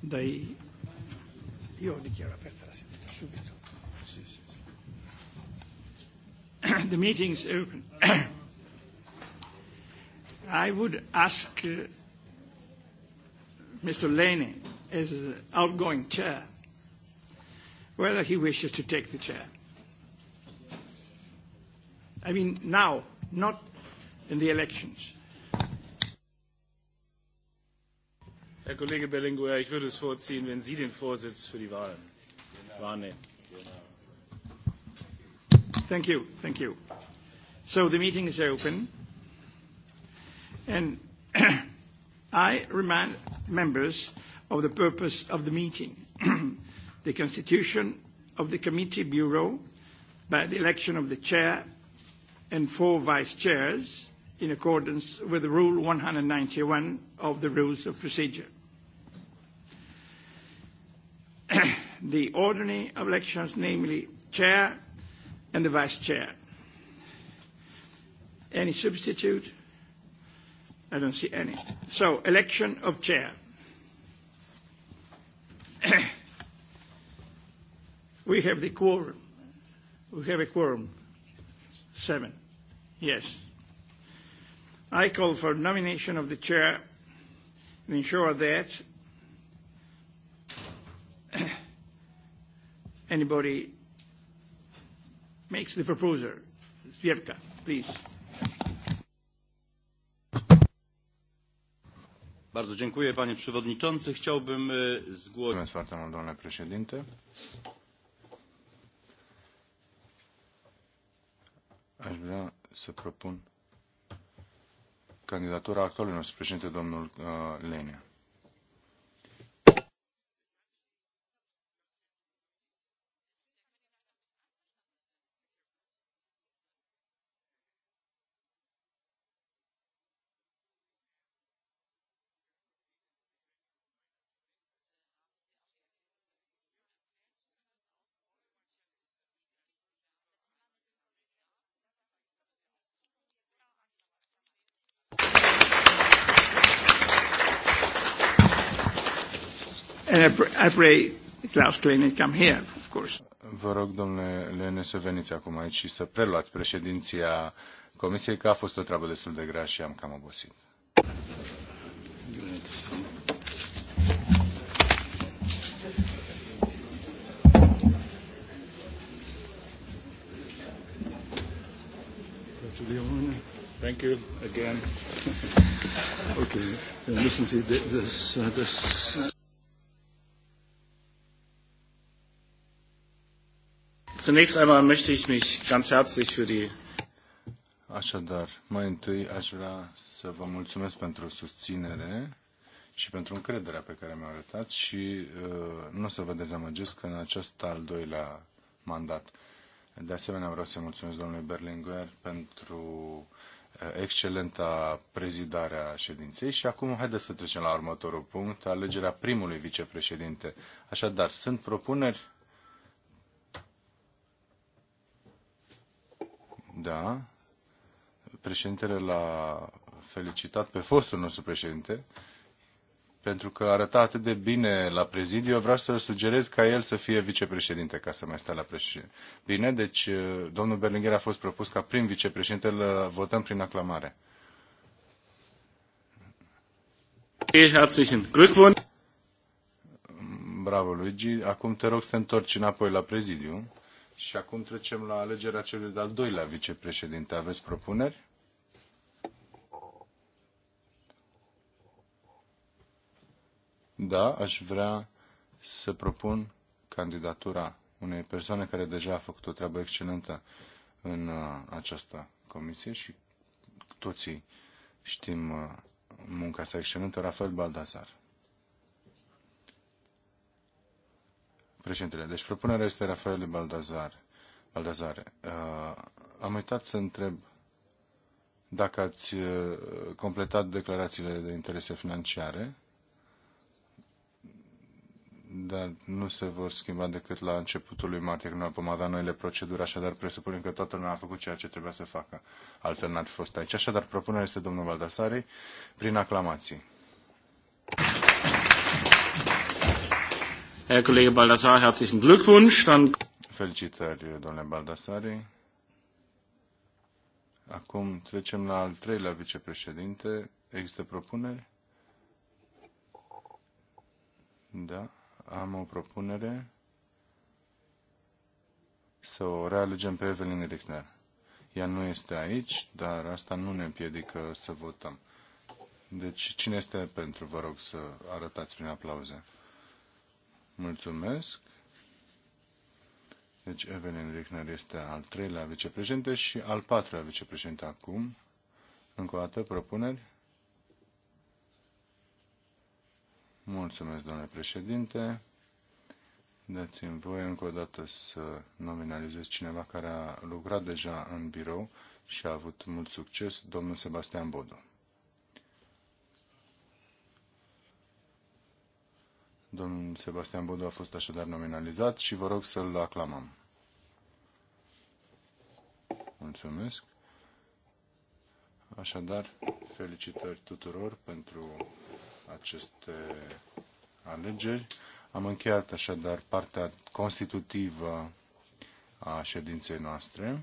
dai... Io dichiaro aperta la seduta subito. Sì, sì. The meeting is open. I would ask uh, Mr. Laney, as outgoing chair, whether he wishes to take the chair. I mean, now, not in the elections. Herr Kollege Berlinguer, ich würde es vorziehen, wenn Sie den Vorsitz für die Wahlen wahrnehmen. Thank you. Thank you. So the meeting is open. And I remind members of the purpose of the meeting, the constitution of the committee bureau by the election of the chair and four vice chairs in accordance with the Rule 191 of the Rules of Procedure. the ordinary elections, namely chair and the vice chair. Any substitute? I don't see any. So, election of chair. we have the quorum. We have a quorum. Seven. Yes. I call for nomination of the chair and ensure that Anybody makes the proposal? Zwiefka, please. Bardzo dziękuję, panie przewodniczący. Chciałbym zgłosić... domnule președinte. Aș vrea să propun candidatura actualului nostru președinte, domnul uh, Lenea. And I pray Klaus Vă rog, domnule Lene, să veniți acum aici și să preluați președinția Comisiei, că a fost o treabă destul de grea și am cam obosit. Thank you again. okay, listen to this. Uh, this uh Zunächst einmal möchte ich mich ganz herzlich für die Așadar, mai întâi aș vrea să vă mulțumesc pentru susținere și pentru încrederea pe care mi-au arătat și uh, nu o să vă dezamăgesc că în acest al doilea mandat. De asemenea, vreau să mulțumesc domnului Berlinguer pentru uh, excelenta prezidare a ședinței și acum haideți să trecem la următorul punct, alegerea primului vicepreședinte. Așadar, sunt propuneri Da. Președintele l-a felicitat pe fostul nostru președinte pentru că arăta atât de bine la prezidiu, eu vreau să sugerez ca el să fie vicepreședinte, ca să mai stea la președinte. Bine, deci uh, domnul Berlingher a fost propus ca prim vicepreședinte, îl uh, votăm prin aclamare. Bravo, Luigi. Acum te rog să te întorci înapoi la prezidiu. Și acum trecem la alegerea celui de-al doilea vicepreședinte. Aveți propuneri? Da, aș vrea să propun candidatura unei persoane care deja a făcut o treabă excelentă în uh, această comisie și toții știm uh, munca sa excelentă, Rafael Baldazar. Președintele, deci propunerea este Rafael Baldazar. Baldazar. Uh, am uitat să întreb dacă ați uh, completat declarațiile de interese financiare, dar nu se vor schimba decât la începutul lui martie, când vom avea noile proceduri, așadar presupunem că toată lumea a făcut ceea ce trebuia să facă, altfel n-ar fi fost aici. Așadar, propunerea este domnul Baldasari prin aclamații. Herr Kollege Baldassar, herzlichen Glückwunsch. Dann Felicitări, domnule Baldassari. Acum trecem la al treilea vicepreședinte. Există propuneri? Da, am o propunere să o realegem pe Evelyn Richner. Ea nu este aici, dar asta nu ne împiedică să votăm. Deci, cine este pentru, vă rog să arătați prin aplauze. Mulțumesc. Deci Evelyn Richner este al treilea vicepreședinte și al patrulea vicepreședinte acum. Încă o dată propuneri. Mulțumesc, domnule președinte. Dați-mi voie încă o dată să nominalizez cineva care a lucrat deja în birou și a avut mult succes, domnul Sebastian Bodo. Domnul Sebastian Bodu a fost așadar nominalizat și vă rog să-l aclamăm. Mulțumesc. Așadar, felicitări tuturor pentru aceste alegeri. Am încheiat așadar partea constitutivă a ședinței noastre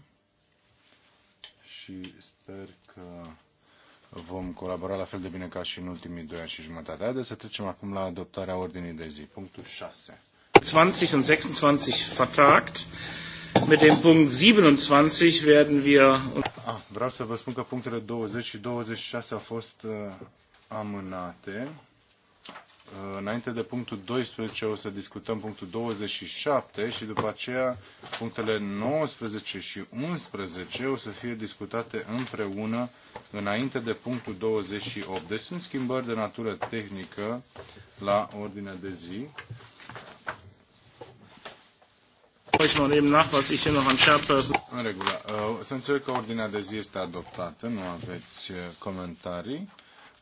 și sper că vom colabora la fel de bine ca și în ultimii doi ani și jumătate. Haideți să trecem acum la adoptarea ordinii de zi. Punctul 6. 20 und 26 vertagt. Mit dem Punkt 27 werden wir... Ah, vreau să vă spun că punctele 20 și 26 au fost uh, amânate. Uh, înainte de punctul 12 o să discutăm punctul 27 și după aceea punctele 19 și 11 o să fie discutate împreună înainte de punctul 28. Deci sunt schimbări de natură tehnică la ordinea de zi. În regulă. Uh, să înțeleg că ordinea de zi este adoptată, nu aveți uh, comentarii.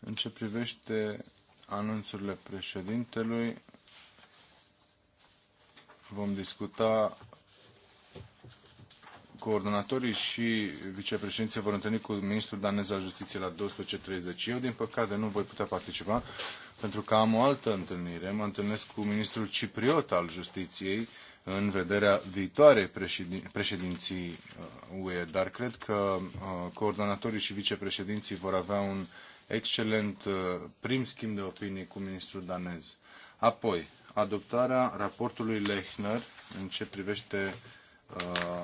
În ce privește anunțurile președintelui. Vom discuta coordonatorii și vicepreședinții vor întâlni cu ministrul danez al justiției la 12.30. Eu, din păcate, nu voi putea participa pentru că am o altă întâlnire. Mă întâlnesc cu ministrul cipriot al justiției în vederea viitoarei președin președinții UE, uh, dar cred că uh, coordonatorii și vicepreședinții vor avea un excelent uh, prim schimb de opinii cu ministrul danez. Apoi, adoptarea raportului Lechner în ce privește uh,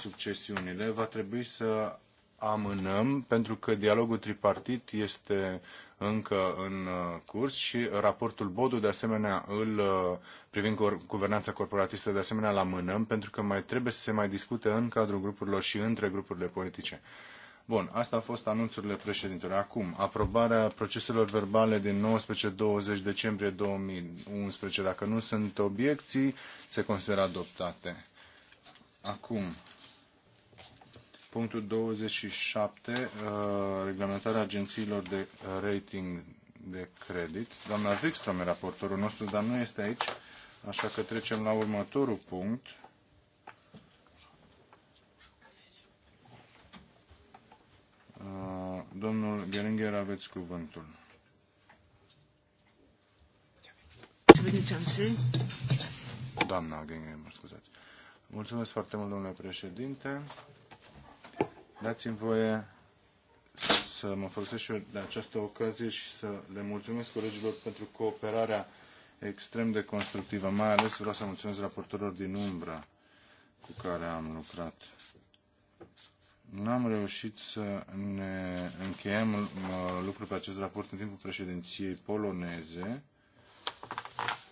succesiunile va trebui să amânăm pentru că dialogul tripartit este încă în uh, curs și raportul Bodu de asemenea îl uh, privind guvernanța corporatistă de asemenea îl amânăm pentru că mai trebuie să se mai discute în cadrul grupurilor și între grupurile politice. Bun, asta au fost anunțurile președintelui. Acum, aprobarea proceselor verbale din 19-20 decembrie 2011. Dacă nu sunt obiecții, se consideră adoptate. Acum, punctul 27, uh, reglementarea agențiilor de rating de credit. Doamna Wikström e raportorul nostru, dar nu este aici, așa că trecem la următorul punct. Uh, domnul Geringer, aveți cuvântul. Doamna Geringer, mă scuzați. Mulțumesc foarte mult, domnule președinte. Dați-mi voie să mă folosesc și eu de această ocazie și să le mulțumesc colegilor pentru cooperarea extrem de constructivă. Mai ales vreau să mulțumesc raportorilor din umbra cu care am lucrat nu am reușit să ne încheiem uh, lucrul pe acest raport în timpul președinției poloneze.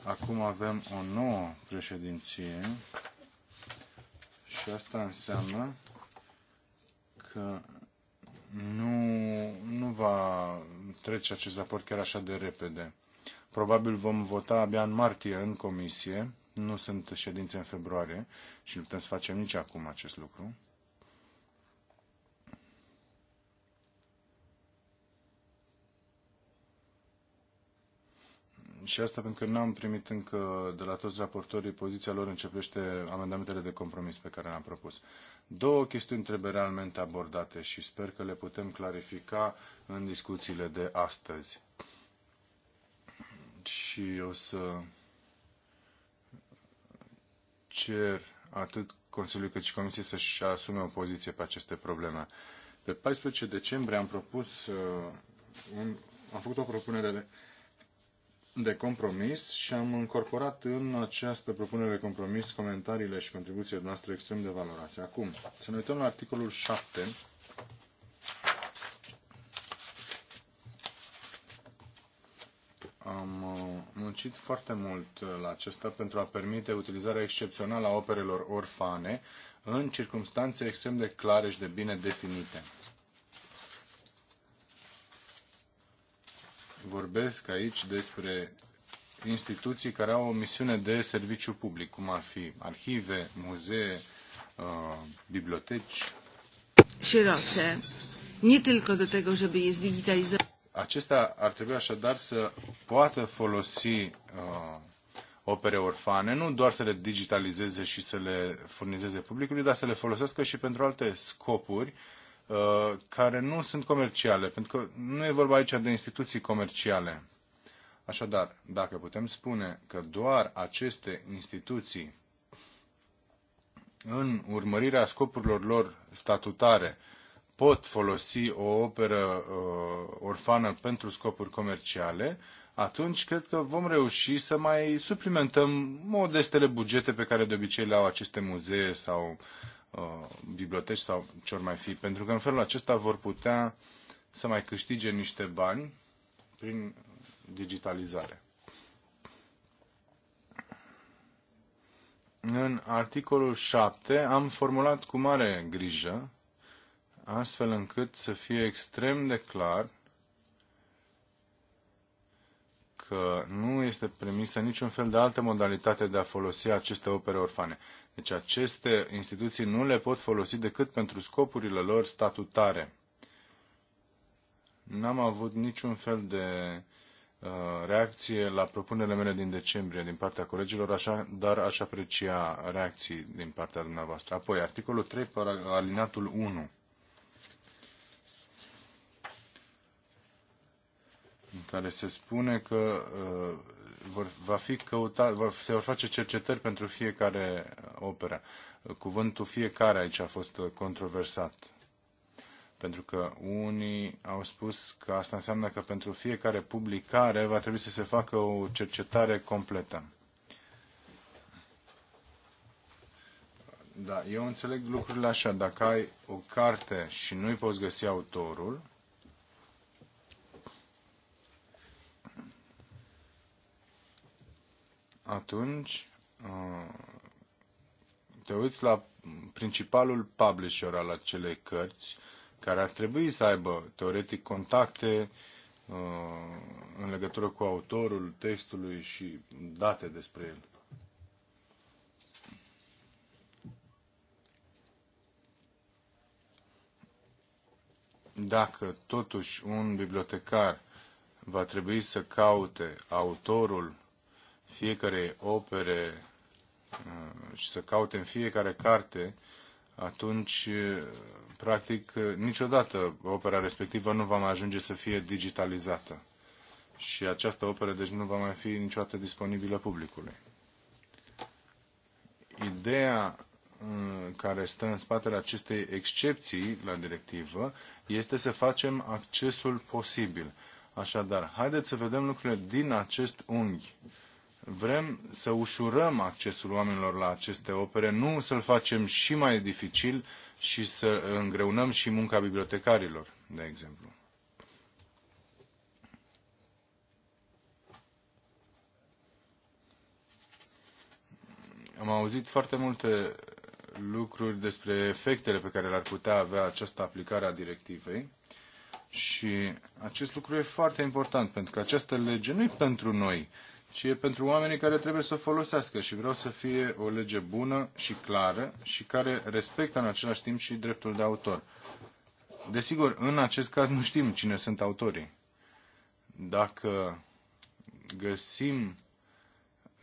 Acum avem o nouă președinție și asta înseamnă că nu, nu va trece acest raport chiar așa de repede. Probabil vom vota abia în martie în comisie, nu sunt ședințe în februarie și nu putem să facem nici acum acest lucru. și asta pentru că n-am primit încă de la toți raportorii poziția lor începește amendamentele de compromis pe care le-am propus. Două chestiuni trebuie realmente abordate și sper că le putem clarifica în discuțiile de astăzi. Și o să cer atât Consiliului cât și Comisiei să-și asume o poziție pe aceste probleme. Pe 14 decembrie am propus uh, un, am făcut o propunere de de compromis și am incorporat în această propunere de compromis comentariile și contribuțiile noastre extrem de valoroase. Acum, să ne uităm la articolul 7. Am uh, muncit foarte mult uh, la acesta pentru a permite utilizarea excepțională a operelor orfane în circunstanțe extrem de clare și de bine definite. vorbesc aici despre instituții care au o misiune de serviciu public, cum ar fi arhive, muzee, uh, biblioteci. Sieroce, nu tylko do tego, żeby je zdigitalizować. Acestea ar trebui așadar să poată folosi uh, opere orfane, nu doar să le digitalizeze și să le furnizeze publicului, dar să le folosească și pentru alte scopuri uh, Uh, care nu sunt comerciale, pentru că nu e vorba aici de instituții comerciale. Așadar, dacă putem spune că doar aceste instituții, în urmărirea scopurilor lor statutare, pot folosi o operă uh, orfană pentru scopuri comerciale, atunci cred că vom reuși să mai suplimentăm modestele bugete pe care de obicei le au aceste muzee sau Uh, biblioteci sau ce mai fi, pentru că în felul acesta vor putea să mai câștige niște bani prin digitalizare. În articolul 7 am formulat cu mare grijă, astfel încât să fie extrem de clar că nu este permisă niciun fel de altă modalitate de a folosi aceste opere orfane. Deci aceste instituții nu le pot folosi decât pentru scopurile lor statutare. N-am avut niciun fel de uh, reacție la propunerile mele din decembrie din partea colegilor, așa, dar aș aprecia reacții din partea dumneavoastră. Apoi, articolul 3, alinatul 1. în care se spune că uh, vor, va fi căuta, vor, se vor face cercetări pentru fiecare operă. Cuvântul fiecare aici a fost controversat. Pentru că unii au spus că asta înseamnă că pentru fiecare publicare va trebui să se facă o cercetare completă. Da, eu înțeleg lucrurile așa. Dacă ai o carte și nu-i poți găsi autorul, atunci uh, te uiți la principalul publisher al acelei cărți, care ar trebui să aibă, teoretic, contacte uh, în legătură cu autorul textului și date despre el. Dacă totuși un bibliotecar va trebui să caute autorul fiecare opere uh, și să caute în fiecare carte, atunci, uh, practic, uh, niciodată opera respectivă nu va mai ajunge să fie digitalizată. Și această operă, deci, nu va mai fi niciodată disponibilă publicului. Ideea care stă în spatele acestei excepții la directivă este să facem accesul posibil. Așadar, haideți să vedem lucrurile din acest unghi Vrem să ușurăm accesul oamenilor la aceste opere, nu să-l facem și mai dificil și să îngreunăm și munca bibliotecarilor, de exemplu. Am auzit foarte multe lucruri despre efectele pe care le-ar putea avea această aplicare a directivei și acest lucru e foarte important pentru că această lege nu e pentru noi, ci e pentru oamenii care trebuie să o folosească și vreau să fie o lege bună și clară și care respectă în același timp și dreptul de autor. Desigur, în acest caz nu știm cine sunt autorii. Dacă găsim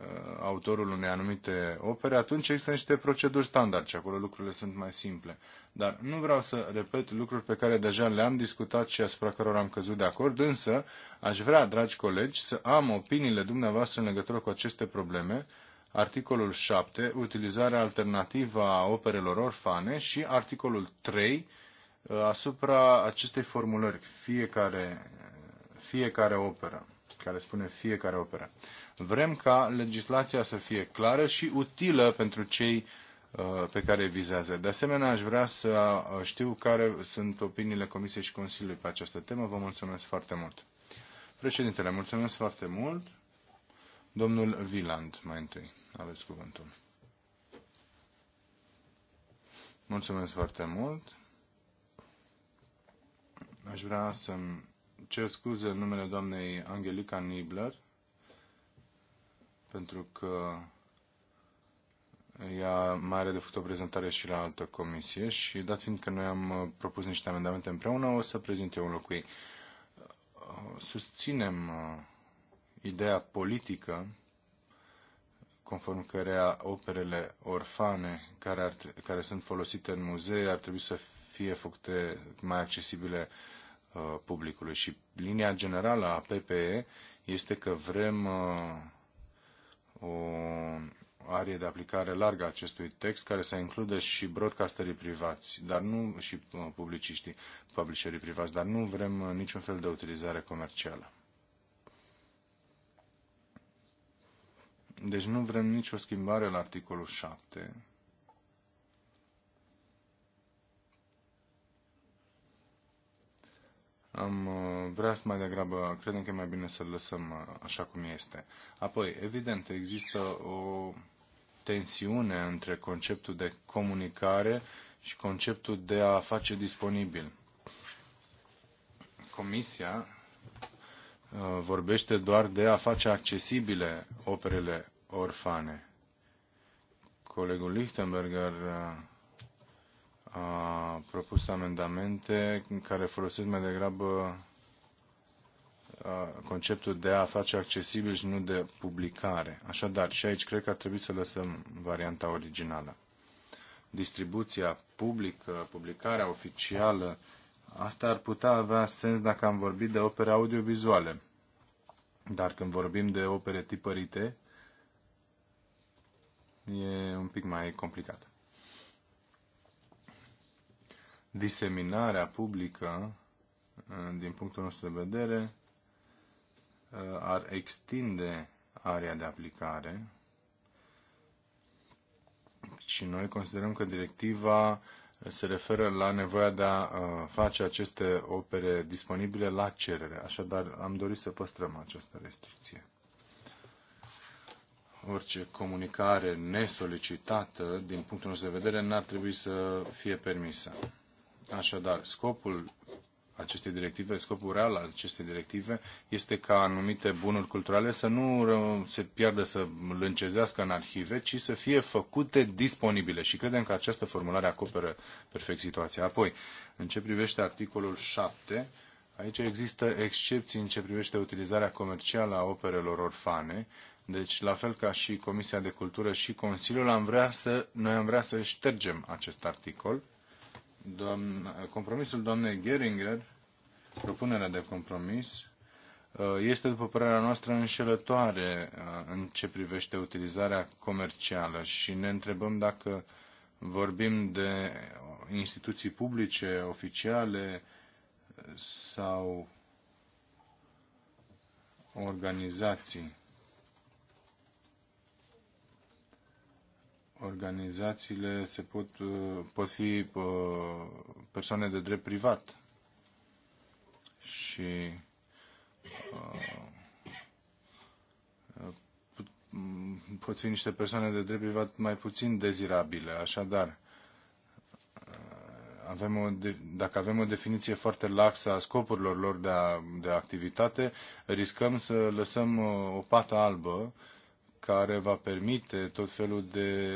Uh, autorul unei anumite opere, atunci există niște proceduri standard și acolo lucrurile sunt mai simple. Dar nu vreau să repet lucruri pe care deja le-am discutat și asupra cărora am căzut de acord, însă aș vrea, dragi colegi, să am opiniile dumneavoastră în legătură cu aceste probleme, articolul 7, utilizarea alternativă a operelor orfane și articolul 3, uh, asupra acestei formulări, fiecare, fiecare operă, care spune fiecare operă. Vrem ca legislația să fie clară și utilă pentru cei uh, pe care vizează. De asemenea, aș vrea să uh, știu care sunt opiniile Comisiei și Consiliului pe această temă. Vă mulțumesc foarte mult. Președintele, mulțumesc foarte mult. Domnul Viland, mai întâi, aveți cuvântul. Mulțumesc foarte mult. Aș vrea să-mi cer scuze în numele doamnei Angelica Nibler, pentru că ea mai are de făcut o prezentare și la altă comisie și dat fiind că noi am uh, propus niște amendamente împreună, o să prezint eu în cu ei. Uh, susținem uh, ideea politică conform cărea operele orfane care, ar, care sunt folosite în muzee ar trebui să fie făcute mai accesibile uh, publicului. Și linia generală a PPE este că vrem uh, o arie de aplicare largă a acestui text, care să includă și broadcasterii privați, dar nu și uh, publiciștii, publisherii privați, dar nu vrem uh, niciun fel de utilizare comercială. Deci nu vrem nicio schimbare la articolul 7, am uh, vrea mai degrabă, credem că e mai bine să-l lăsăm uh, așa cum este. Apoi, evident, există o tensiune între conceptul de comunicare și conceptul de a face disponibil. Comisia uh, vorbește doar de a face accesibile operele orfane. Colegul Lichtenberger a propus amendamente care folosesc mai degrabă conceptul de a face accesibil și nu de publicare. Așadar, și aici cred că ar trebui să lăsăm varianta originală. Distribuția publică, publicarea oficială, asta ar putea avea sens dacă am vorbit de opere audiovizuale. Dar când vorbim de opere tipărite, e un pic mai complicat diseminarea publică, uh, din punctul nostru de vedere, uh, ar extinde area de aplicare și noi considerăm că directiva se referă la nevoia de a uh, face aceste opere disponibile la cerere. Așadar, am dorit să păstrăm această restricție. Orice comunicare nesolicitată, din punctul nostru de vedere, n-ar trebui să fie permisă. Așadar, scopul acestei directive, scopul real al acestei directive este ca anumite bunuri culturale să nu se piardă să lâncezească în arhive, ci să fie făcute disponibile și credem că această formulare acoperă perfect situația. Apoi, în ce privește articolul 7, aici există excepții în ce privește utilizarea comercială a operelor orfane, deci, la fel ca și Comisia de Cultură și Consiliul, am vrea să, noi am vrea să ștergem acest articol compromisul doamnei Geringer, propunerea de compromis, uh, este, după părerea noastră, înșelătoare uh, în ce privește utilizarea comercială și ne întrebăm dacă vorbim de instituții publice, oficiale sau organizații. organizațiile se pot, uh, pot fi uh, persoane de drept privat. Și uh, pot fi niște persoane de drept privat mai puțin dezirabile. Așadar, avem o, dacă avem o definiție foarte laxă a scopurilor lor de, a, de activitate, riscăm să lăsăm o pată albă care va permite tot felul de,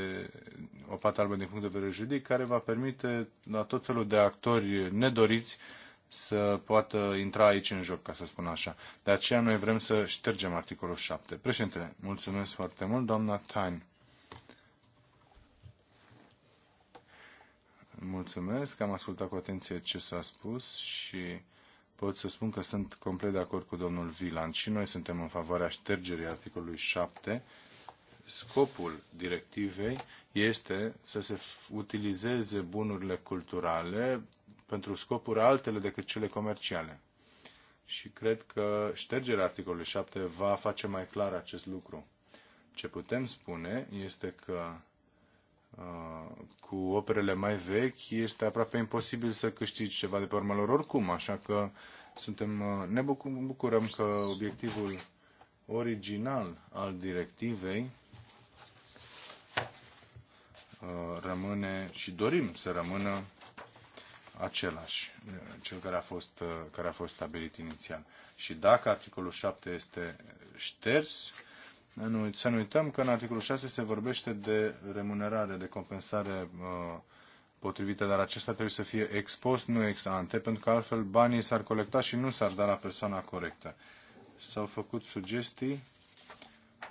o pată albă din punct de vedere juridic, care va permite la tot felul de actori nedoriți să poată intra aici în joc, ca să spun așa. De aceea noi vrem să ștergem articolul 7. Președinte, mulțumesc foarte mult, doamna Tain. Mulțumesc, am ascultat cu atenție ce s-a spus și pot să spun că sunt complet de acord cu domnul Vilan. și noi suntem în favoarea ștergerii articolului 7. Scopul directivei este să se utilizeze bunurile culturale pentru scopuri altele decât cele comerciale. Și cred că ștergerea articolului 7 va face mai clar acest lucru. Ce putem spune este că Uh, cu operele mai vechi, este aproape imposibil să câștigi ceva de pe urmă lor oricum, așa că suntem, uh, ne bucurăm că obiectivul original al directivei uh, rămâne și dorim să rămână același, cel care a fost, care a fost stabilit inițial. Și dacă articolul 7 este șters, să nu uităm că în articolul 6 se vorbește de remunerare, de compensare uh, potrivită, dar acesta trebuie să fie expus, nu ex ante, pentru că altfel banii s-ar colecta și nu s-ar da la persoana corectă. S-au făcut sugestii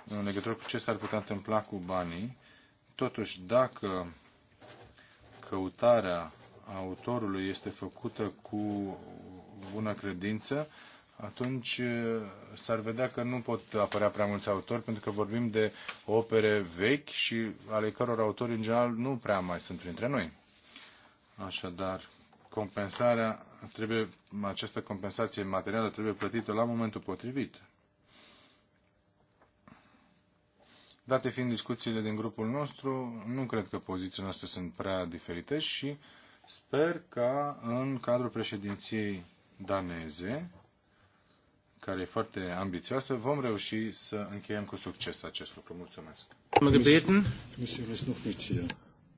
în legătură cu ce s-ar putea întâmpla cu banii. Totuși, dacă căutarea autorului este făcută cu bună credință, atunci eh, s-ar vedea că nu pot apărea prea mulți autori, pentru că vorbim de opere vechi și ale căror autori, în general, nu prea mai sunt printre noi. Așadar, compensarea trebuie, această compensație materială trebuie plătită la momentul potrivit. Date fiind discuțiile din grupul nostru, nu cred că pozițiile noastre sunt prea diferite și sper ca în cadrul președinției daneze care e foarte ambițioasă, vom reuși să încheiem cu succes acest lucru. Mulțumesc!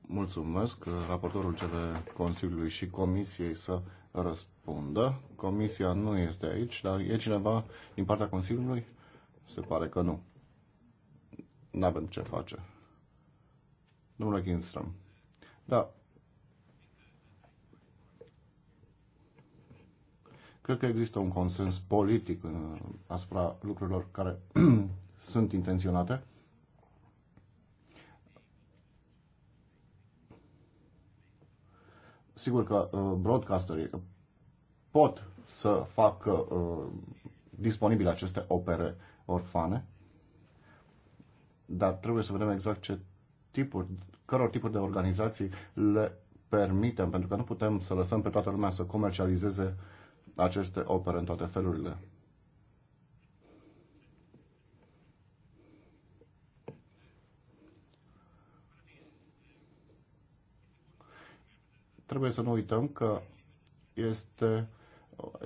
Mulțumesc raportorul cele Consiliului și Comisiei să răspundă. Comisia nu este aici, dar e cineva din partea Consiliului? Se pare că nu. Nu avem ce face. Domnule Kinstrom. Da, Cred că există un consens politic uh, asupra lucrurilor care sunt intenționate. Sigur că uh, broadcasterii pot să facă uh, disponibile aceste opere orfane, dar trebuie să vedem exact ce tipuri, căror tipuri de organizații le permitem, pentru că nu putem să lăsăm pe toată lumea să comercializeze aceste opere în toate felurile. Trebuie să nu uităm că este,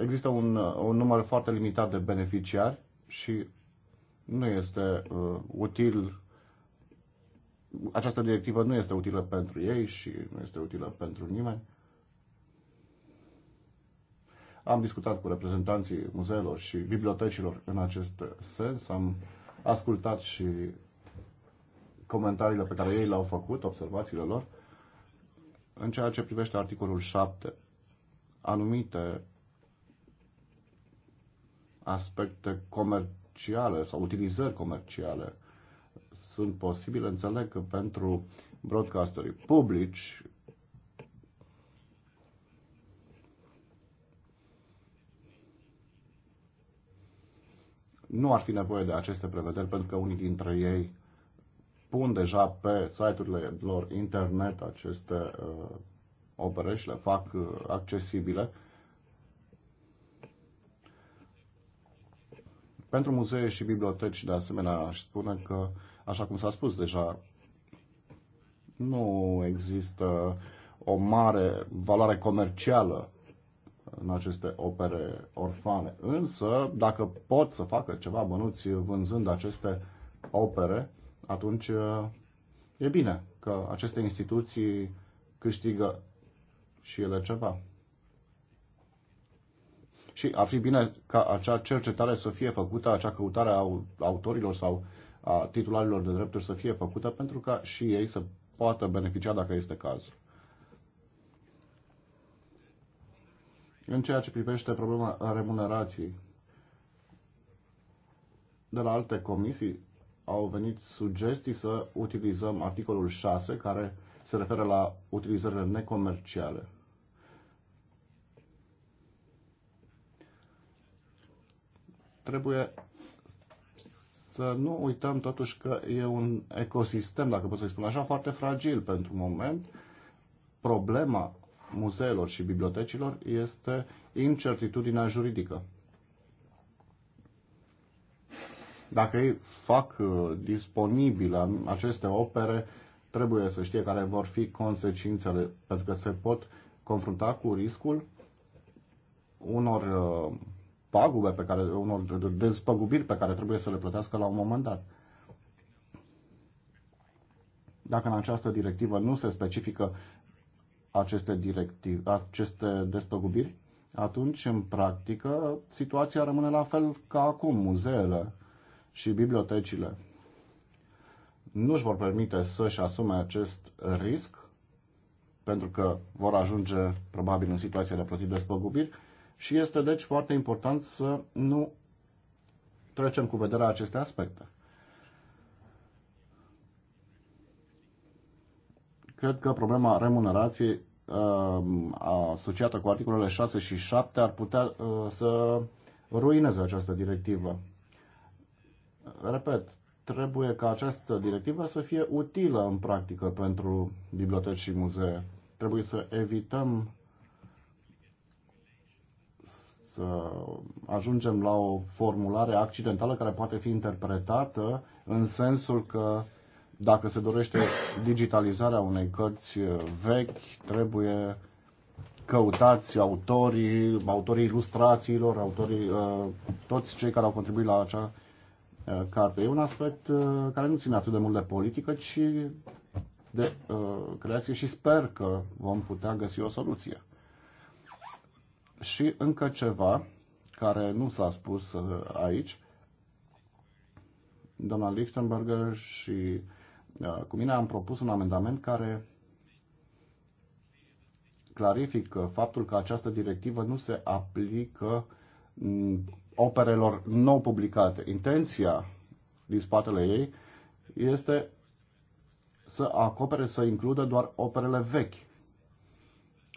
există un, un număr foarte limitat de beneficiari și nu este uh, util această directivă nu este utilă pentru ei și nu este utilă pentru nimeni. Am discutat cu reprezentanții muzeelor și bibliotecilor în acest sens, am ascultat și comentariile pe care ei le-au făcut, observațiile lor. În ceea ce privește articolul 7, anumite aspecte comerciale sau utilizări comerciale sunt posibile, înțeleg că pentru broadcasterii publici nu ar fi nevoie de aceste prevederi pentru că unii dintre ei pun deja pe site-urile lor internet aceste uh, opere și le fac uh, accesibile. Pentru muzee și biblioteci, de asemenea, aș spune că, așa cum s-a spus deja, nu există o mare valoare comercială în aceste opere orfane. Însă, dacă pot să facă ceva bănuți vânzând aceste opere, atunci e bine că aceste instituții câștigă și ele ceva. Și ar fi bine ca acea cercetare să fie făcută, acea căutare a autorilor sau a titularilor de drepturi să fie făcută pentru ca și ei să poată beneficia dacă este cazul. În ceea ce privește problema remunerației, de la alte comisii au venit sugestii să utilizăm articolul 6, care se referă la utilizările necomerciale. Trebuie să nu uităm totuși că e un ecosistem, dacă pot să spun așa, foarte fragil pentru moment. Problema muzeelor și bibliotecilor este incertitudinea juridică. Dacă ei fac uh, disponibile aceste opere, trebuie să știe care vor fi consecințele, pentru că se pot confrunta cu riscul unor uh, pagube pe care, unor dezpăgubiri pe care trebuie să le plătească la un moment dat. Dacă în această directivă nu se specifică aceste, directive, aceste despăgubiri, atunci, în practică, situația rămâne la fel ca acum. Muzeele și bibliotecile nu își vor permite să-și asume acest risc, pentru că vor ajunge probabil în situația de a plăti despăgubiri și este deci foarte important să nu trecem cu vederea aceste aspecte. Cred că problema remunerației uh, asociată cu articolele 6 și 7 ar putea uh, să ruineze această directivă. Repet, trebuie ca această directivă să fie utilă în practică pentru biblioteci și muzee. Trebuie să evităm să ajungem la o formulare accidentală care poate fi interpretată în sensul că dacă se dorește digitalizarea unei cărți eh, vechi, trebuie căutați autorii, autorii ilustrațiilor, autorii, eh, toți cei care au contribuit la acea eh, carte. E un aspect care nu ține atât de mult de politică, ci de creație și sper că vom putea găsi o soluție. Și încă ceva care nu s-a spus aici. Doamna Lichtenberger și Uh, cu mine am propus un amendament care clarifică faptul că această directivă nu se aplică mm, operelor nou publicate. Intenția din spatele ei este să acopere, să includă doar operele vechi.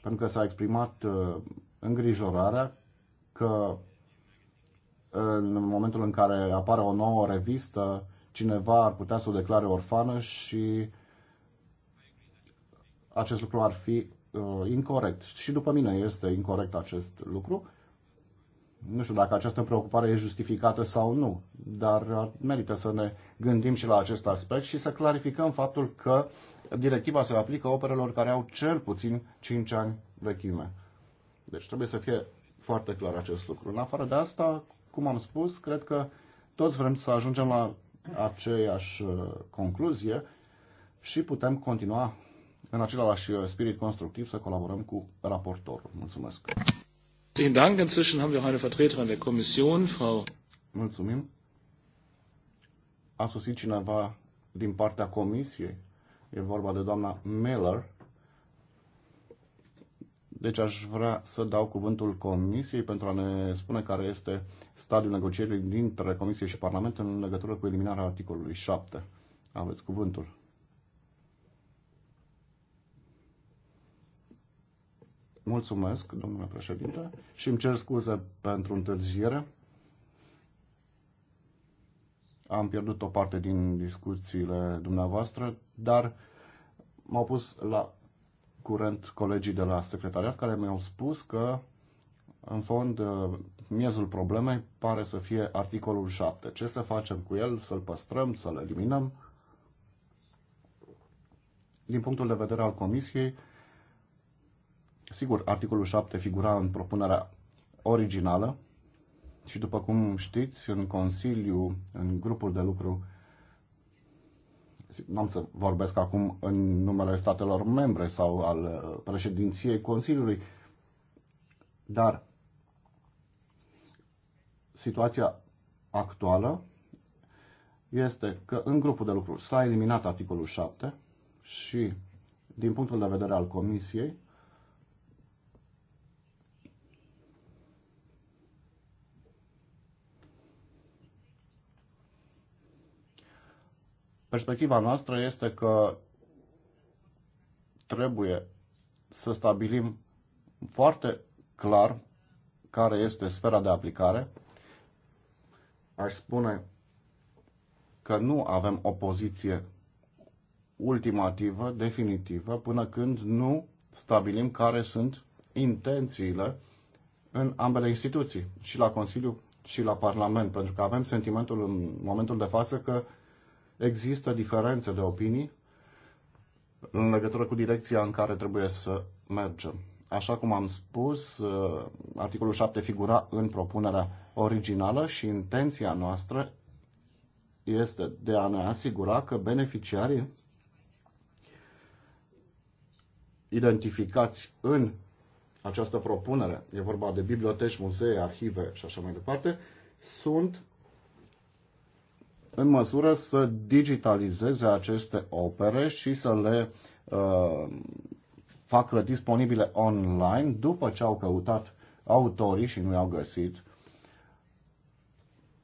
Pentru că s-a exprimat uh, îngrijorarea că uh, în momentul în care apare o nouă revistă cineva ar putea să o declare orfană și acest lucru ar fi uh, incorrect. Și după mine este incorrect acest lucru. Nu știu dacă această preocupare e justificată sau nu, dar uh, merită să ne gândim și la acest aspect și să clarificăm faptul că directiva se aplică operelor care au cel puțin 5 ani vechime. Deci trebuie să fie foarte clar acest lucru. În afară de asta, cum am spus, cred că toți vrem să ajungem la aceeași uh, concluzie și putem continua în același uh, spirit constructiv să colaborăm cu raportorul. Mulțumesc! Dank. Inzwischen haben wir eine Vertreterin der Kommission, Frau. Mulțumim. A sosit cineva din partea Comisiei. E vorba de doamna Miller, deci aș vrea să dau cuvântul Comisiei pentru a ne spune care este stadiul negocierii dintre Comisie și Parlament în legătură cu eliminarea articolului 7. Aveți cuvântul. Mulțumesc, domnule președinte, și îmi cer scuze pentru întârziere. Am pierdut o parte din discuțiile dumneavoastră, dar m-au pus la curent colegii de la secretariat care mi-au spus că, în fond, uh, miezul problemei pare să fie articolul 7. Ce să facem cu el? Să-l păstrăm? Să-l eliminăm? Din punctul de vedere al Comisiei, sigur, articolul 7 figura în propunerea originală și, după cum știți, în Consiliu, în grupul de lucru nu am să vorbesc acum în numele statelor membre sau al uh, președinției Consiliului, dar situația actuală este că în grupul de lucru s-a eliminat articolul 7 și din punctul de vedere al Comisiei Perspectiva noastră este că trebuie să stabilim foarte clar care este sfera de aplicare. Aș spune că nu avem o poziție ultimativă, definitivă, până când nu stabilim care sunt intențiile în ambele instituții, și la Consiliu și la Parlament, pentru că avem sentimentul în momentul de față că există diferențe de opinii în legătură cu direcția în care trebuie să mergem. Așa cum am spus, uh, articolul 7 figura în propunerea originală și intenția noastră este de a ne asigura că beneficiarii identificați în această propunere, e vorba de biblioteci, muzee, arhive și așa mai departe, sunt în măsură să digitalizeze aceste opere și să le uh, facă disponibile online după ce au căutat autorii și nu i-au găsit,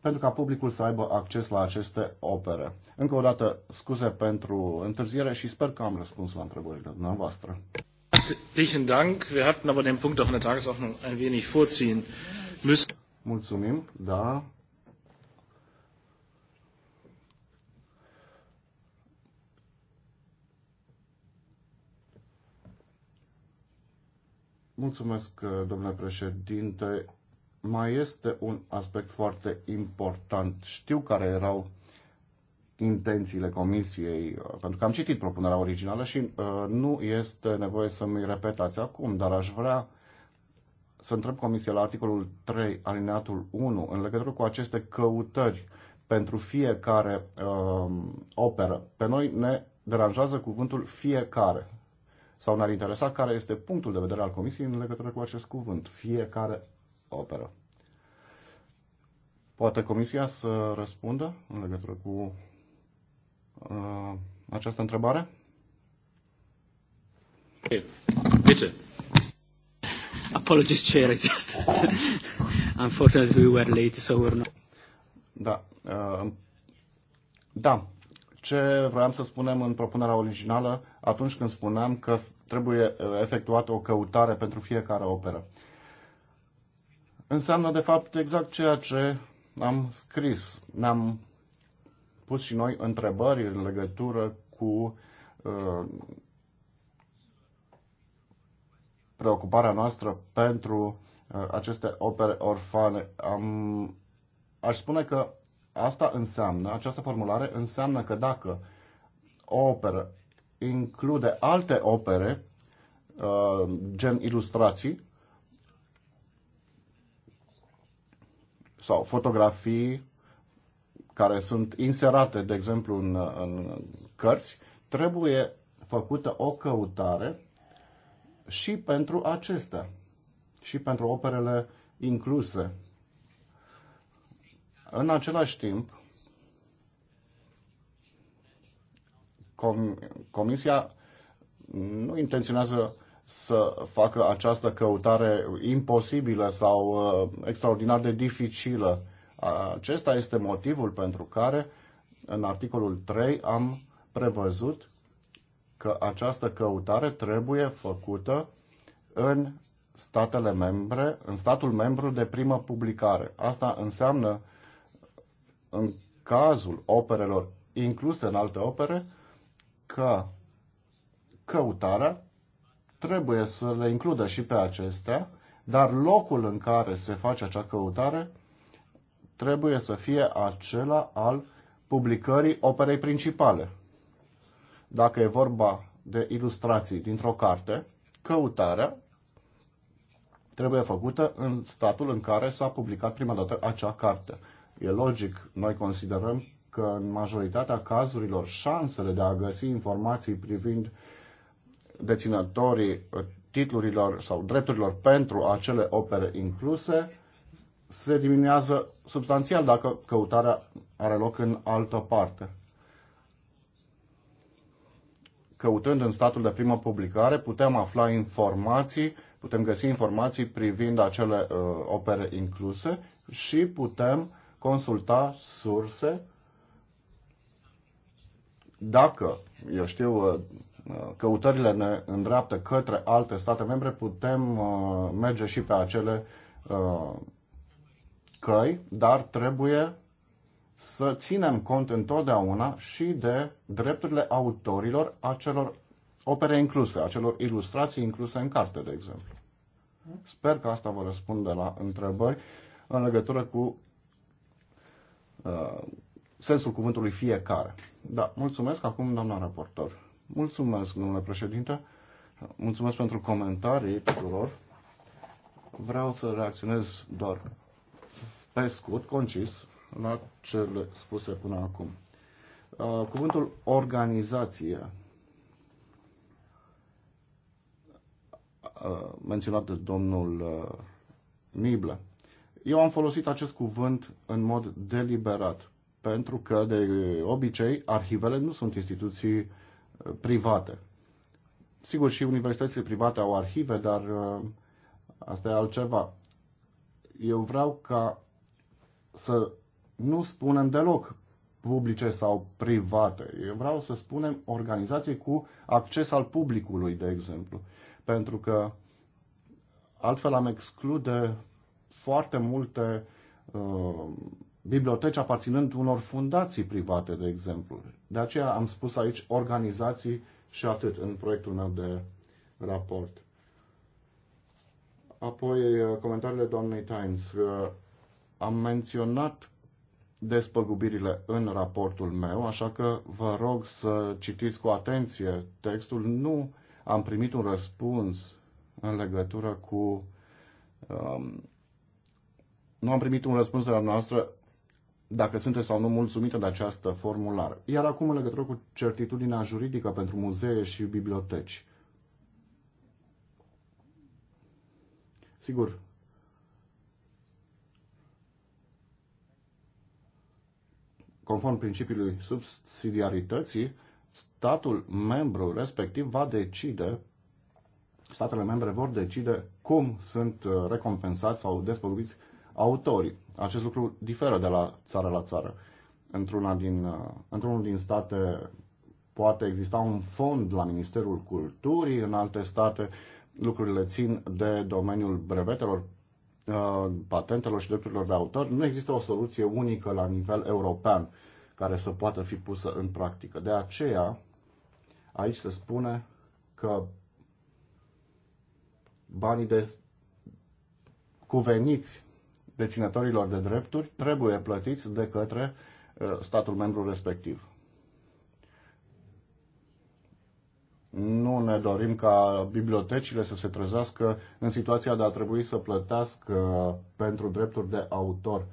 pentru ca publicul să aibă acces la aceste opere. Încă o dată, scuze pentru întârziere și sper că am răspuns la întrebările dumneavoastră. Herzlichen Dank. Wir hatten aber den Punkt in der Tagesordnung ein wenig vorziehen müssen. Mulțumim, da, Mulțumesc, uh, domnule președinte. Mai este un aspect foarte important. Știu care erau intențiile comisiei, uh, pentru că am citit propunerea originală și uh, nu este nevoie să-mi repetați acum, dar aș vrea să întreb comisia la articolul 3, alineatul 1, în legătură cu aceste căutări pentru fiecare uh, operă. Pe noi ne deranjează cuvântul fiecare sau ne-ar interesa care este punctul de vedere al Comisiei în legătură cu acest cuvânt, fiecare operă. Poate Comisia să răspundă în legătură cu uh, această întrebare? Bine. Apologies, Chair. It's just unfortunately we were late, so we're not. Da. Uh, da ce vroiam să spunem în propunerea originală atunci când spuneam că trebuie uh, efectuată o căutare pentru fiecare operă. Înseamnă, de fapt, exact ceea ce am scris. Ne-am pus și noi întrebări în legătură cu uh, preocuparea noastră pentru uh, aceste opere orfane. Am, aș spune că Asta înseamnă, această formulare înseamnă că dacă o operă include alte opere, uh, gen ilustrații sau fotografii care sunt inserate, de exemplu, în, în cărți, trebuie făcută o căutare și pentru acestea, și pentru operele incluse în același timp, com Comisia nu intenționează să facă această căutare imposibilă sau uh, extraordinar de dificilă. Acesta este motivul pentru care în articolul 3 am prevăzut că această căutare trebuie făcută în statele membre, în statul membru de primă publicare. Asta înseamnă în cazul operelor incluse în alte opere că căutarea trebuie să le includă și pe acestea, dar locul în care se face acea căutare trebuie să fie acela al publicării operei principale. Dacă e vorba de ilustrații dintr-o carte, căutarea trebuie făcută în statul în care s-a publicat prima dată acea carte. E logic, noi considerăm că în majoritatea cazurilor șansele de a găsi informații privind deținătorii uh, titlurilor sau drepturilor pentru acele opere incluse se diminuează substanțial dacă căutarea are loc în altă parte. Căutând în statul de primă publicare, putem afla informații, putem găsi informații privind acele uh, opere incluse și putem consulta surse dacă, eu știu, uh, uh, căutările ne îndreaptă către alte state membre, putem uh, merge și pe acele căi, dar trebuie să ținem cont întotdeauna și de drepturile autorilor acelor opere incluse, acelor ilustrații incluse în carte, de exemplu. Sper că asta vă răspunde la întrebări în legătură cu Uh, sensul cuvântului fiecare. Da, mulțumesc acum, doamna raportor. Mulțumesc, domnule președinte. Mulțumesc pentru comentarii tuturor. Vreau să reacționez doar pe scurt, concis, la cele spuse până acum. Uh, cuvântul organizație uh, menționat de domnul Nibla. Eu am folosit acest cuvânt în mod deliberat, pentru că, de obicei, arhivele nu sunt instituții uh, private. Sigur, și universitățile private au arhive, dar uh, asta e altceva. Eu vreau ca să nu spunem deloc publice sau private. Eu vreau să spunem organizații cu acces al publicului, de exemplu. Pentru că altfel am exclude foarte multe uh, biblioteci aparținând unor fundații private, de exemplu. De aceea am spus aici organizații și atât în proiectul meu de raport. Apoi, uh, comentariile doamnei Times. Uh, am menționat despăgubirile în raportul meu, așa că vă rog să citiți cu atenție textul. Nu am primit un răspuns în legătură cu um, nu am primit un răspuns de la noastră dacă sunteți sau nu mulțumită de această formulare. Iar acum în legătură cu certitudinea juridică pentru muzee și biblioteci. Sigur, conform principiului subsidiarității, statul membru respectiv va decide, statele membre vor decide cum sunt uh, recompensați sau despăgubiți Autori. Acest lucru diferă de la țară la țară. Într-una din, uh, într-unul din state poate exista un fond la Ministerul Culturii, în alte state lucrurile țin de domeniul brevetelor, uh, patentelor și drepturilor de autor. Nu există o soluție unică la nivel european care să poată fi pusă în practică. De aceea, aici se spune că banii de cuveniți deținătorilor de drepturi trebuie plătiți de către uh, statul membru respectiv. Nu ne dorim ca bibliotecile să se trezească în situația de a trebui să plătească pentru drepturi de autor.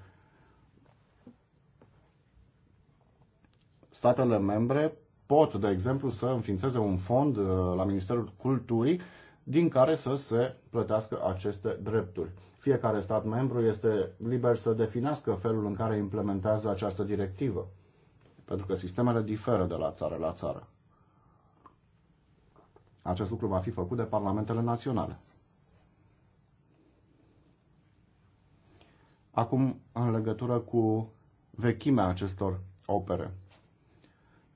Statele membre pot, de exemplu, să înființeze un fond uh, la Ministerul Culturii din care să se plătească aceste drepturi. Fiecare stat membru este liber să definească felul în care implementează această directivă, pentru că sistemele diferă de la țară la țară. Acest lucru va fi făcut de parlamentele naționale. Acum, în legătură cu vechimea acestor opere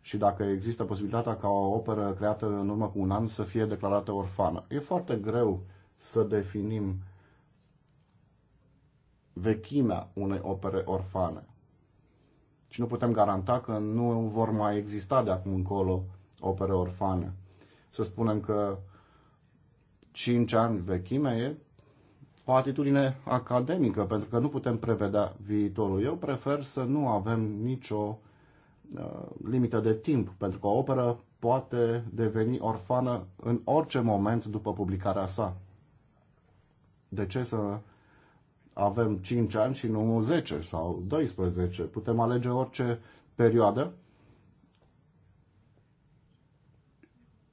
și dacă există posibilitatea ca o operă creată în urmă cu un an să fie declarată orfană. E foarte greu să definim vechimea unei opere orfane. Și nu putem garanta că nu vor mai exista de acum încolo opere orfane. Să spunem că 5 ani vechime e o atitudine academică, pentru că nu putem prevedea viitorul. Eu prefer să nu avem nicio Uh, limită de timp, pentru că o operă poate deveni orfană în orice moment după publicarea sa. De ce să avem 5 ani și nu 10 sau 12? Putem alege orice perioadă,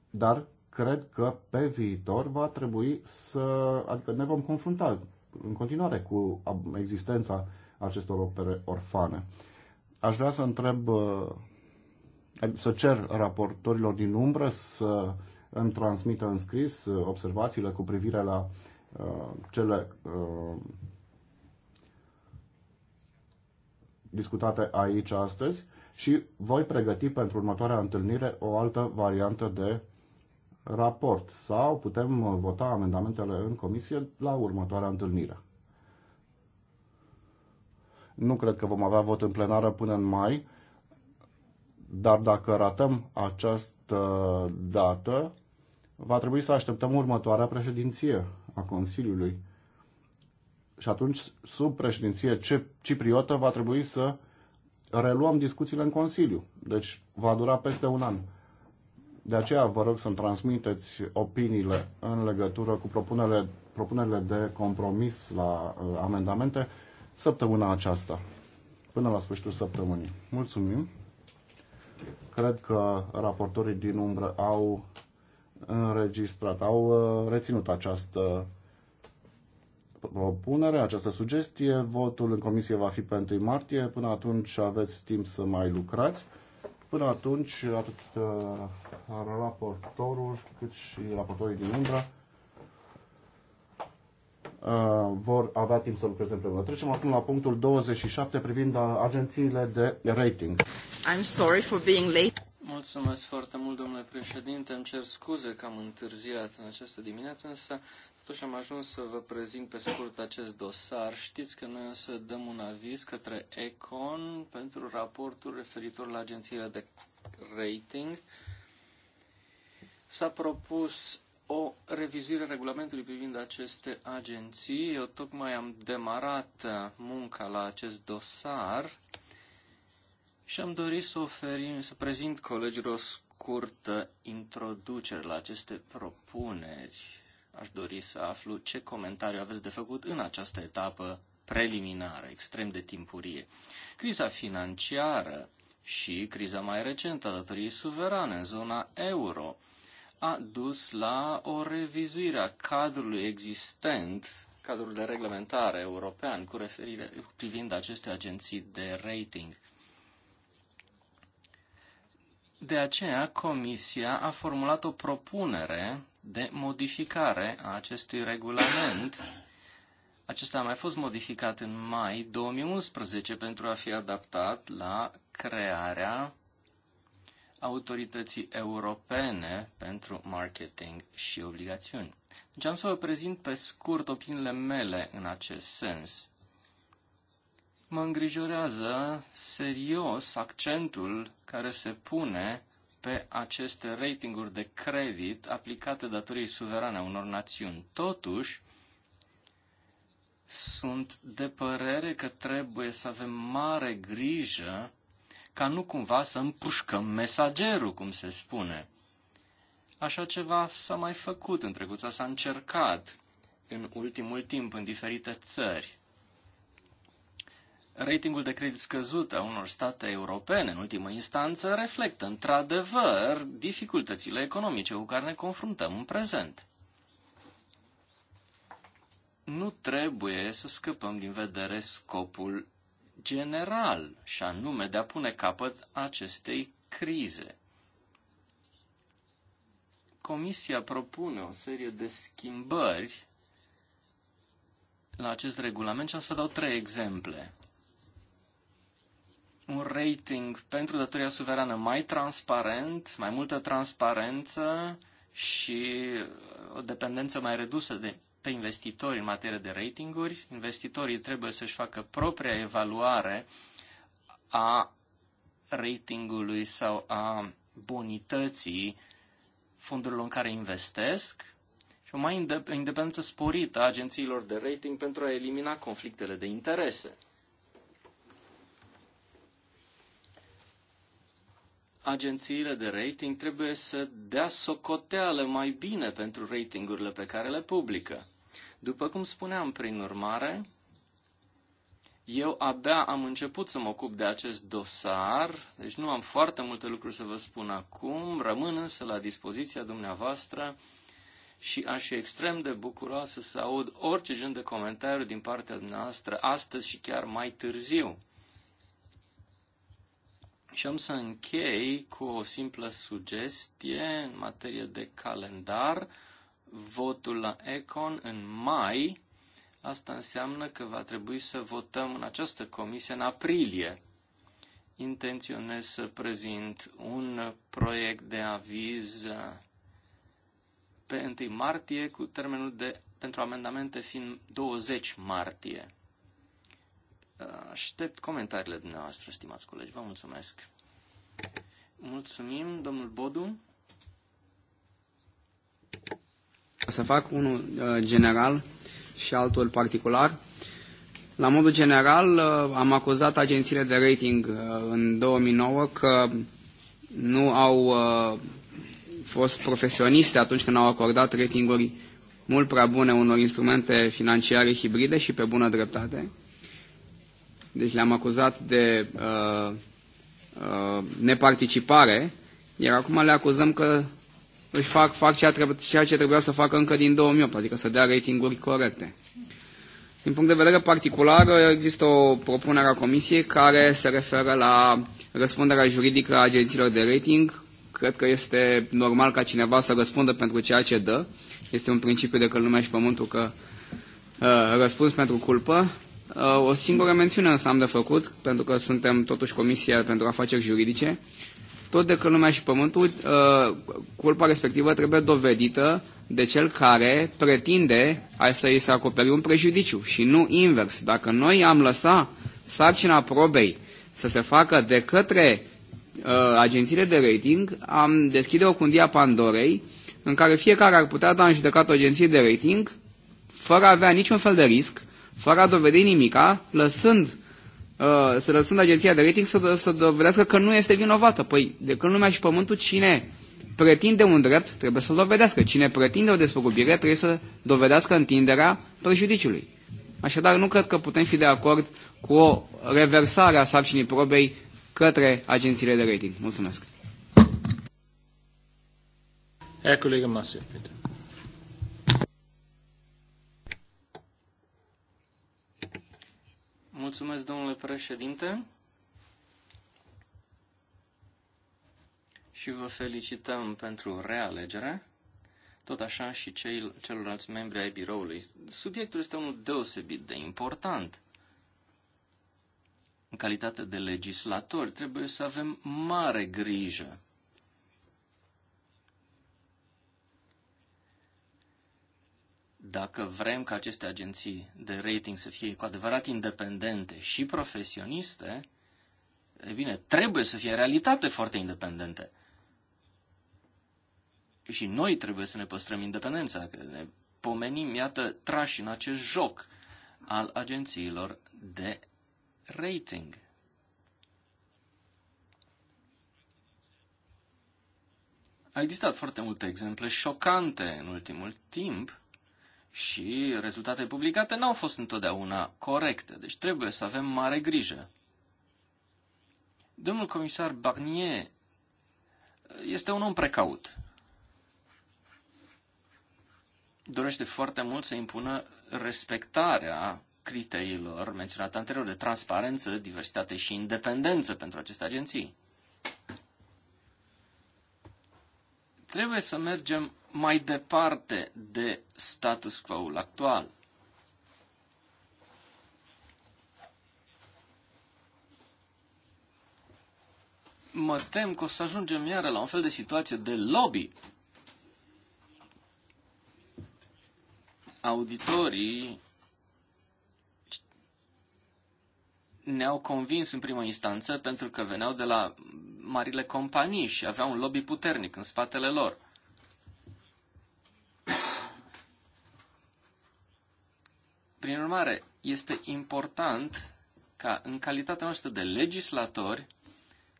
dar cred că pe viitor va trebui să, adică ne vom confrunta în continuare cu existența acestor opere orfane. Aș vrea să întreb, uh, să cer raportorilor din umbră să îmi transmită în scris uh, observațiile cu privire la uh, cele discutate aici astăzi și voi pregăti pentru următoarea întâlnire o altă variantă de raport sau putem vota amendamentele în comisie la următoarea întâlnire. Nu cred că vom avea vot în plenară până în mai, dar dacă ratăm această dată, va trebui să așteptăm următoarea președinție a Consiliului. Și atunci, sub președinție cipriotă, va trebui să reluăm discuțiile în Consiliu. Deci va dura peste un an. De aceea vă rog să-mi transmiteți opiniile în legătură cu propunerile, propunerile de compromis la uh, amendamente săptămâna aceasta, până la sfârșitul săptămânii. Mulțumim! Cred că raportorii din umbră au înregistrat, au uh, reținut această propunere, această sugestie. Votul în comisie va fi pentru 1 martie. Până atunci aveți timp să mai lucrați. Până atunci, atât uh, raportorul cât și raportorii din umbră Uh, vor avea timp să lucreze împreună. Trecem acum la punctul 27 privind uh, agențiile de rating. I'm sorry for being late. Mulțumesc foarte mult, domnule președinte. Îmi cer scuze că am întârziat în această dimineață, însă totuși am ajuns să vă prezint pe scurt acest dosar. Știți că noi o să dăm un aviz către Econ pentru raportul referitor la agențiile de rating. S-a propus o revizuire a regulamentului privind aceste agenții. Eu tocmai am demarat uh, munca la acest dosar și am dorit să oferim, să prezint colegilor o scurtă introducere la aceste propuneri. Aș dori să aflu ce comentariu aveți de făcut în această etapă preliminară, extrem de timpurie. Criza financiară și criza mai recentă a datoriei suverane în zona euro – a dus la o revizuire a cadrului existent, cadrul de reglementare european cu referire privind aceste agenții de rating. De aceea, Comisia a formulat o propunere de modificare a acestui regulament. Acesta a mai fost modificat în mai 2011 pentru a fi adaptat la crearea autorității europene pentru marketing și obligațiuni. Deci am să vă prezint pe scurt opiniile mele în acest sens. Mă îngrijorează serios accentul care se pune pe aceste ratinguri de credit aplicate datoriei suverane a unor națiuni. Totuși, sunt de părere că trebuie să avem mare grijă ca nu cumva să împușcăm mesagerul, cum se spune. Așa ceva s-a mai făcut în trecut, s-a încercat în ultimul timp în diferite țări. Ratingul de credit scăzut a unor state europene, în ultimă instanță, reflectă într-adevăr dificultățile economice cu care ne confruntăm în prezent. Nu trebuie să scăpăm din vedere scopul general, și anume de a pune capăt acestei crize. Comisia propune o serie de schimbări la acest regulament și să vă dau trei exemple. Un rating pentru datoria suverană mai transparent, mai multă transparență și o dependență mai redusă de pe investitori în materie de ratinguri. Investitorii trebuie să-și facă propria evaluare a ratingului sau a bonității fondurilor în care investesc și o mai independență sporită a agențiilor de rating pentru a elimina conflictele de interese. agențiile de rating trebuie să dea socoteală mai bine pentru ratingurile pe care le publică. După cum spuneam, prin urmare, eu abia am început să mă ocup de acest dosar, deci nu am foarte multe lucruri să vă spun acum, rămân însă la dispoziția dumneavoastră și aș fi extrem de bucuroasă să aud orice gen de comentariu din partea dumneavoastră astăzi și chiar mai târziu. Și am să închei cu o simplă sugestie în materie de calendar votul la Econ în mai, asta înseamnă că va trebui să votăm în această comisie în aprilie. Intenționez să prezint un proiect de aviz uh, pe 1 martie, cu termenul de, pentru amendamente fiind 20 martie. Uh, aștept comentariile dumneavoastră, stimați colegi. Vă mulțumesc. Mulțumim, domnul Bodu. Să fac unul uh, general și altul particular. La modul general, uh, am acuzat agențiile de rating uh, în 2009 că nu au fost profesioniste atunci când au acordat ratinguri mult prea bune unor instrumente financiare hibride și pe bună dreptate. Deci le-am acuzat de uh, uh, neparticipare, iar acum le acuzăm că își fac, fac ceea, trebu- ceea ce trebuia să facă încă din 2008, adică să dea ratinguri corecte. Din punct de vedere particular, există o propunere a Comisiei care se referă la răspunderea juridică a agențiilor de rating. Cred că este normal ca cineva să răspundă pentru ceea ce dă. Este un principiu de că lumea și pământul că uh, răspuns pentru culpă. Uh, o singură mențiune însă am de făcut, pentru că suntem totuși Comisia pentru Afaceri Juridice tot de când lumea și pământul, uh, culpa respectivă trebuie dovedită de cel care pretinde să îi se acoperi un prejudiciu și nu invers. Dacă noi am lăsat sarcina probei să se facă de către uh, agențiile de rating, am deschide o cundia Pandorei în care fiecare ar putea da în judecată o agenție de rating fără a avea niciun fel de risc, fără a dovedi nimica, lăsând uh, Uh, să lăsând agenția de rating să, să dovedească că nu este vinovată. Păi, de când lumea și pământul, cine pretinde un drept, trebuie să-l dovedească. Cine pretinde o despăgubire, trebuie să dovedească întinderea prejudiciului. Așadar, nu cred că putem fi de acord cu o reversare a sarcinii probei către agențiile de rating. Mulțumesc. Herr Kollege Masse, bitte. Mulțumesc, domnule președinte. Și vă felicităm pentru realegere, tot așa și cei, celorlalți membri ai biroului. Subiectul este unul deosebit de important. În calitate de legislatori, trebuie să avem mare grijă dacă vrem ca aceste agenții de rating să fie cu adevărat independente și profesioniste, e bine, trebuie să fie în realitate foarte independente. Și noi trebuie să ne păstrăm independența, că ne pomenim, iată, trași în acest joc al agențiilor de rating. A existat foarte multe exemple șocante în ultimul timp și rezultatele publicate n-au fost întotdeauna corecte, deci trebuie să avem mare grijă. Domnul comisar Barnier este un om precaut. Dorește foarte mult să impună respectarea criteriilor menționate anterior de transparență, diversitate și independență pentru aceste agenții. Trebuie să mergem mai departe de status quo-ul actual. Mă tem că o să ajungem iară la un fel de situație de lobby. Auditorii ne-au convins în primă instanță pentru că veneau de la marile companii și aveau un lobby puternic în spatele lor. Prin urmare, este important ca în calitatea noastră de legislatori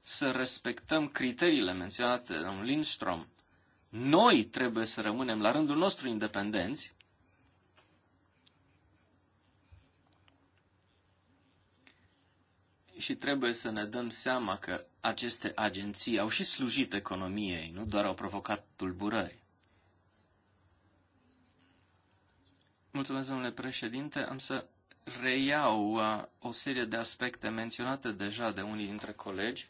să respectăm criteriile menționate de domnul Lindstrom. Noi trebuie să rămânem la rândul nostru independenți și trebuie să ne dăm seama că aceste agenții au și slujit economiei, nu doar au provocat tulburări. Mulțumesc, domnule președinte. Am să reiau uh, o serie de aspecte menționate deja de unii dintre colegi.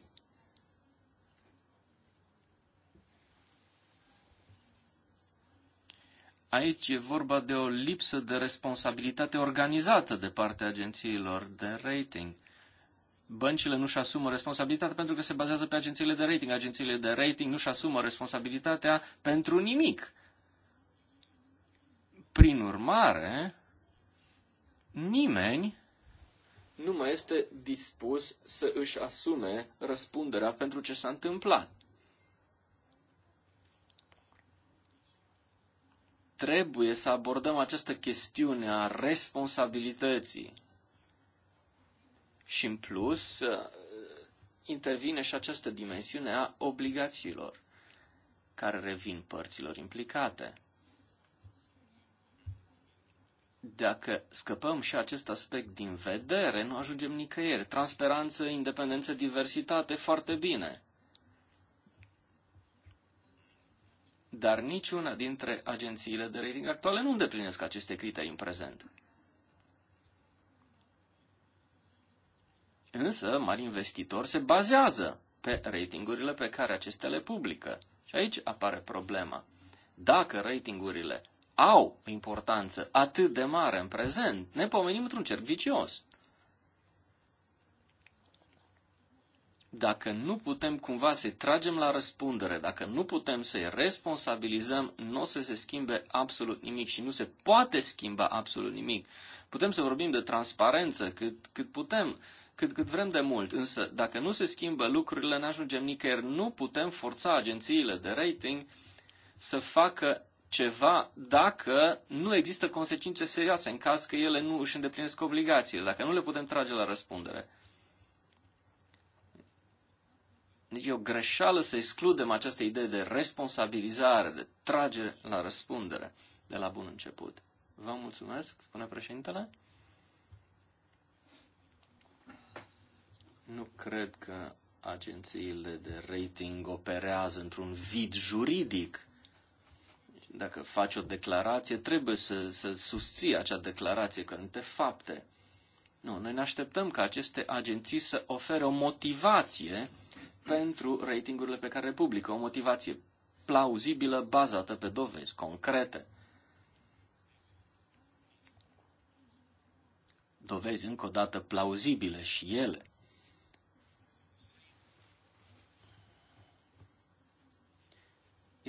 Aici e vorba de o lipsă de responsabilitate organizată de partea agențiilor de rating. Băncile nu-și asumă responsabilitatea pentru că se bazează pe agențiile de rating. Agențiile de rating nu-și asumă responsabilitatea pentru nimic. Prin urmare, nimeni nu mai este dispus să își asume răspunderea pentru ce s-a întâmplat. Trebuie să abordăm această chestiune a responsabilității. Și în plus, intervine și această dimensiune a obligațiilor care revin părților implicate. Dacă scăpăm și acest aspect din vedere, nu ajungem nicăieri. Transparență, independență, diversitate, foarte bine. Dar niciuna dintre agențiile de rating actuale nu îndeplinesc aceste criterii în prezent. Însă, mari investitori se bazează pe ratingurile pe care acestea le publică. Și aici apare problema. Dacă ratingurile au o importanță atât de mare în prezent, ne pomenim într-un cerc vicios. Dacă nu putem cumva să-i tragem la răspundere, dacă nu putem să-i responsabilizăm, nu o să se schimbe absolut nimic și nu se poate schimba absolut nimic. Putem să vorbim de transparență cât, cât putem, cât, cât vrem de mult, însă dacă nu se schimbă lucrurile, ne ajungem nicăieri. Nu putem forța agențiile de rating să facă ceva dacă nu există consecințe serioase, în caz că ele nu își îndeplinesc obligațiile, dacă nu le putem trage la răspundere. Deci e o greșeală să excludem această idee de responsabilizare, de trage la răspundere de la bun început. Vă mulțumesc, spune președintele. Nu cred că agențiile de rating operează într-un vid juridic dacă faci o declarație, trebuie să, să susții acea declarație cu te fapte. Nu, noi ne așteptăm ca aceste agenții să ofere o motivație pentru ratingurile pe care le publică, o motivație plauzibilă bazată pe dovezi concrete. Dovezi încă o dată plauzibile și ele.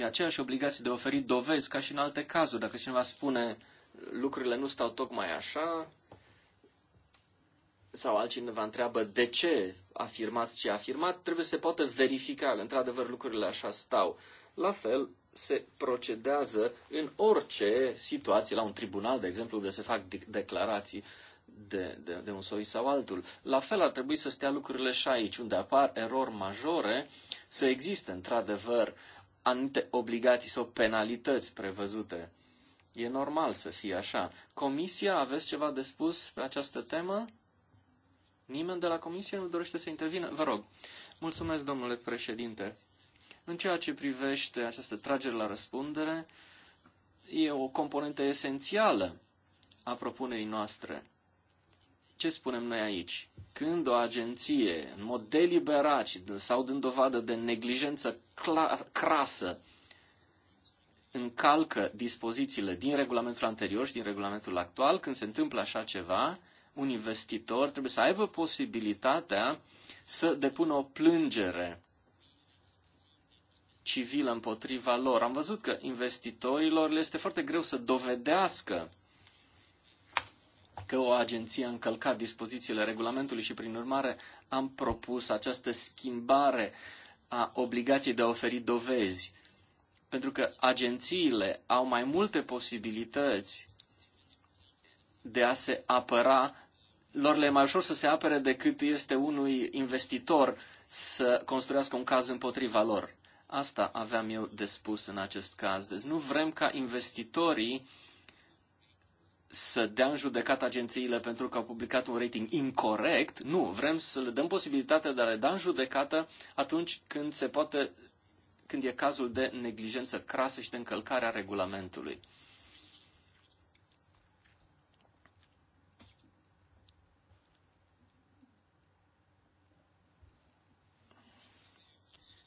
E aceeași obligație de a oferi dovezi ca și în alte cazuri. Dacă cineva spune lucrurile nu stau tocmai așa, sau altcineva întreabă de ce afirmați ce afirmați, trebuie să se poată verifica că într-adevăr lucrurile așa stau. La fel se procedează în orice situație, la un tribunal, de exemplu, unde se fac declarații de, de, de un soi sau altul. La fel ar trebui să stea lucrurile și aici, unde apar erori majore, să existe într-adevăr uh, anumite obligații sau penalități prevăzute. E normal să fie așa. Comisia, aveți ceva de spus pe această temă? Nimeni de la comisie nu dorește să intervină? Vă rog. Mulțumesc, domnule președinte. În ceea ce privește această tragere la răspundere, e o componentă esențială a propunerii noastre. Ce spunem noi aici? Când o agenție, în mod deliberat sau dând dovadă de neglijență crasă încalcă dispozițiile din regulamentul anterior și din regulamentul actual, când se întâmplă așa ceva, un investitor trebuie să aibă posibilitatea să depună o plângere civilă împotriva lor. Am văzut că investitorilor le este foarte greu să dovedească că o agenție a încălcat dispozițiile regulamentului și, prin urmare, am propus această schimbare uh, a obligației de a oferi dovezi. Pentru că agențiile au mai multe posibilități de a se apăra, lor le e mai ușor să se apere decât este unui investitor să construiască un caz împotriva lor. Asta aveam eu de spus în acest caz. Deci nu vrem ca investitorii să dea în judecată agențiile pentru că au publicat un rating incorrect. Nu, vrem să le dăm posibilitatea de a le da în judecată atunci când se poate, când e cazul de neglijență crasă și de încălcare a regulamentului.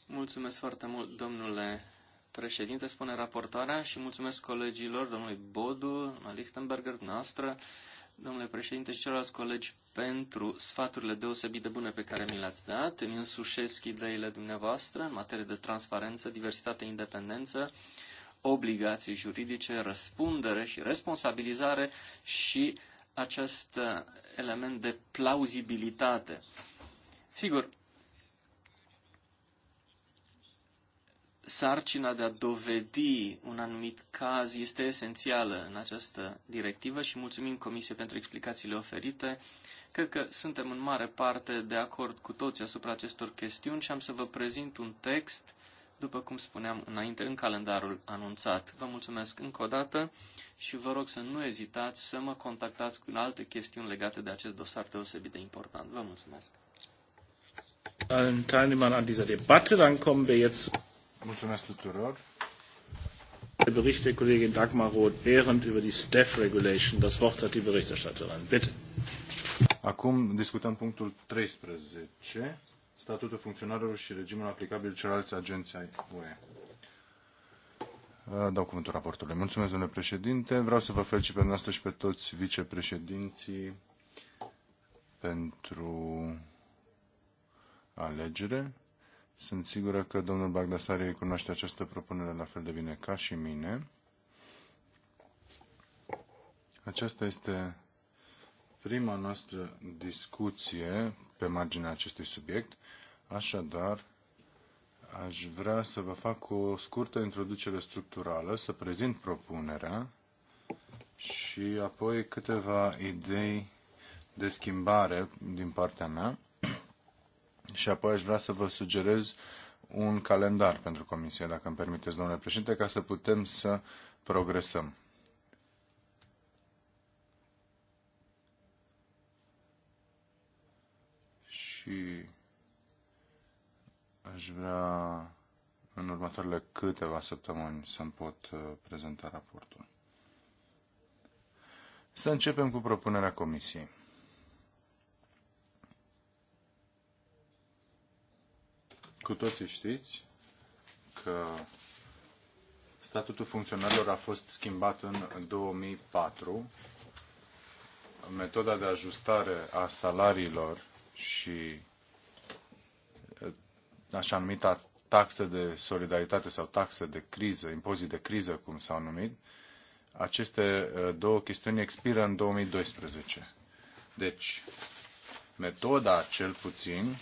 Mulțumesc foarte mult, domnule Președinte, spune raportarea și mulțumesc colegilor, domnului Bodu, la Lichtenberger, noastră, domnule președinte și celorlalți colegi pentru sfaturile deosebit de bune pe care mi le-ați dat. Îmi însușesc ideile dumneavoastră în materie de transparență, diversitate, independență, obligații juridice, răspundere și responsabilizare și acest element de plauzibilitate. Sigur, sarcina de a dovedi un anumit caz este esențială în această directivă și mulțumim Comisiei pentru explicațiile oferite. Cred că suntem în mare parte de acord cu toți asupra acestor chestiuni și am să vă prezint un text, după cum spuneam înainte, în calendarul anunțat. Vă mulțumesc încă o dată și vă rog să nu ezitați să mă contactați cu alte chestiuni legate de acest dosar deosebit de important. Vă mulțumesc! allen Teilnehmern an dieser Debatte. Dann kommen wir jetzt Mulțumesc tuturor. Der Bericht Dagmar Roth-Behrendt über die Staff Regulation. Das Wort hat die Berichterstatterin. Bitte. Acum discutăm punctul 13, statutul funcționarilor și regimul aplicabil celorlalți agenții ai UE. Uh, dau cuvântul raportului. Mulțumesc, domnule președinte. Vreau să vă felicit pe noastră și pe toți vicepreședinții pentru alegere. Sunt sigură că domnul Bagdasariu îi cunoaște această propunere la fel de bine ca și mine. Aceasta este prima noastră discuție pe marginea acestui subiect. Așadar, aș vrea să vă fac o scurtă introducere structurală, să prezint propunerea și apoi câteva idei de schimbare din partea mea și apoi aș vrea să vă sugerez un calendar pentru comisie, dacă îmi permiteți, domnule președinte, ca să putem să progresăm. Și aș vrea în următoarele câteva săptămâni să-mi pot uh, prezenta raportul. Să începem cu propunerea comisiei. Cu toții știți că statutul funcționarilor a fost schimbat în 2004. Metoda de ajustare a salariilor și eh, așa numita taxă de solidaritate sau taxă de criză, impozit de criză, cum s-au numit, aceste eh, două chestiuni expiră în 2012. Deci, metoda, cel puțin,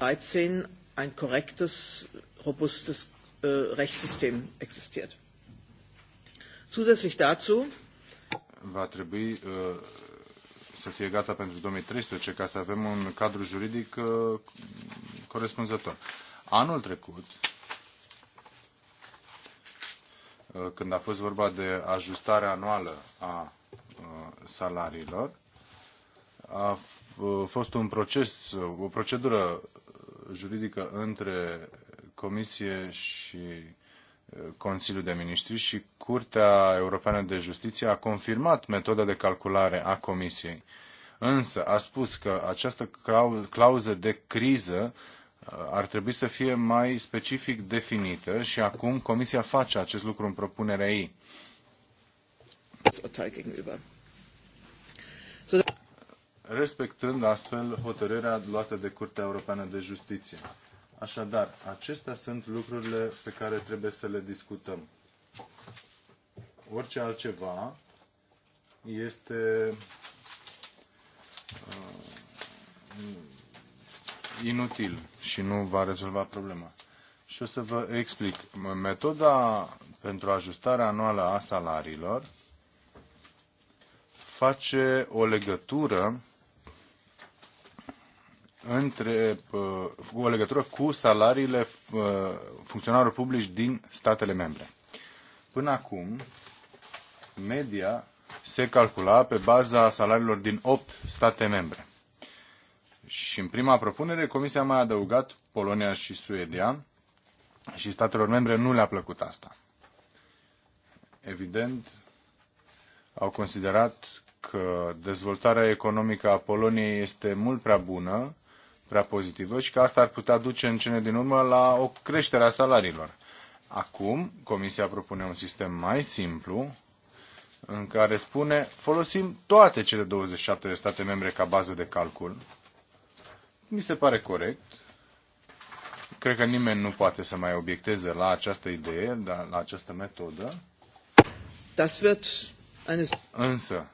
2013 ein korrektes, robustes äh, Rechtssystem existiert. Zusätzlich dazu va trebui uh, să fie gata pentru 2013 ca să avem un cadru juridic uh, corespunzător. Anul trecut, uh, când a fost vorba de ajustarea anuală a uh, salariilor, a Uh, fost un proces, uh, o procedură juridică între Comisie și uh, Consiliul de Ministri și Curtea Europeană de Justiție a confirmat metoda de calculare a Comisiei. Însă a spus că această clauză de criză ar trebui să fie mai specific definită și acum Comisia face acest lucru în propunerea ei respectând astfel hotărârea luată de Curtea Europeană de Justiție. Așadar, acestea sunt lucrurile pe care trebuie să le discutăm. Orice altceva este uh, inutil și nu va rezolva problema. Și o să vă explic. Metoda pentru ajustarea anuală a salariilor face o legătură între, uh, cu o legătură cu salariile uh, funcționarilor publici din statele membre. Până acum, media se calcula pe baza salariilor din 8 state membre. Și în prima propunere, Comisia a mai adăugat Polonia și Suedia și statelor membre nu le-a plăcut asta. Evident, au considerat că dezvoltarea economică a Poloniei este mult prea bună prea pozitivă și că asta ar putea duce în cele din urmă la o creștere a salariilor. Acum, Comisia propune un sistem mai simplu în care spune folosim toate cele 27 de state membre ca bază de calcul. Mi se pare corect. Cred că nimeni nu poate să mai obiecteze la această idee, la această metodă. Das wird eine... Însă,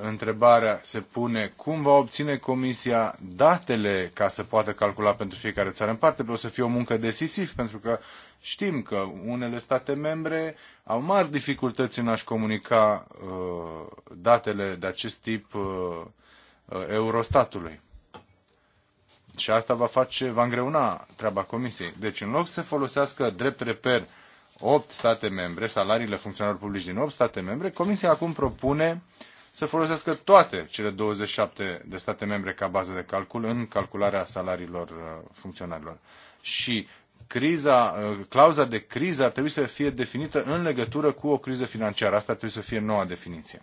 întrebarea se pune cum va obține Comisia datele ca să poată calcula pentru fiecare țară în parte. O să fie o muncă decisiv pentru că știm că unele state membre au mari dificultăți în a-și comunica uh, datele de acest tip uh, uh Eurostatului. Și asta va face, va îngreuna treaba Comisiei. Deci în loc să folosească drept reper 8 state membre, salariile funcționarilor publici din 8 state membre, Comisia acum propune uh, să folosească toate cele 27 de state membre ca bază de calcul în calcularea salariilor uh, funcționarilor. Și criza, uh, clauza de criză ar trebui să fie definită în legătură cu o criză financiară. Asta ar trebui să fie noua definiție.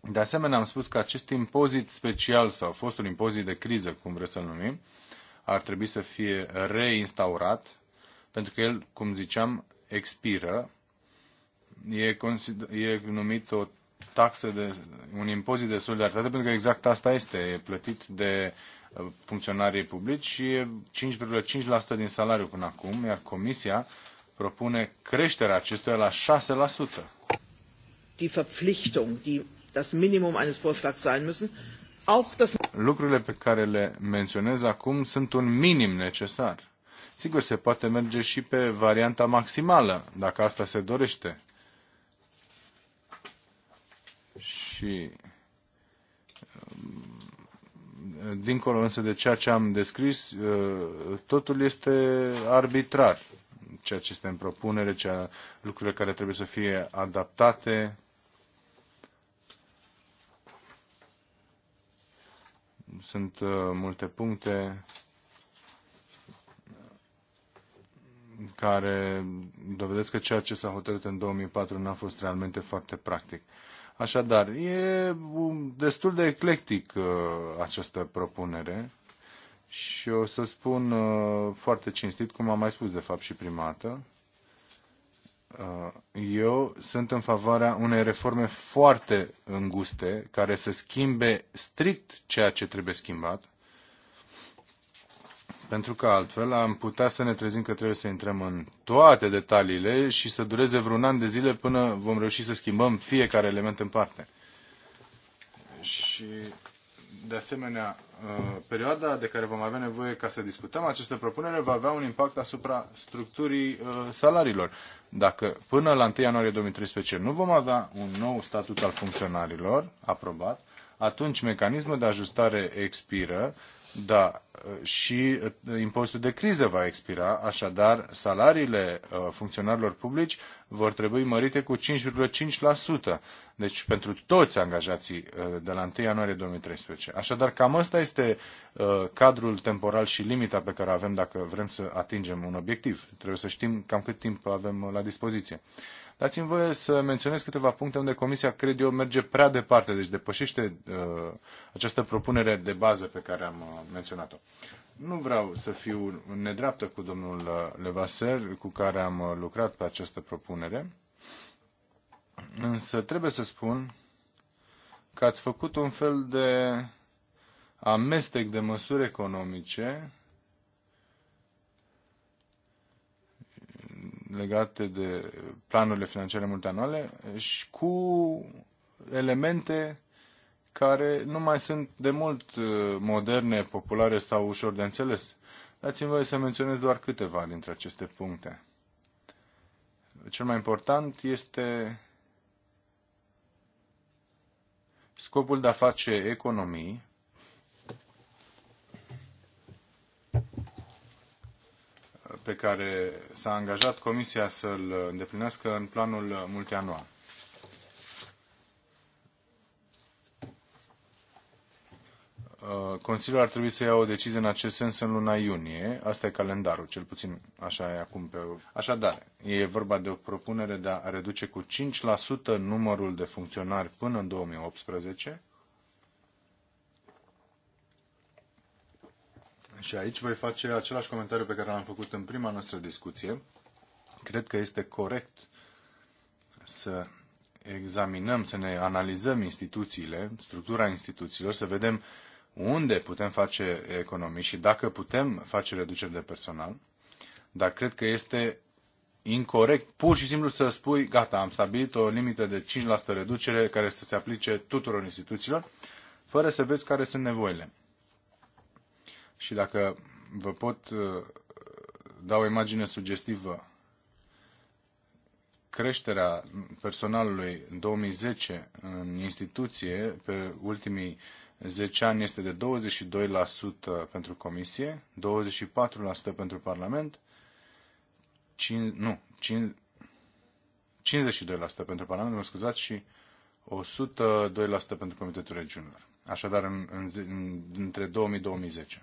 De asemenea, am spus că acest impozit special sau fostul impozit de criză, cum vreți să-l numim, ar trebui să fie reinstaurat, pentru că el, cum ziceam, expiră. E, consider, e numit o Taxe de, un impozit de solidaritate, pentru că exact asta este, e plătit de uh, funcționarii publici și e 5,5% din salariu până acum, iar Comisia propune creșterea acestuia la 6%. Die Verpflichtung, die das Minimum eines Vorschlags sein müssen, auch das... Lucrurile pe care le menționez acum sunt un minim necesar. Sigur, se poate merge și pe varianta maximală, dacă asta se dorește. Și um, dincolo însă de ceea ce am descris, uh, totul este arbitrar. Ceea ce este în propunere, ceea, lucrurile care trebuie să fie adaptate. Sunt uh, multe puncte care dovedesc că ceea ce s-a hotărât în 2004 nu a fost realmente foarte practic. Așadar, e destul de eclectic uh, această propunere și o să spun uh, foarte cinstit, cum am mai spus de fapt și prima dată, uh, eu sunt în favoarea unei reforme foarte înguste care să schimbe strict ceea ce trebuie schimbat pentru că altfel am putea să ne trezim că trebuie să intrăm în toate detaliile și să dureze vreun an de zile până vom reuși să schimbăm fiecare element în parte. Și, de asemenea, uh, perioada de care vom avea nevoie ca să discutăm această propunere va avea un impact asupra structurii uh, salariilor. Dacă până la 1 ianuarie 2013 nu vom avea un nou statut al funcționarilor aprobat, atunci mecanismul de ajustare expiră da, și uh, impozitul de criză va expira, așadar salariile uh, funcționarilor publici vor trebui mărite cu 5,5%, deci pentru toți angajații uh, de la 1 ianuarie 2013. Așadar, cam asta este cadrul temporal și limita pe care avem dacă vrem să atingem un obiectiv. Trebuie să știm cam cât timp avem la dispoziție. Dați-mi voie să menționez câteva puncte unde Comisia, cred eu, merge prea departe, deci depășește uh, această propunere de bază pe care am uh, menționat-o. Nu vreau să fiu nedreaptă cu domnul uh, Levasel, cu care am uh, lucrat pe această propunere, însă trebuie să spun că ați făcut un fel de amestec de măsuri economice legate de planurile financiare multianuale și cu elemente care nu mai sunt de mult uh, moderne, populare sau ușor de înțeles. Dați-mi voie să menționez doar câteva dintre aceste puncte. Cel mai important este scopul de a face economii pe care s-a angajat Comisia să-l îndeplinească în planul multianual. Uh, Consiliul ar trebui să ia o decizie în acest sens în luna iunie. Asta e calendarul, cel puțin așa e acum. Pe... Așadar, e vorba de o propunere de a reduce cu 5% numărul de funcționari până în 2018 Și aici voi face același comentariu pe care l-am făcut în prima noastră discuție. Cred că este corect să examinăm, să ne analizăm instituțiile, structura instituțiilor, să vedem unde putem face economii și dacă putem face reduceri de personal, dar cred că este incorrect pur și simplu să spui, gata, am stabilit o limită de 5% reducere care să se aplice tuturor instituțiilor, fără să vezi care sunt nevoile. Și dacă vă pot uh, da o imagine sugestivă, creșterea personalului în 2010 în instituție pe ultimii 10 ani este de 22% pentru comisie, 24% pentru Parlament, 5, nu, 5, 52% pentru Parlament, mă scuzați, și 102% pentru Comitetul Regiunilor. Așadar, în, în, între 2000-2010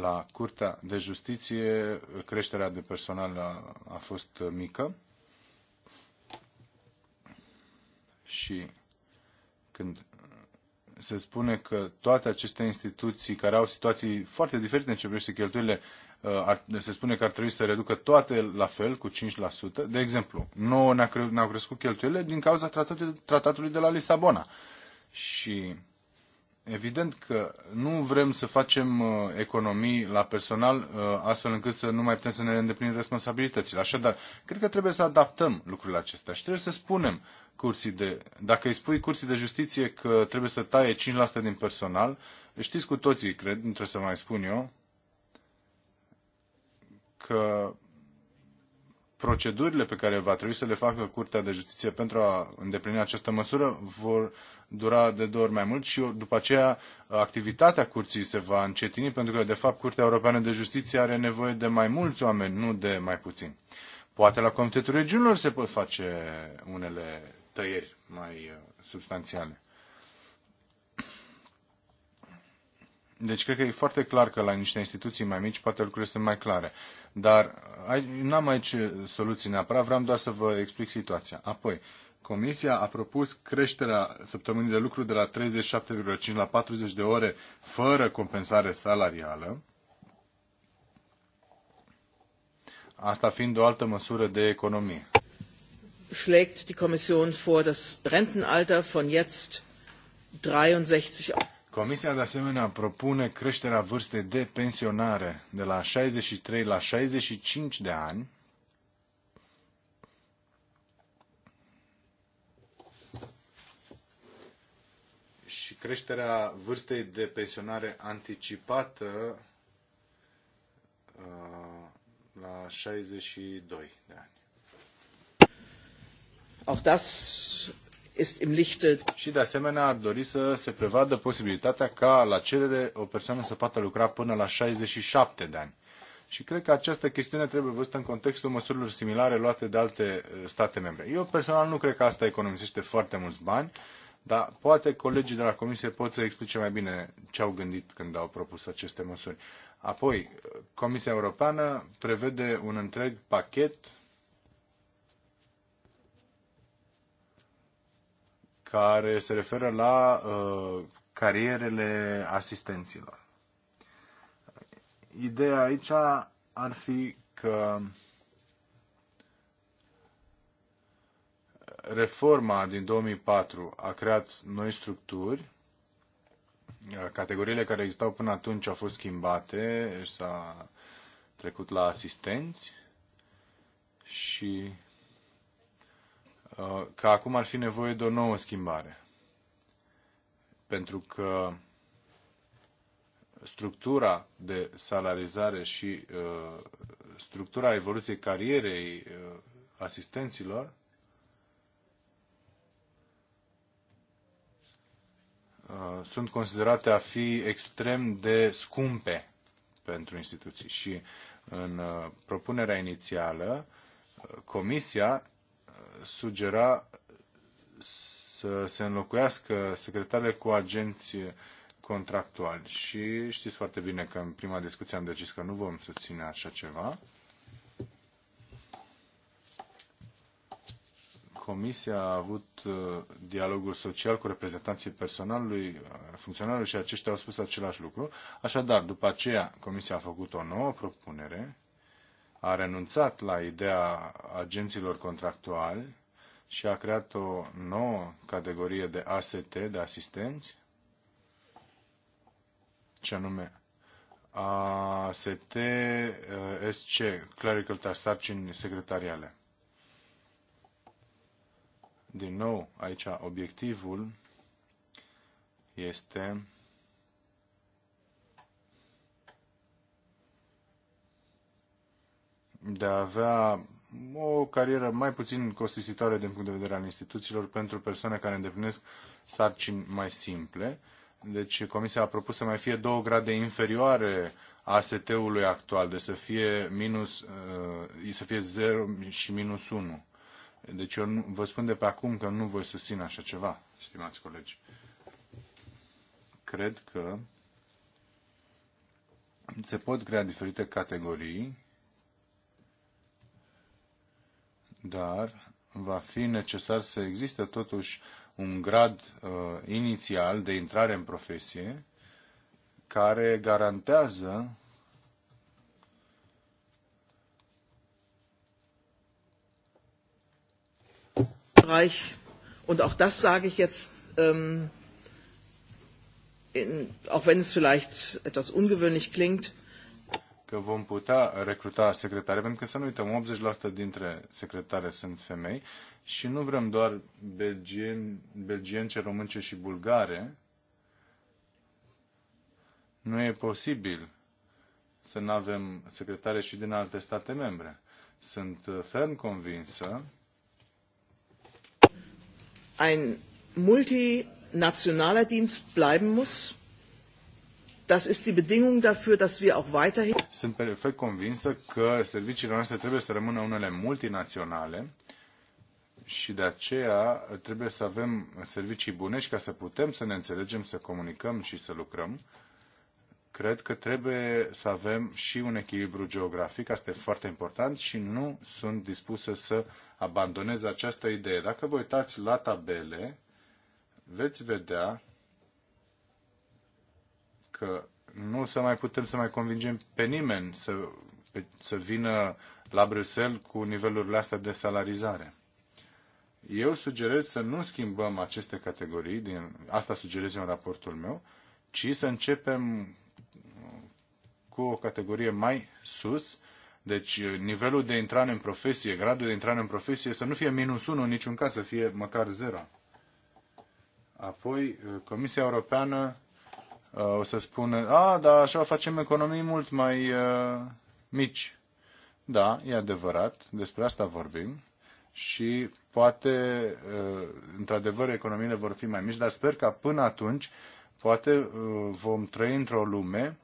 la Curtea de Justiție creșterea de personal a, a fost mică și când se spune că toate aceste instituții care au situații foarte diferite în ce privește cheltuielile, uh, se spune că ar trebui să reducă toate la fel cu 5%. De exemplu, nouă ne-au crescut cheltuielile din cauza tratatului de la Lisabona. Și evident că nu vrem să facem uh, economii la personal uh, astfel încât să nu mai putem să ne îndeplinim responsabilitățile. Așadar, cred că trebuie să adaptăm lucrurile acestea și trebuie să spunem curții de, dacă îi spui curții de justiție că trebuie să taie 5% din personal, știți cu toții, cred, nu trebuie să mai spun eu, că procedurile pe care va trebui să le facă Curtea de Justiție pentru a îndeplini această măsură vor dura de două ori mai mult și după aceea activitatea curții se va încetini pentru că, de fapt, Curtea Europeană de Justiție are nevoie de mai mulți oameni, nu de mai puțini. Poate la Comitetul Regiunilor se pot face unele tăieri mai uh, substanțiale. Deci cred că e foarte clar că la niște instituții mai mici poate lucrurile sunt mai clare. Dar n-am aici soluții neapărat, vreau doar să vă explic situația. Apoi, Comisia a propus creșterea săptămânii de lucru de la 37,5 la 40 de ore fără compensare salarială. Asta fiind o altă măsură de economie. Schlägt die Kommission vor das Rentenalter von jetzt 63 Comisia de asemenea propune creșterea vârstei de pensionare de la 63 la 65 de ani creșterea vârstei de pensionare anticipată uh, la 62 de ani. Auch das ist im Lichte. Și de asemenea ar dori să se prevadă posibilitatea ca la cerere o persoană să poată lucra până la 67 de ani. Și cred că această chestiune trebuie văzută în contextul măsurilor similare luate de alte uh, state membre. Eu personal nu cred că asta economisește foarte mulți bani, dar poate colegii de la Comisie pot să explice mai bine ce au gândit când au propus aceste măsuri. Apoi, Comisia Europeană prevede un întreg pachet care se referă la uh, carierele asistenților. Ideea aici ar fi că uh, reforma din 2004 a creat noi structuri, categoriile care existau până atunci au fost schimbate, s-a trecut la asistenți și uh, că acum ar fi nevoie de o nouă schimbare. Pentru că structura de salarizare și uh, structura evoluției carierei uh, asistenților Uh, sunt considerate a fi extrem de scumpe pentru instituții și în uh, propunerea inițială uh, comisia sugera să se înlocuiască secretarele cu agenți contractuali și știți foarte bine că în prima discuție am decis că nu vom susține așa ceva Comisia a avut uh, dialogul social cu reprezentanții personalului, uh, funcționarului și aceștia au spus același lucru. Așadar, după aceea, Comisia a făcut o nouă propunere, a renunțat la ideea agenților contractuali și a creat o nouă categorie de AST, de asistenți, ce anume AST uh, SC, Clerical Task Sarcini Secretariale. Din nou, aici obiectivul este de a avea o carieră mai puțin costisitoare din punct de vedere al instituțiilor pentru persoane care îndeplinesc sarcini mai simple. Deci Comisia a propus să mai fie două grade inferioare AST-ului actual, de să fie, minus, uh, să fie 0 și minus 1. Deci eu vă spun de pe acum că nu voi susține așa ceva, stimați colegi. Cred că se pot crea diferite categorii, dar va fi necesar să existe totuși un grad uh, inițial de intrare în profesie care garantează Bereich, und auch das sage ich jetzt, ähm, in, auch wenn es vielleicht etwas ungewöhnlich klingt, că vom putea recruta secretare, pentru că să nu uităm, 80% dintre secretare sunt femei și nu vrem doar belgieni, belgience, românce și bulgare. Nu e posibil să nu avem secretare și din alte state membre. Sunt uh, ferm convinsă ein multinationaler Dienst bleiben muss. Das ist die Bedingung dafür, dass wir auch weiterhin. Sunt perfect convinsă că serviciile noastre trebuie să rămână unele multinaționale și de aceea trebuie să avem servicii bune și ca să putem să ne înțelegem, să comunicăm și să lucrăm cred că trebuie să avem și un echilibru geografic, asta e foarte important și nu sunt dispusă să abandonez această idee. Dacă vă uitați la tabele, veți vedea că nu să mai putem să mai convingem pe nimeni să, pe, să vină la Bruxelles cu nivelurile astea de salarizare. Eu sugerez să nu schimbăm aceste categorii, din, asta sugerez eu în raportul meu, ci să începem cu o categorie mai sus, deci uh, nivelul de intrare în profesie, gradul de intrare în profesie să nu fie minus 1 în niciun caz, să fie măcar 0. Apoi, uh, Comisia Europeană uh, o să spună, a, da, așa facem economii mult mai uh, mici. Da, e adevărat, despre asta vorbim și poate, uh, într-adevăr, economiile vor fi mai mici, dar sper că până atunci poate uh, vom trăi într-o lume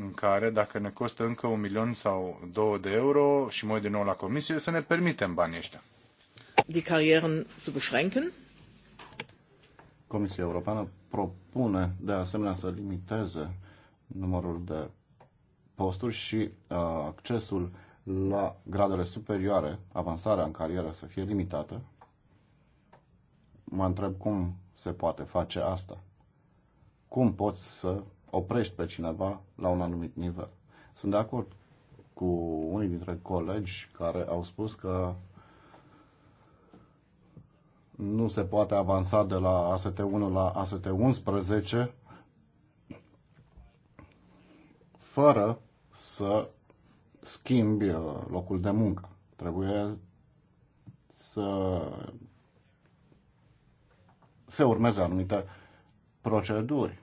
în care, dacă ne costă încă un milion sau două de euro și mă uit din nou la comisie, să ne permitem banii ăștia. Die Karrieren zu beschränken? Comisia Europeană propune de asemenea să limiteze numărul de posturi și uh, accesul la gradele superioare, avansarea în carieră să fie limitată. Mă întreb cum se poate face asta. Cum poți să oprești pe cineva la un anumit nivel. Sunt de acord cu unii dintre colegi care au spus că nu se poate avansa de la AST1 la AST11 fără să schimbi uh, locul de muncă. Trebuie să se urmeze anumite proceduri.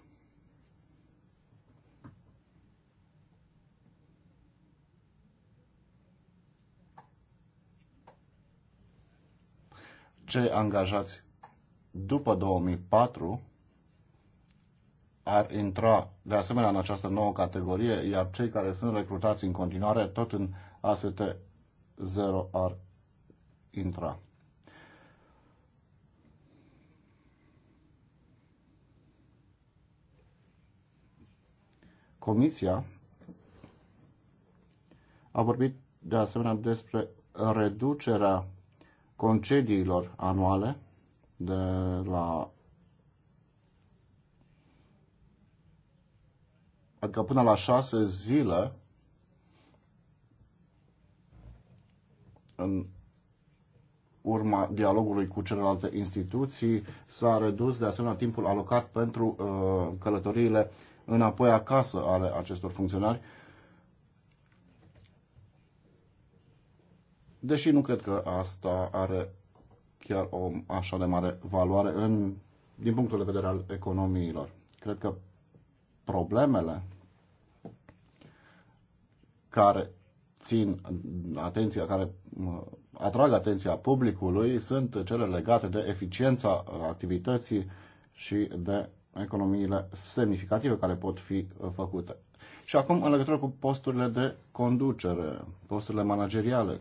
cei angajați după 2004 ar intra de asemenea în această nouă categorie, iar cei care sunt recrutați în continuare tot în AST 0 ar intra. Comisia a vorbit de asemenea despre reducerea concediilor anuale de la adică până la șase zile în urma dialogului cu celelalte instituții s-a redus de asemenea timpul alocat pentru uh, călătoriile înapoi acasă ale acestor funcționari uh, deși nu cred că asta are chiar o așa de mare valoare în, din punctul de vedere al economiilor. Cred că problemele care țin atenția, care atrag atenția publicului sunt cele legate de eficiența activității și de economiile semnificative care pot fi uh, făcute. Și acum, în legătură cu posturile de conducere, posturile manageriale,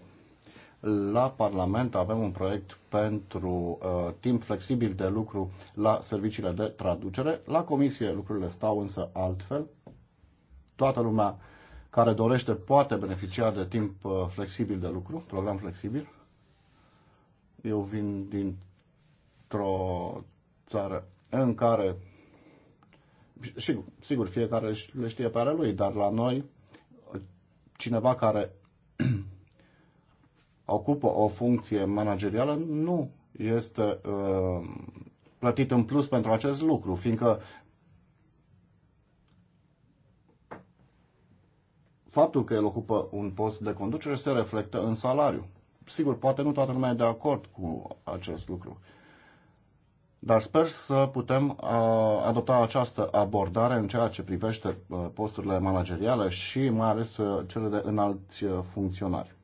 la Parlament avem un proiect pentru uh, timp flexibil de lucru la serviciile de traducere. La Comisie lucrurile stau însă altfel. Toată lumea care dorește poate beneficia de timp uh, flexibil de lucru, program flexibil. Eu vin dintr-o țară în care, și, sigur, fiecare le știe pe ale lui, dar la noi, uh, cineva care ocupă o funcție managerială nu este uh, plătit în plus pentru acest lucru, fiindcă faptul că el ocupă un post de conducere se reflectă în salariu. Sigur, poate nu toată lumea e de acord cu acest lucru. Dar sper să putem uh, adopta această abordare în ceea ce privește uh, posturile manageriale și mai ales uh, cele de înalți funcționari.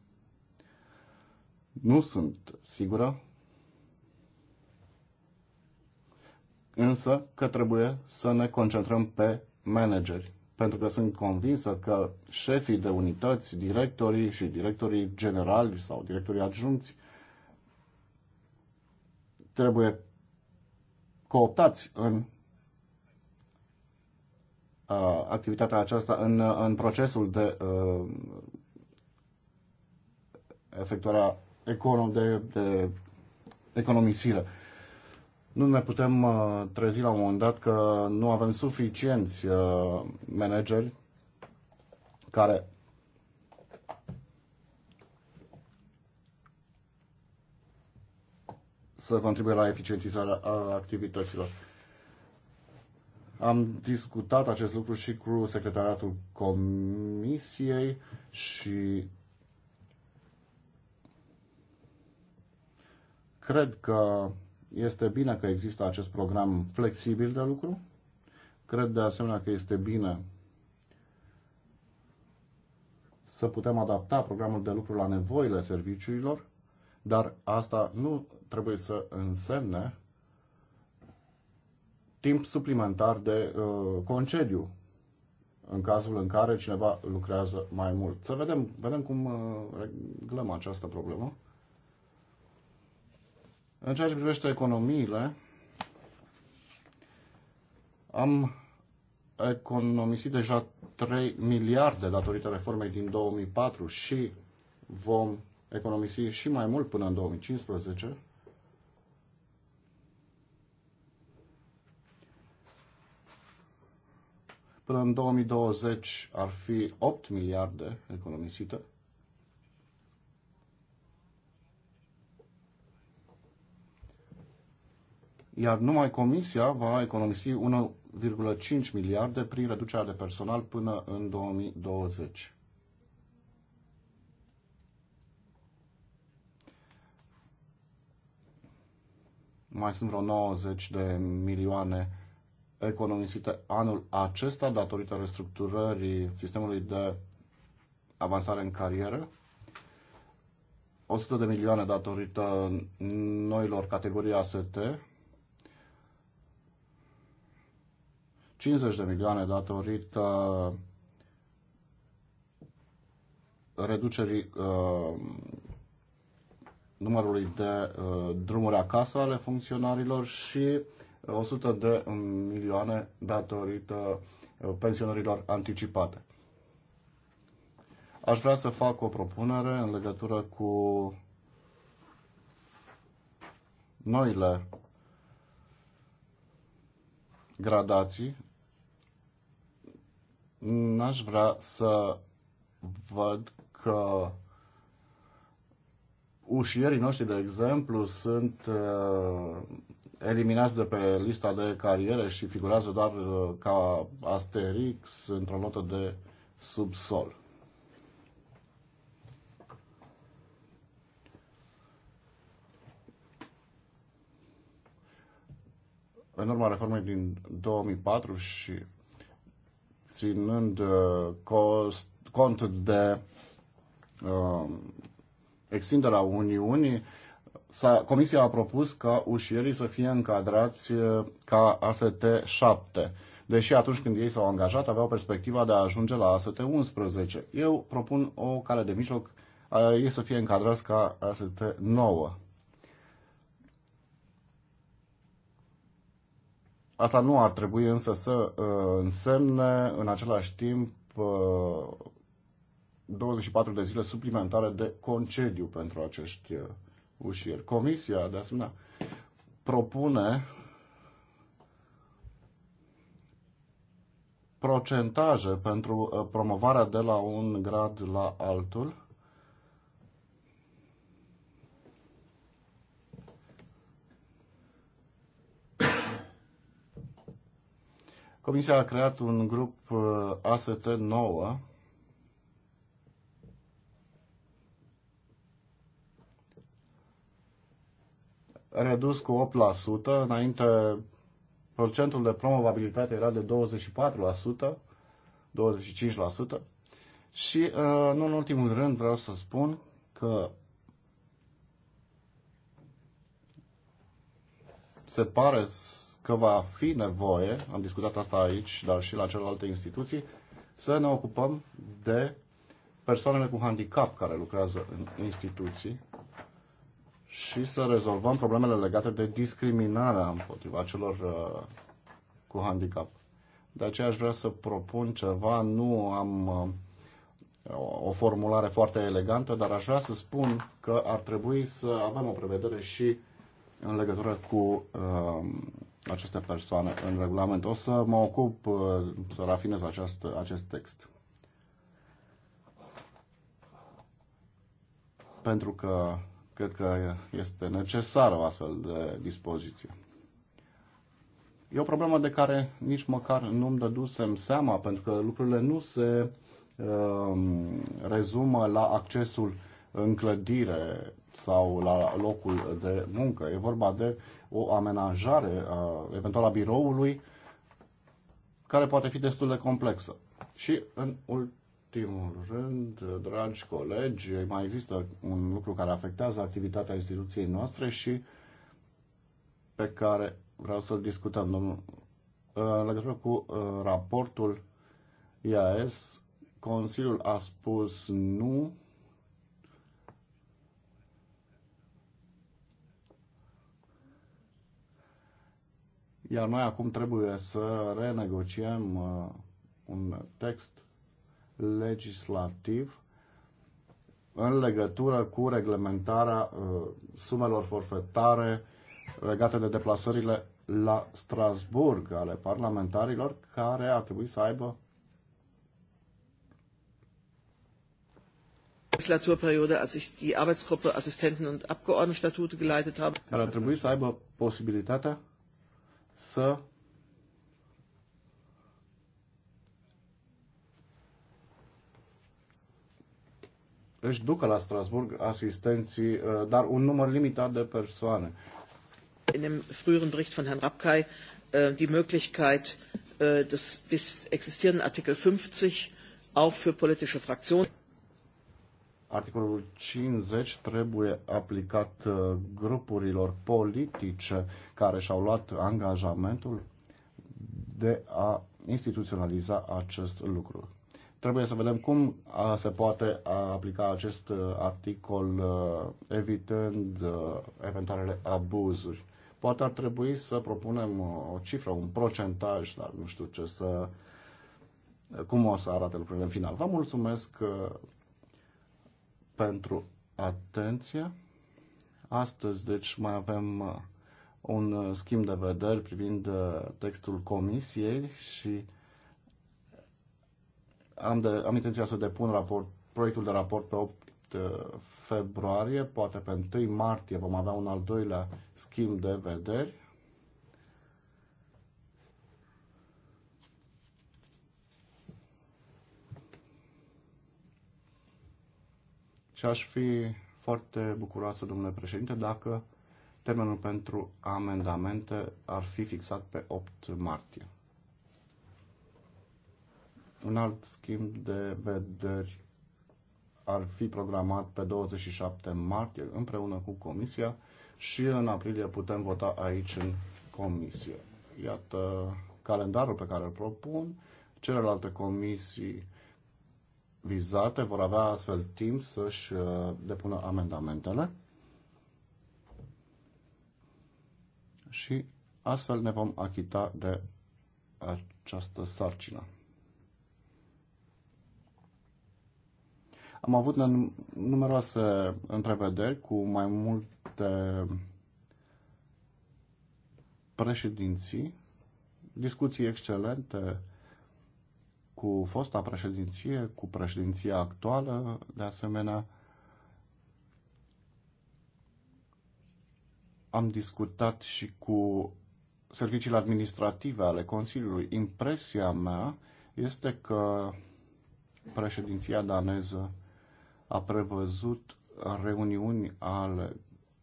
Nu sunt sigură, însă că trebuie să ne concentrăm pe manageri, pentru că sunt convinsă că șefii de unități, directorii și directorii generali sau directorii adjunți trebuie cooptați în uh, activitatea aceasta, în, în procesul de uh, efectuarea econom de, de economisire. Nu ne putem uh, trezi la un moment dat că nu avem suficienți uh, manageri care să contribuie la eficientizarea activităților. Am discutat acest lucru și cu secretariatul comisiei și Cred că este bine că există acest program flexibil de lucru. Cred de asemenea că este bine să putem adapta programul de lucru la nevoile serviciilor, dar asta nu trebuie să însemne timp suplimentar de uh, concediu în cazul în care cineva lucrează mai mult. Să vedem, vedem cum uh, reglăm această problemă. În ceea ce privește economiile, am economisit deja 3 miliarde datorită reformei din 2004 și vom economisi și mai mult până în 2015. Până în 2020 ar fi 8 miliarde economisite. iar numai Comisia va economisi 1,5 miliarde prin reducerea de personal până în 2020. Mai sunt vreo 90 de milioane economisite anul acesta datorită restructurării sistemului de avansare în carieră, 100 de milioane datorită noilor categorii AST, 50 de milioane datorită uh, reducerii uh, numărului de uh, drumuri acasă ale funcționarilor și 100 uh, de milioane datorită uh, pensionărilor anticipate. Aș vrea să fac o propunere în legătură cu noile gradații n-aș vrea să văd că ușierii noștri, de exemplu, sunt uh, eliminați de pe lista de cariere și figurează doar uh, ca asterix într-o notă de subsol. În urma reformei din 2004 și ținând uh, cost, cont de uh, extinderea Uniunii, a Comisia a propus ca ușierii să fie încadrați uh, ca AST-7, deși atunci când ei s-au angajat aveau perspectiva de a ajunge la AST-11. Eu propun o cale de mijloc, uh, ei să fie încadrați ca AST-9. Asta nu ar trebui însă să uh, însemne în același timp 24 uh, de zile suplimentare de concediu pentru acești uh, ușieri. Comisia, de asemenea, propune procentaje pentru promovarea de la un grad la altul Comisia a creat un grup uh, AST 9 redus cu 8%, înainte procentul de promovabilitate era de 24%, 25% și uh, nu în ultimul rând vreau să spun că se pare că va fi nevoie, am discutat asta aici, dar și la celelalte instituții, să ne ocupăm de persoanele cu handicap care lucrează în instituții și să rezolvăm problemele legate de discriminarea împotriva celor uh, cu handicap. De aceea aș vrea să propun ceva, nu am uh, o formulare foarte elegantă, dar aș vrea să spun că ar trebui să avem o prevedere și în legătură cu uh, aceste persoane în regulament. O să mă ocup uh, să rafinez acest acest text. Pentru că cred că este necesară o astfel de dispoziție. E o problemă de care nici măcar nu-mi dădusem seama, pentru că lucrurile nu se uh, rezumă la accesul în clădire sau la locul de muncă. E vorba de o amenajare eventuală eventual a biroului care poate fi destul de complexă. Și în ultimul rând, dragi colegi, mai există un lucru care afectează activitatea instituției noastre și pe care vreau să-l discutăm, în legătură cu uh, raportul IAS, Consiliul a spus nu Iar noi acum trebuie să renegociem uh, un text legislativ în legătură cu reglementarea uh, sumelor forfetare legate de deplasările la Strasburg ale parlamentarilor care ar trebui să aibă Legislaturperiode, als ich die Arbeitsgruppe Assistenten- und Abgeordnetenstatute geleitet habe. Care ar trebui să aibă posibilitatea să își ducă la Strasburg asistenții, uh, dar un număr limitat de persoane. In dem früheren Bericht von Herrn Rapkay äh, die Möglichkeit äh, des bis existierenden Artikel 50 auch für politische Fraktionen articolul 50 trebuie aplicat uh, grupurilor politice care și-au luat angajamentul de a instituționaliza acest lucru. Trebuie să vedem cum uh, se poate uh, aplica acest articol evitând eventualele abuzuri. Poate ar trebui să propunem o cifră, un procentaj, dar nu știu ce să, cum o să arate lucrurile în final. Vă mulțumesc pentru atenție. Astăzi, deci, mai avem uh, un uh, schimb de vederi privind uh, textul comisiei și am, de, am intenția să depun raport, proiectul de raport pe 8 februarie, poate pe 1 martie vom avea un al doilea schimb de vederi Și aș fi foarte bucuroasă, domnule președinte, dacă termenul pentru amendamente ar fi fixat pe 8 martie. Un alt schimb de vederi ar fi programat pe 27 martie împreună cu Comisia și în aprilie putem vota aici în Comisie. Iată calendarul pe care îl propun. Celelalte comisii vizate vor avea astfel timp să-și uh, depună amendamentele și astfel ne vom achita de această sarcină. Am avut numeroase întrevederi cu mai multe președinții, discuții excelente, cu fosta președinție, cu președinția actuală, de asemenea. Am discutat și cu serviciile administrative ale Consiliului. Impresia mea este că președinția daneză a prevăzut reuniuni ale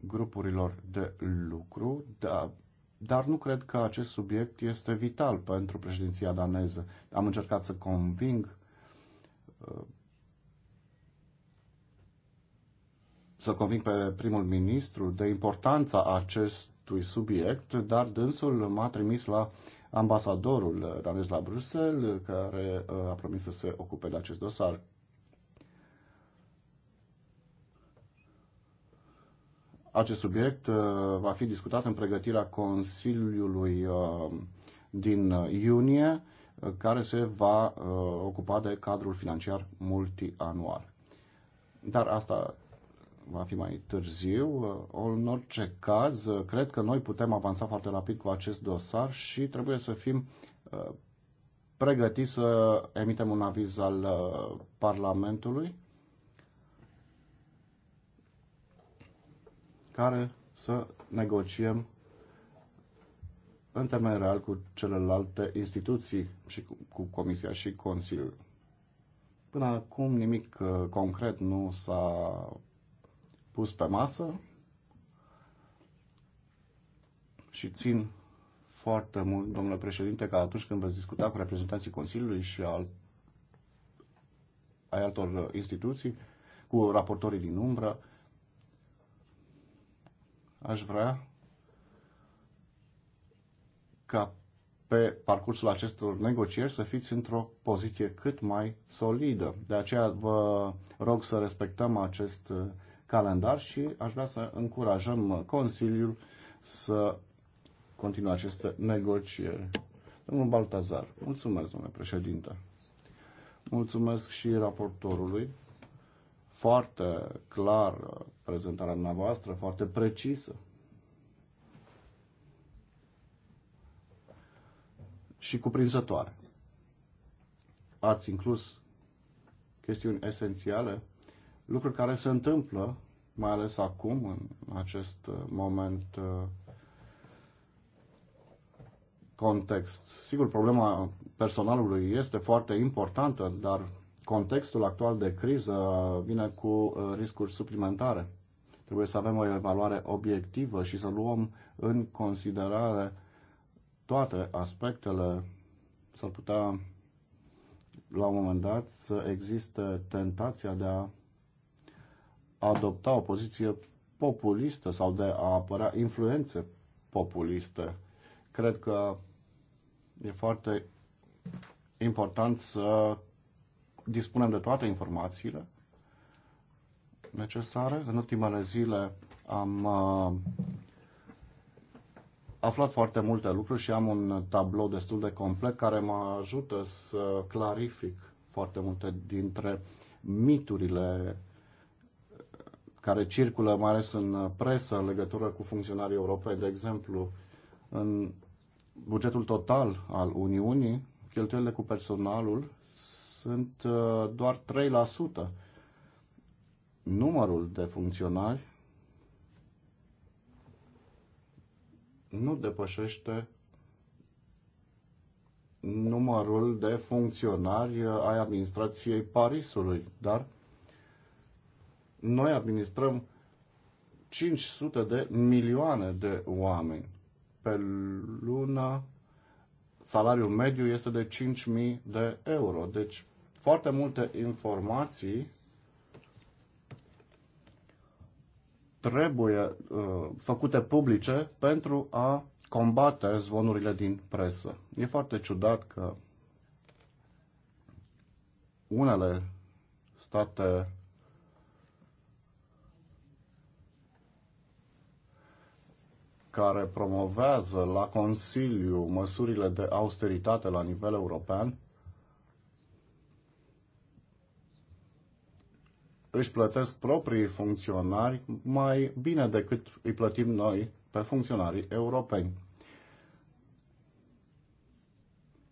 grupurilor de lucru, de dar nu cred că acest subiect este vital pentru președinția daneză. Am încercat să conving uh, să conving pe primul ministru de importanța acestui subiect, dar dânsul m-a trimis la ambasadorul danez la Bruxelles, care uh, a promis să se ocupe de acest dosar. Acest subiect uh, va fi discutat în pregătirea Consiliului uh, din iunie, uh, care se va ocupa de cadrul financiar multianual. Dar asta va fi mai târziu. În orice caz, cred că noi putem avansa foarte rapid cu acest dosar și trebuie să fim pregătiți să emitem un aviz al Parlamentului care să negociem în termen real cu celelalte instituții și cu, cu Comisia și Consiliul. Până acum nimic uh, concret nu s-a pus pe masă și țin foarte mult, domnule președinte, că atunci când veți discuta cu reprezentanții Consiliului și al, ai altor uh, instituții, cu raportorii din umbră, aș vrea ca pe parcursul acestor negocieri să fiți într-o poziție cât mai solidă. De aceea vă rog să respectăm acest uh, calendar și aș vrea să încurajăm Consiliul să continue aceste negocieri. Domnul Baltazar, mulțumesc, domnule președinte. Mulțumesc și raportorului foarte clar uh, prezentarea dumneavoastră, foarte precisă. Și cuprinzătoare. Ați inclus chestiuni esențiale, lucruri care se întâmplă, mai ales acum, în acest uh, moment uh, context. Sigur, problema personalului este foarte importantă, dar contextul actual de criză vine cu uh, riscuri suplimentare. Trebuie să avem o evaluare obiectivă și să luăm în considerare toate aspectele. S-ar putea, la un moment dat, să existe tentația de a adopta o poziție populistă sau de a apărea influențe populiste. Cred că e foarte important să dispunem de toate informațiile necesare. În ultimele zile am uh, aflat foarte multe lucruri și am un tablou destul de complet care mă ajută să clarific foarte multe dintre miturile care circulă, mai ales în presă, în legătură cu funcționarii europei. De exemplu, în bugetul total al Uniunii, cheltuielile cu personalul sunt uh, doar 3%. Numărul de funcționari nu depășește numărul de funcționari uh, ai administrației Parisului, dar noi administrăm 500 de milioane de oameni. Pe lună, salariul mediu este de 5.000 de euro, deci foarte multe informații trebuie uh, făcute publice pentru a combate zvonurile din presă. E foarte ciudat că unele state care promovează la Consiliu măsurile de austeritate la nivel european își plătesc proprii funcționari mai bine decât îi plătim noi pe funcționarii europeni.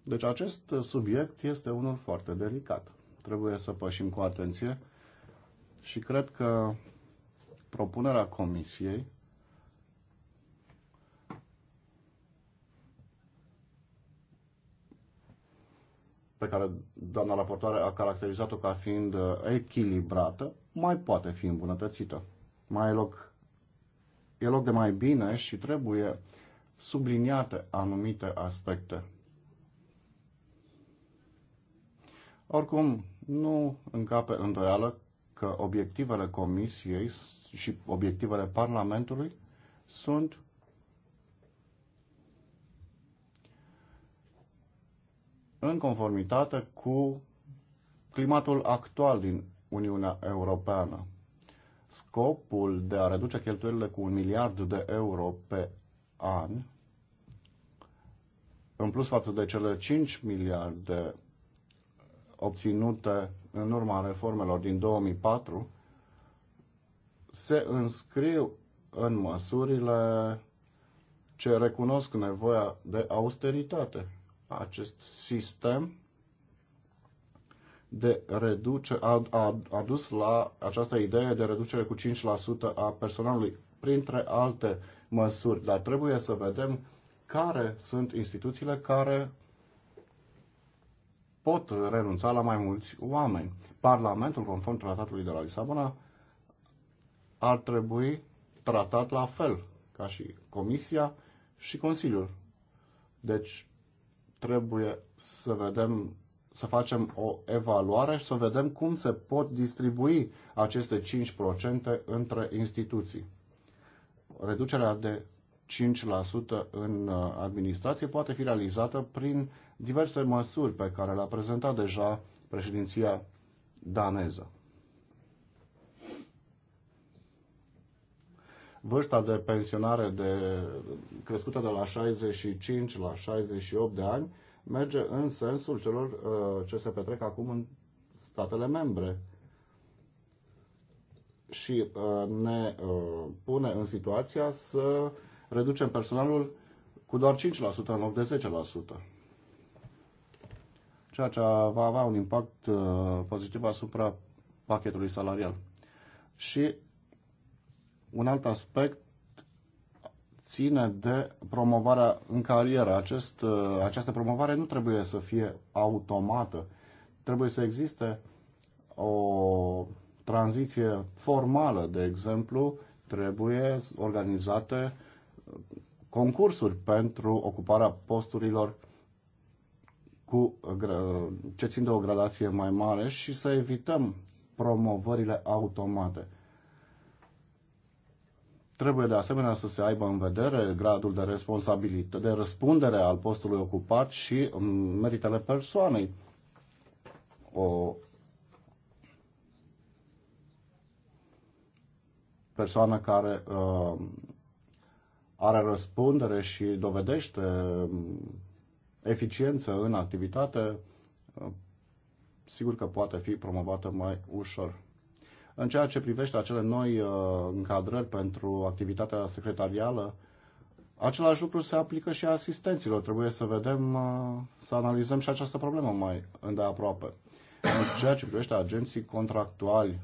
Deci acest subiect este unul foarte delicat. Trebuie să pășim cu atenție și cred că propunerea Comisiei pe care doamna raportoare a caracterizat-o ca fiind uh, echilibrată, mai poate fi îmbunătățită. Mai e loc, e loc de mai bine și trebuie subliniate anumite aspecte. Oricum, nu încape îndoială că obiectivele Comisiei și obiectivele Parlamentului sunt în conformitate cu climatul actual din Uniunea Europeană. Scopul de a reduce cheltuielile cu un miliard de euro pe an, în plus față de cele 5 miliarde obținute în urma reformelor din 2004, se înscriu în măsurile ce recunosc nevoia de austeritate acest sistem de reduce, a, a, a dus la această idee de reducere cu 5% a personalului, printre alte măsuri. Dar trebuie să vedem care sunt instituțiile care pot renunța la mai mulți oameni. Parlamentul, conform tratatului de la Lisabona, ar trebui tratat la fel ca și Comisia și Consiliul. Deci, trebuie să vedem, să facem o evaluare și să vedem cum se pot distribui aceste 5% între instituții. Reducerea de 5% în uh, administrație poate fi realizată prin diverse măsuri pe care le-a prezentat deja președinția daneză. vârsta de pensionare de, crescută de la 65 la 68 de ani merge în sensul celor uh, ce se petrec acum în statele membre și uh, ne uh, pune în situația să reducem personalul cu doar 5% în loc de 10%. Ceea ce va avea un impact uh, pozitiv asupra pachetului salarial. Și un alt aspect ține de promovarea în carieră. Acest, uh, această promovare nu trebuie să fie automată. Trebuie să existe o tranziție formală, de exemplu, trebuie organizate concursuri pentru ocuparea posturilor cu, ce țin de o gradație mai mare și să evităm promovările automate. Trebuie de asemenea să se aibă în vedere gradul de responsabilitate, de răspundere al postului ocupat și mm, meritele persoanei. O persoană care uh, are răspundere și dovedește mm, eficiență în activitate, uh, sigur că poate fi promovată mai ușor. În ceea ce privește acele noi uh, încadrări pentru activitatea secretarială, același lucru se aplică și asistenților. Trebuie să vedem, uh, să analizăm și această problemă mai îndeaproape. În ceea ce privește agenții contractuali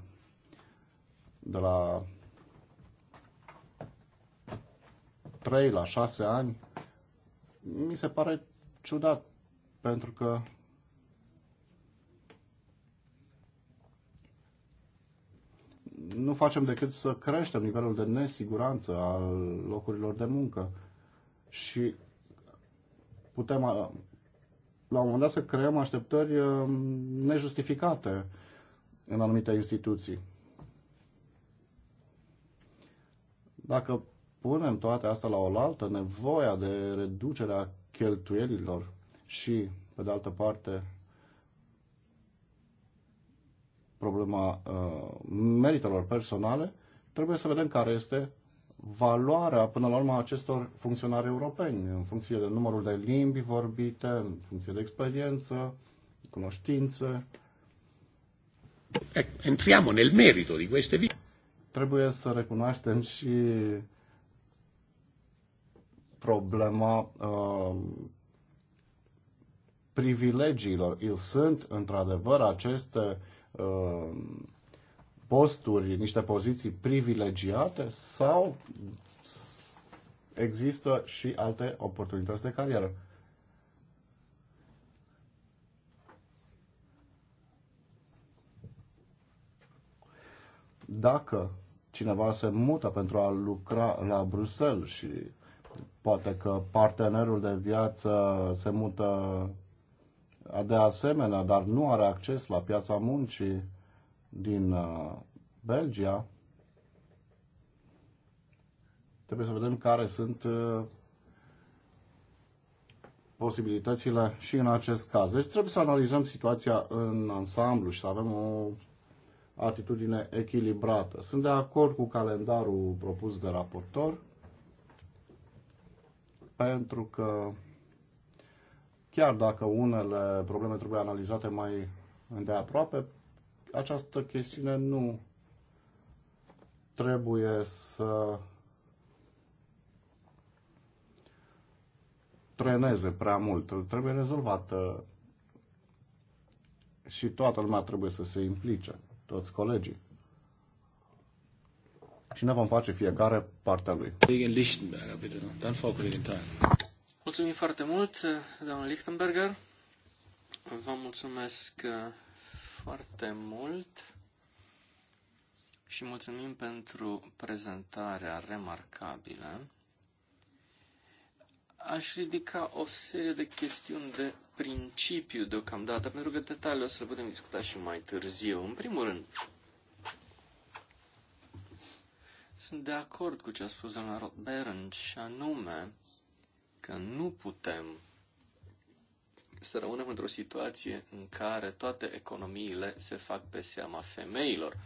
de la 3 la 6 ani, mi se pare ciudat, pentru că nu facem decât să creștem nivelul de nesiguranță al locurilor de muncă și putem la un moment dat să creăm așteptări nejustificate în anumite instituții. Dacă punem toate astea la oaltă, nevoia de reducerea cheltuielilor și, pe de altă parte, problema uh, meritelor personale, trebuie să vedem care este valoarea, până la urmă, acestor funcționari europeni, în funcție de numărul de limbi vorbite, în funcție de experiență, cunoștințe. Entriamo nel merito di queste vite. Trebuie să recunoaștem și problema uh, privilegiilor. Îl sunt, într-adevăr, aceste uh, Um, posturi, niște poziții privilegiate sau există și alte oportunități de carieră. Dacă cineva se mută pentru a lucra la Bruxelles și poate că partenerul de viață se mută de asemenea, dar nu are acces la piața muncii din uh, Belgia, trebuie să vedem care sunt uh, posibilitățile și în acest caz. Deci trebuie să analizăm situația în ansamblu și să avem o atitudine echilibrată. Sunt de acord cu calendarul propus de raportor pentru că Chiar dacă unele probleme trebuie analizate mai îndeaproape, această chestiune nu trebuie să treneze prea mult. Trebuie rezolvată uh, și toată lumea trebuie să se implice, toți colegii. Și ne vom face fiecare partea lui. Lichtenberger, bitte. Dann Frau Kollegin Thein. Mulțumim foarte mult, domnul Lichtenberger. Vă mulțumesc uh, foarte mult și mulțumim pentru prezentarea remarcabilă. Aș ridica o serie de chestiuni de principiu deocamdată, pentru că detaliile o să le putem discuta și mai târziu. În primul rând, sunt de acord cu ce a spus doamna Berend și anume că nu putem să rămânem într-o situație în care toate economiile se fac pe seama femeilor.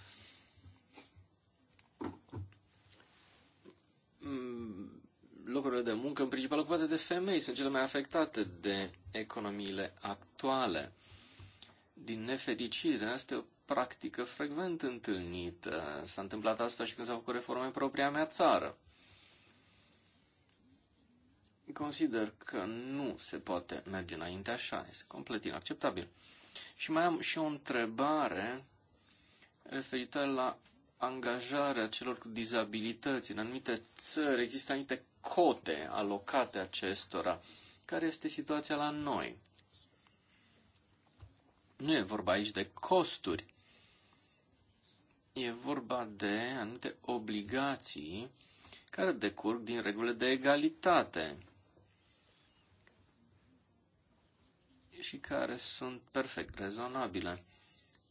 Mm, locurile de muncă, în principal ocupate de femei, sunt cele mai afectate de economiile actuale. Din nefericire, asta e o practică frecvent întâlnită. S-a întâmplat asta și când s-au făcut reforme în propria mea țară consider că nu se poate merge înainte așa, este complet inacceptabil. Și mai am și o întrebare referitor la angajarea celor cu dizabilități. În anumite țări există anumite cote alocate acestora. Care este situația la noi? Nu e vorba aici de costuri. E vorba de anumite obligații care decurg din regulile de egalitate. și care sunt perfect rezonabile.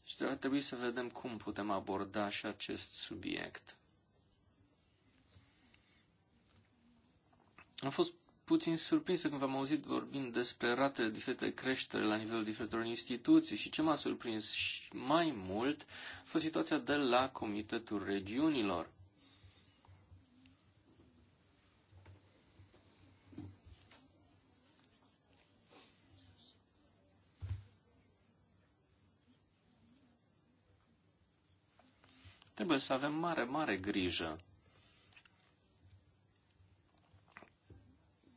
Și trebuie să vedem cum putem aborda și acest subiect. Am fost puțin surprins când v-am auzit vorbind despre ratele diferite creștere la nivelul diferitor instituții și ce m-a surprins și mai mult a fost situația de la Comitetul Regiunilor. Trebuie să avem mare, mare grijă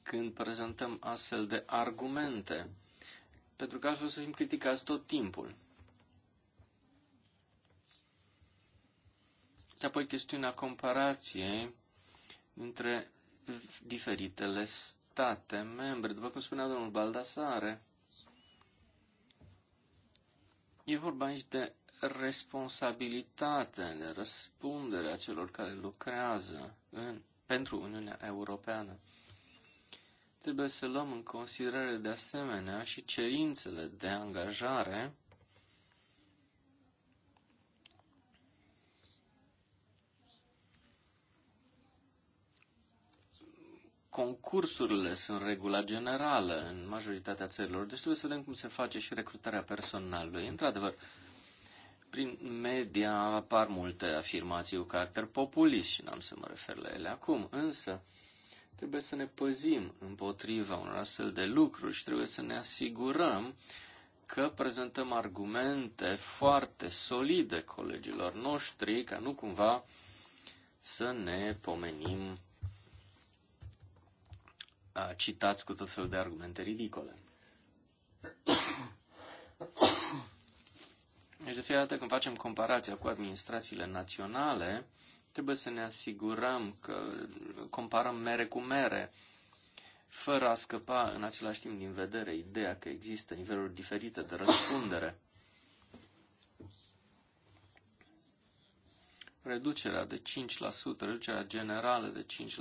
când prezentăm astfel de argumente, pentru că altfel să fim criticați tot timpul. Și apoi chestiunea comparației între diferitele state membre, după cum spunea domnul Baldasare. E vorba aici de responsabilitatea, de răspundere a celor care lucrează în, pentru Uniunea Europeană. Trebuie să luăm în considerare de asemenea și cerințele de angajare concursurile sunt regula generală în majoritatea țărilor, deci trebuie să vedem cum se face și recrutarea personalului. Într-adevăr, prin media apar multe afirmații cu caracter populist și n-am să mă refer la ele acum, însă trebuie să ne păzim împotriva unor astfel de lucruri și trebuie să ne asigurăm că prezentăm argumente foarte solide colegilor noștri ca nu cumva să ne pomenim citați cu tot felul de argumente ridicole. Deci de fiecare dată când facem comparația cu administrațiile naționale, trebuie să ne asigurăm că comparăm mere cu mere, fără a scăpa în același timp din vedere ideea că există niveluri diferite de răspundere. Reducerea de 5%, reducerea generală de 5%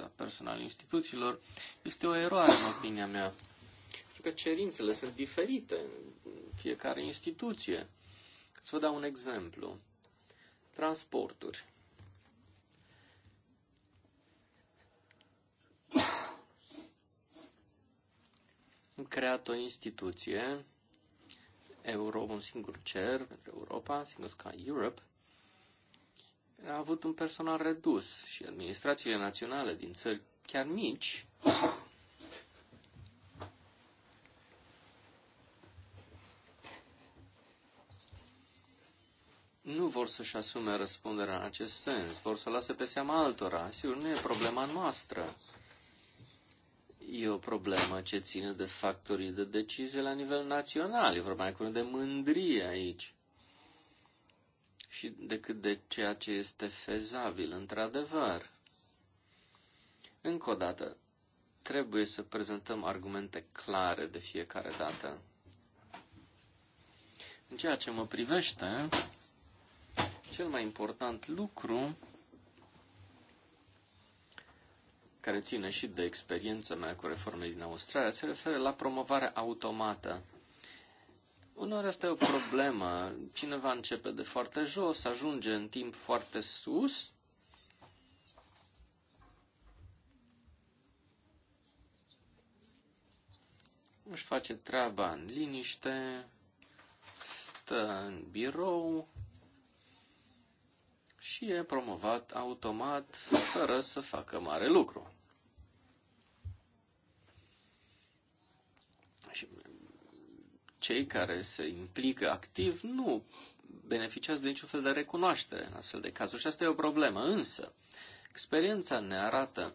a personal instituțiilor este o eroare în opinia mea. Pentru că cerințele sunt diferite în fiecare instituție. Să vă dau un exemplu. Transporturi. Am creat o instituție, Europa, un singur cer pentru Europa, Single Sky Europe, a avut un personal redus și administrațiile naționale din țări chiar mici vor să-și asume răspunderea în acest sens, vor să lase pe seama altora. Sigur, nu e problema noastră. E o problemă ce ține de factorii de decizie la nivel național. E vorba mai curând de mândrie aici. Și decât de ceea ce este fezabil, într-adevăr. Încă o dată, trebuie să prezentăm argumente clare de fiecare dată. În ceea ce mă privește, cel mai important lucru care ține și de experiența mea cu reformele din Australia, se referă la promovarea automată. Uneori asta e o problemă. Cineva începe de foarte jos, ajunge în timp foarte sus. Își face treaba în liniște, stă în birou, și e promovat automat fără să facă mare lucru. Și cei care se implică activ nu beneficiază de niciun fel de recunoaștere în astfel de cazuri și asta e o problemă. Însă, experiența ne arată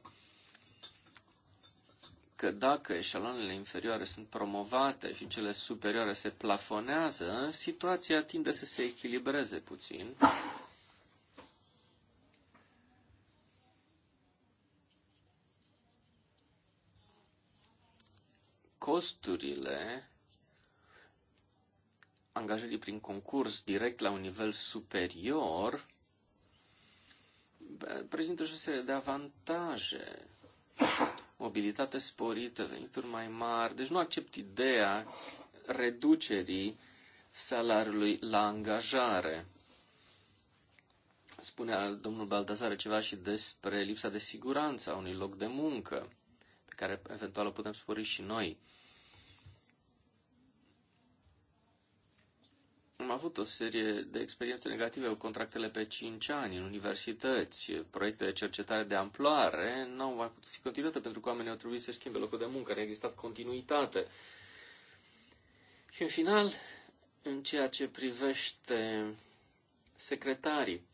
că dacă eșalonele inferioare sunt promovate și cele superioare se plafonează, situația tinde să se echilibreze puțin Posturile angajării prin concurs direct la un nivel superior prezintă și o serie de avantaje. Mobilitate sporită, venituri mai mari. Deci nu accept ideea reducerii salariului la angajare. Spunea domnul Baldazar ceva și despre lipsa de siguranță a unui loc de muncă, pe care eventual o putem spori și noi. am avut o serie de experiențe negative cu contractele pe 5 ani în universități, proiecte de cercetare de amploare, nu au mai putut fi continuate pentru că oamenii au trebuit să schimbe locul de muncă, nu a existat continuitate. Și în final, în ceea ce privește secretarii,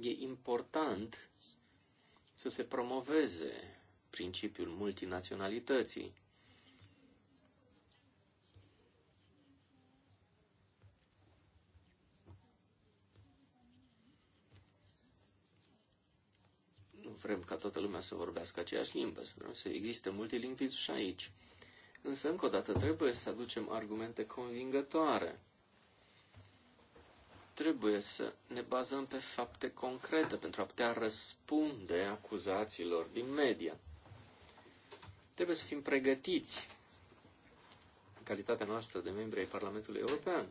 e important să se promoveze principiul multinaționalității vrem ca toată lumea să vorbească aceeași limbă, să vrem să existe multilingvism și aici. Însă, încă o dată, trebuie să aducem argumente convingătoare. Trebuie să ne bazăm pe fapte concrete pentru a putea răspunde acuzațiilor din media. Trebuie să fim pregătiți în calitatea noastră de membri ai Parlamentului European.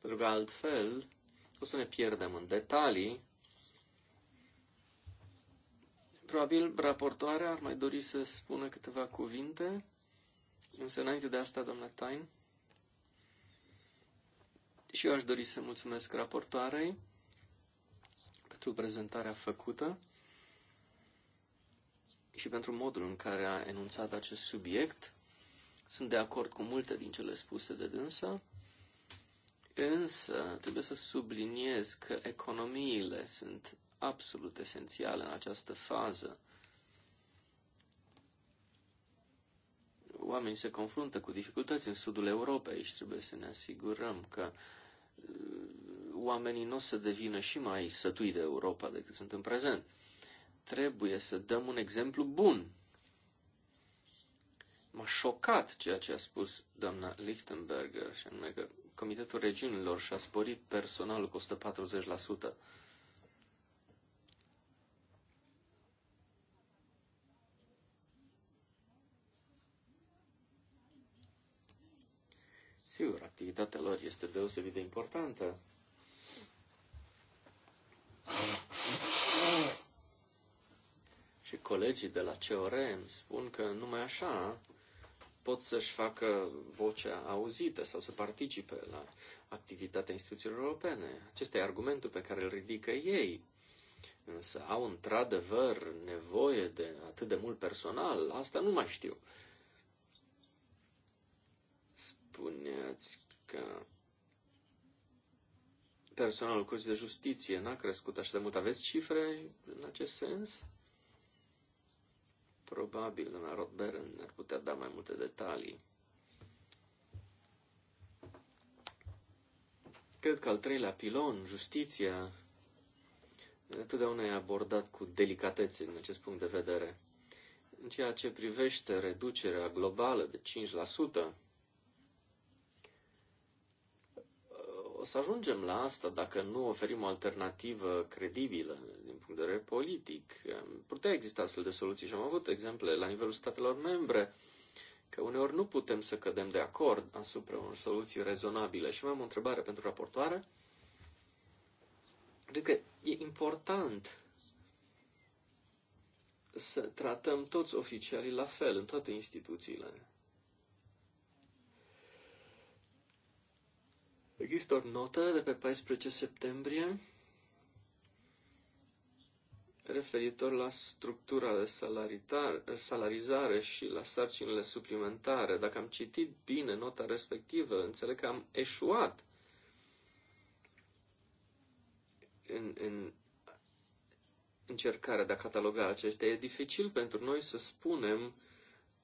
Pentru că altfel o să ne pierdem în detalii Probabil raportoarea ar mai dori să spună câteva cuvinte, însă înainte de asta, doamna Tain, și eu aș dori să mulțumesc raportoarei pentru prezentarea făcută și pentru modul în care a enunțat acest subiect. Sunt de acord cu multe din cele spuse de dânsa, însă trebuie să subliniez că economiile sunt absolut esențial în această fază. Oamenii se confruntă cu dificultăți în sudul Europei și trebuie să ne asigurăm că uh, oamenii nu o să devină și mai sătui de Europa decât sunt în prezent. Trebuie să dăm un exemplu bun. M-a șocat ceea ce a spus doamna Lichtenberger, și anume că Comitetul Regiunilor și-a sporit personalul cu 140%. Sigur, activitatea lor este deosebit de importantă. Și colegii de la CORM spun că numai așa pot să-și facă vocea auzită sau să participe la activitatea instituțiilor europene. Acesta e argumentul pe care îl ridică ei. Însă au într-adevăr nevoie de atât de mult personal? Asta nu mai știu spuneați că personalul Curții de Justiție n-a crescut așa de mult. Aveți cifre în acest sens? Probabil, doamna Rodberen ne-ar putea da mai multe detalii. Cred că al treilea pilon, justiția, întotdeauna e abordat cu delicatețe din acest punct de vedere. În ceea ce privește reducerea globală de O să ajungem la asta dacă nu oferim o alternativă credibilă din punct de vedere politic. Putea exista astfel de soluții și am avut exemple la nivelul statelor membre că uneori nu putem să cădem de acord asupra unor soluții rezonabile. Și mai am o întrebare pentru raportoare. Cred că e important să tratăm toți oficialii la fel în toate instituțiile. Există o notă de pe 14 septembrie referitor la structura de salarizare și la sarcinile suplimentare. Dacă am citit bine nota respectivă, înțeleg că am eșuat în, în încercarea de a cataloga acestea. E dificil pentru noi să spunem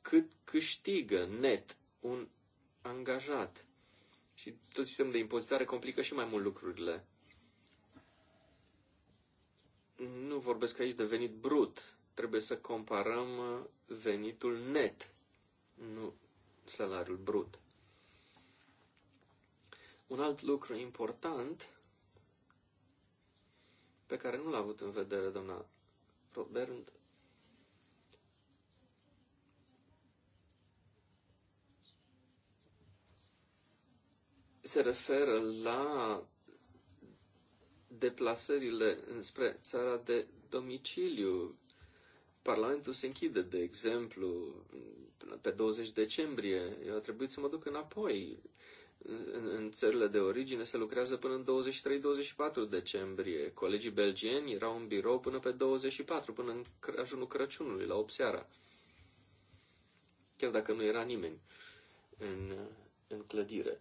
cât câștigă net un angajat. Și tot sistemul de impozitare complică și mai mult lucrurile. Nu vorbesc aici de venit brut. Trebuie să comparăm uh, venitul net, nu salariul brut. Un alt lucru important pe care nu l-a avut în vedere doamna Robert se referă la deplasările spre țara de domiciliu. Parlamentul se închide, de exemplu, pe 20 decembrie. Eu a trebuit să mă duc înapoi. În, în țările de origine se lucrează până în 23-24 decembrie. Colegii belgieni erau în birou până pe 24, până în ajunul Crăciunului, la 8 seara. Chiar dacă nu era nimeni în, în clădire.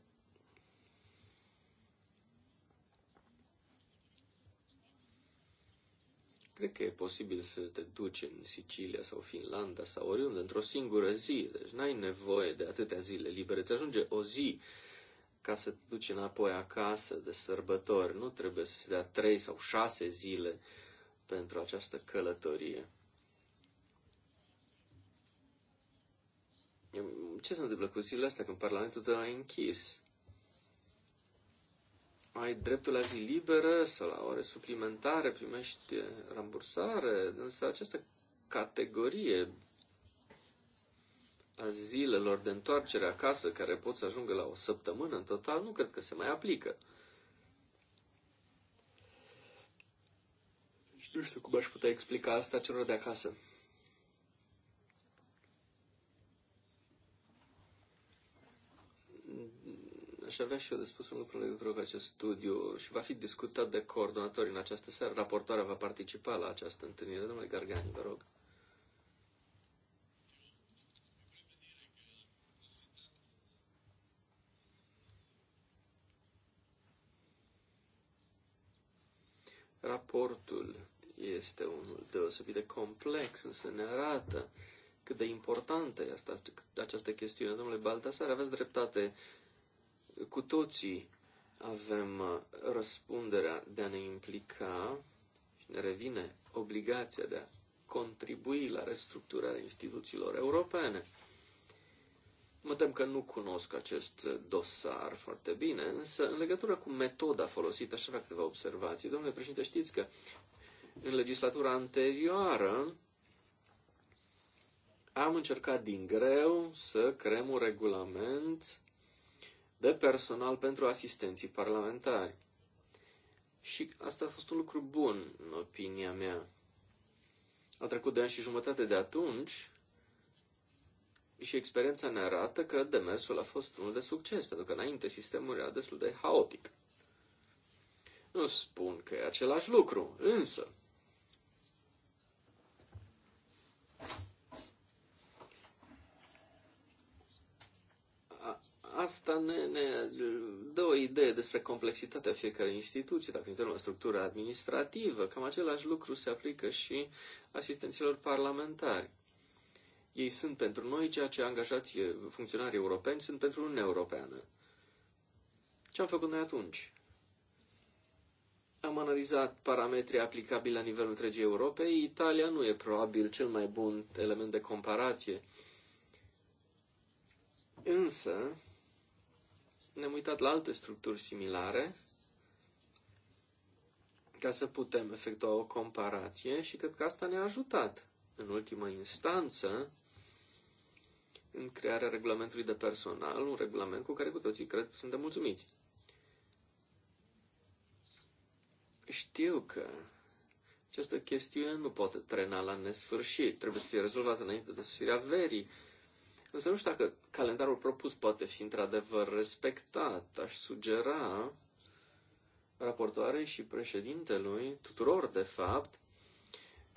Cred că e posibil să te duci în Sicilia sau Finlanda sau oriunde într-o singură zi. Deci n-ai nevoie de atâtea zile libere. Îți ajunge o zi ca să te duci înapoi acasă de sărbători. Nu trebuie să se dea trei sau șase zile pentru această călătorie. Ce se întâmplă cu zilele astea când Parlamentul tău a închis? ai dreptul la zi liberă sau la ore suplimentare, primești rambursare, însă această categorie a zilelor de întoarcere acasă, care pot să ajungă la o săptămână în total, nu cred că se mai aplică. Nu știu cum aș putea explica asta celor de acasă. Aș avea și eu de spus un lucru în legătură cu acest studiu și va fi discutat de coordonatori în această seară. Raportoarea va participa la această întâlnire. Domnule Gargani, vă rog. Raportul este unul deosebit de complex, însă ne arată cât de importantă este această chestiune. Domnule Baltasar, aveți dreptate cu toții avem uh, răspunderea de a ne implica și ne revine obligația de a contribui la restructurarea instituțiilor europene. Mă tem că nu cunosc acest uh, dosar foarte bine, însă în legătură cu metoda folosită, aș avea câteva observații. Domnule președinte, știți că în legislatura anterioară am încercat din greu să creăm un regulament de personal pentru asistenții parlamentari. Și asta a fost un lucru bun, în opinia mea. A trecut de ani și jumătate de atunci și experiența ne arată că demersul a fost unul de succes, pentru că înainte sistemul era destul de haotic. Nu spun că e același lucru, însă asta ne, ne dă o idee despre complexitatea fiecărei instituții. Dacă intrăm la structura administrativă, cam același lucru se aplică și asistenților parlamentari. Ei sunt pentru noi ceea ce angajați funcționarii europeni sunt pentru Uniunea Europeană. Ce am făcut noi atunci? Am analizat parametrii aplicabili la nivelul întregii Europei. Italia nu e probabil cel mai bun element de comparație. Însă, ne-am uitat la alte structuri similare ca să putem efectua o comparație și cred că asta ne-a ajutat în ultimă instanță în crearea regulamentului de personal, un regulament cu care cu toții cred suntem mulțumiți. Știu că această chestiune nu poate trena la nesfârșit. Trebuie să fie rezolvată înainte de sosirea verii. Însă nu știu dacă calendarul propus poate fi într-adevăr respectat. Aș sugera raportoarei și președintelui, tuturor de fapt,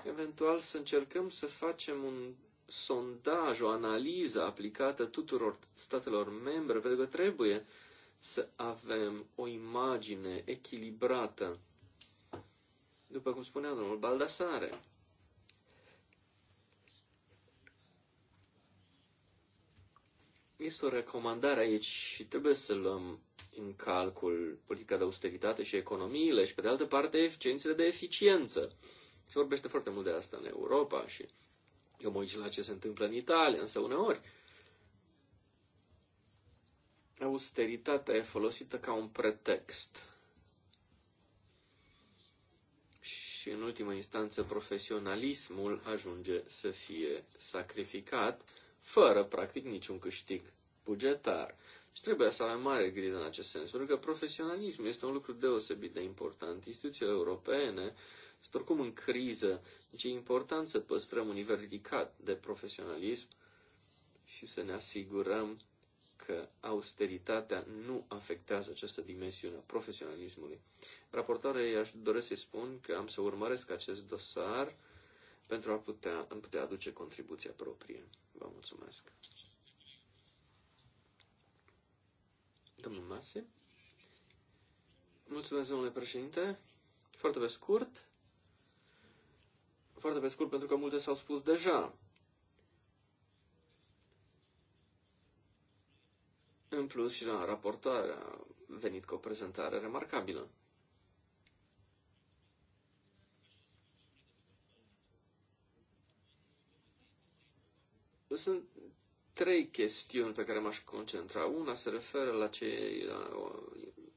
eventual să încercăm să facem un sondaj, o analiză aplicată tuturor statelor membre, pentru că trebuie să avem o imagine echilibrată, după cum spunea domnul Baldasare. Este o recomandare aici și trebuie să luăm în calcul politica de austeritate și economiile și, pe de altă parte, eficiențele de eficiență. Se vorbește foarte mult de asta în Europa și eu mă uit la ce se întâmplă în Italia, însă uneori austeritatea e folosită ca un pretext. Și în ultima instanță profesionalismul ajunge să fie sacrificat fără, practic, niciun câștig bugetar. Și trebuie să avem mare grijă în acest sens, pentru că profesionalismul este un lucru deosebit de important. Instituțiile europene sunt oricum în criză, deci e important să păstrăm un nivel ridicat de profesionalism și să ne asigurăm că austeritatea nu afectează această dimensiune a profesionalismului. Raportoarei aș doresc să-i spun că am să urmăresc acest dosar pentru a putea, putea aduce contribuția proprie. Vă mulțumesc. Domnul Masi. Mulțumesc, domnule președinte. Foarte pe scurt. Foarte pe scurt, pentru că multe s-au spus deja. În plus și la raportare a venit cu o prezentare remarcabilă. Sunt trei chestiuni pe care m-aș concentra. Una se referă la cei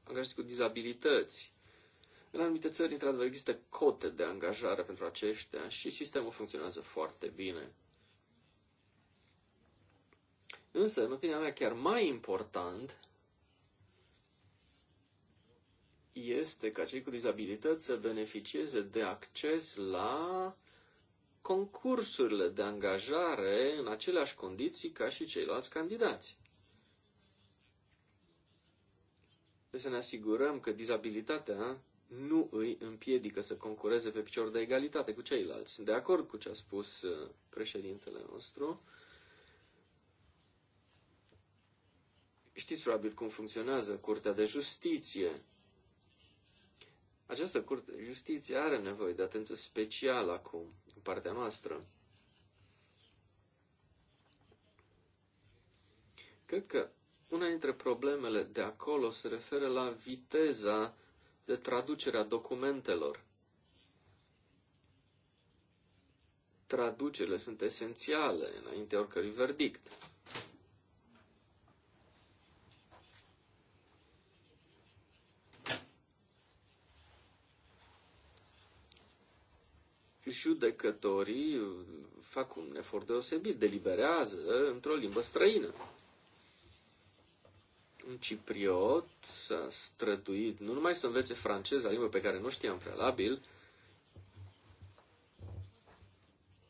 angajați cu dizabilități. În anumite țări, într-adevăr, există cote de angajare pentru aceștia și sistemul funcționează foarte bine. Însă, în opinia mea, chiar mai important este ca cei cu dizabilități să beneficieze de acces la concursurile de angajare în aceleași condiții ca și ceilalți candidați. Trebuie să ne asigurăm că dizabilitatea nu îi împiedică să concureze pe picior de egalitate cu ceilalți. Sunt de acord cu ce a spus uh, președintele nostru. Știți probabil cum funcționează Curtea de Justiție. Această curte de justiție are nevoie de atenție specială acum, în partea noastră. Cred că una dintre problemele de acolo se referă la viteza de traducere a documentelor. Traducerile sunt esențiale înainte oricărui verdict. judecătorii fac un efort deosebit, deliberează într-o limbă străină. Un cipriot s-a străduit nu numai să învețe franceza, limbă pe care nu știam prealabil,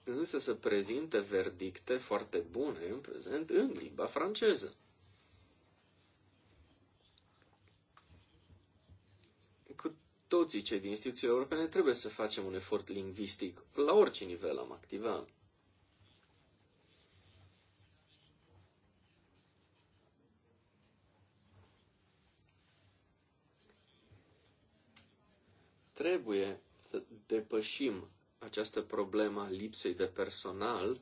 însă să prezinte verdicte foarte bune în prezent în limba franceză. toții cei din instituțiile europene trebuie să facem un efort lingvistic. La orice nivel am activa. Trebuie să depășim această problemă a lipsei de personal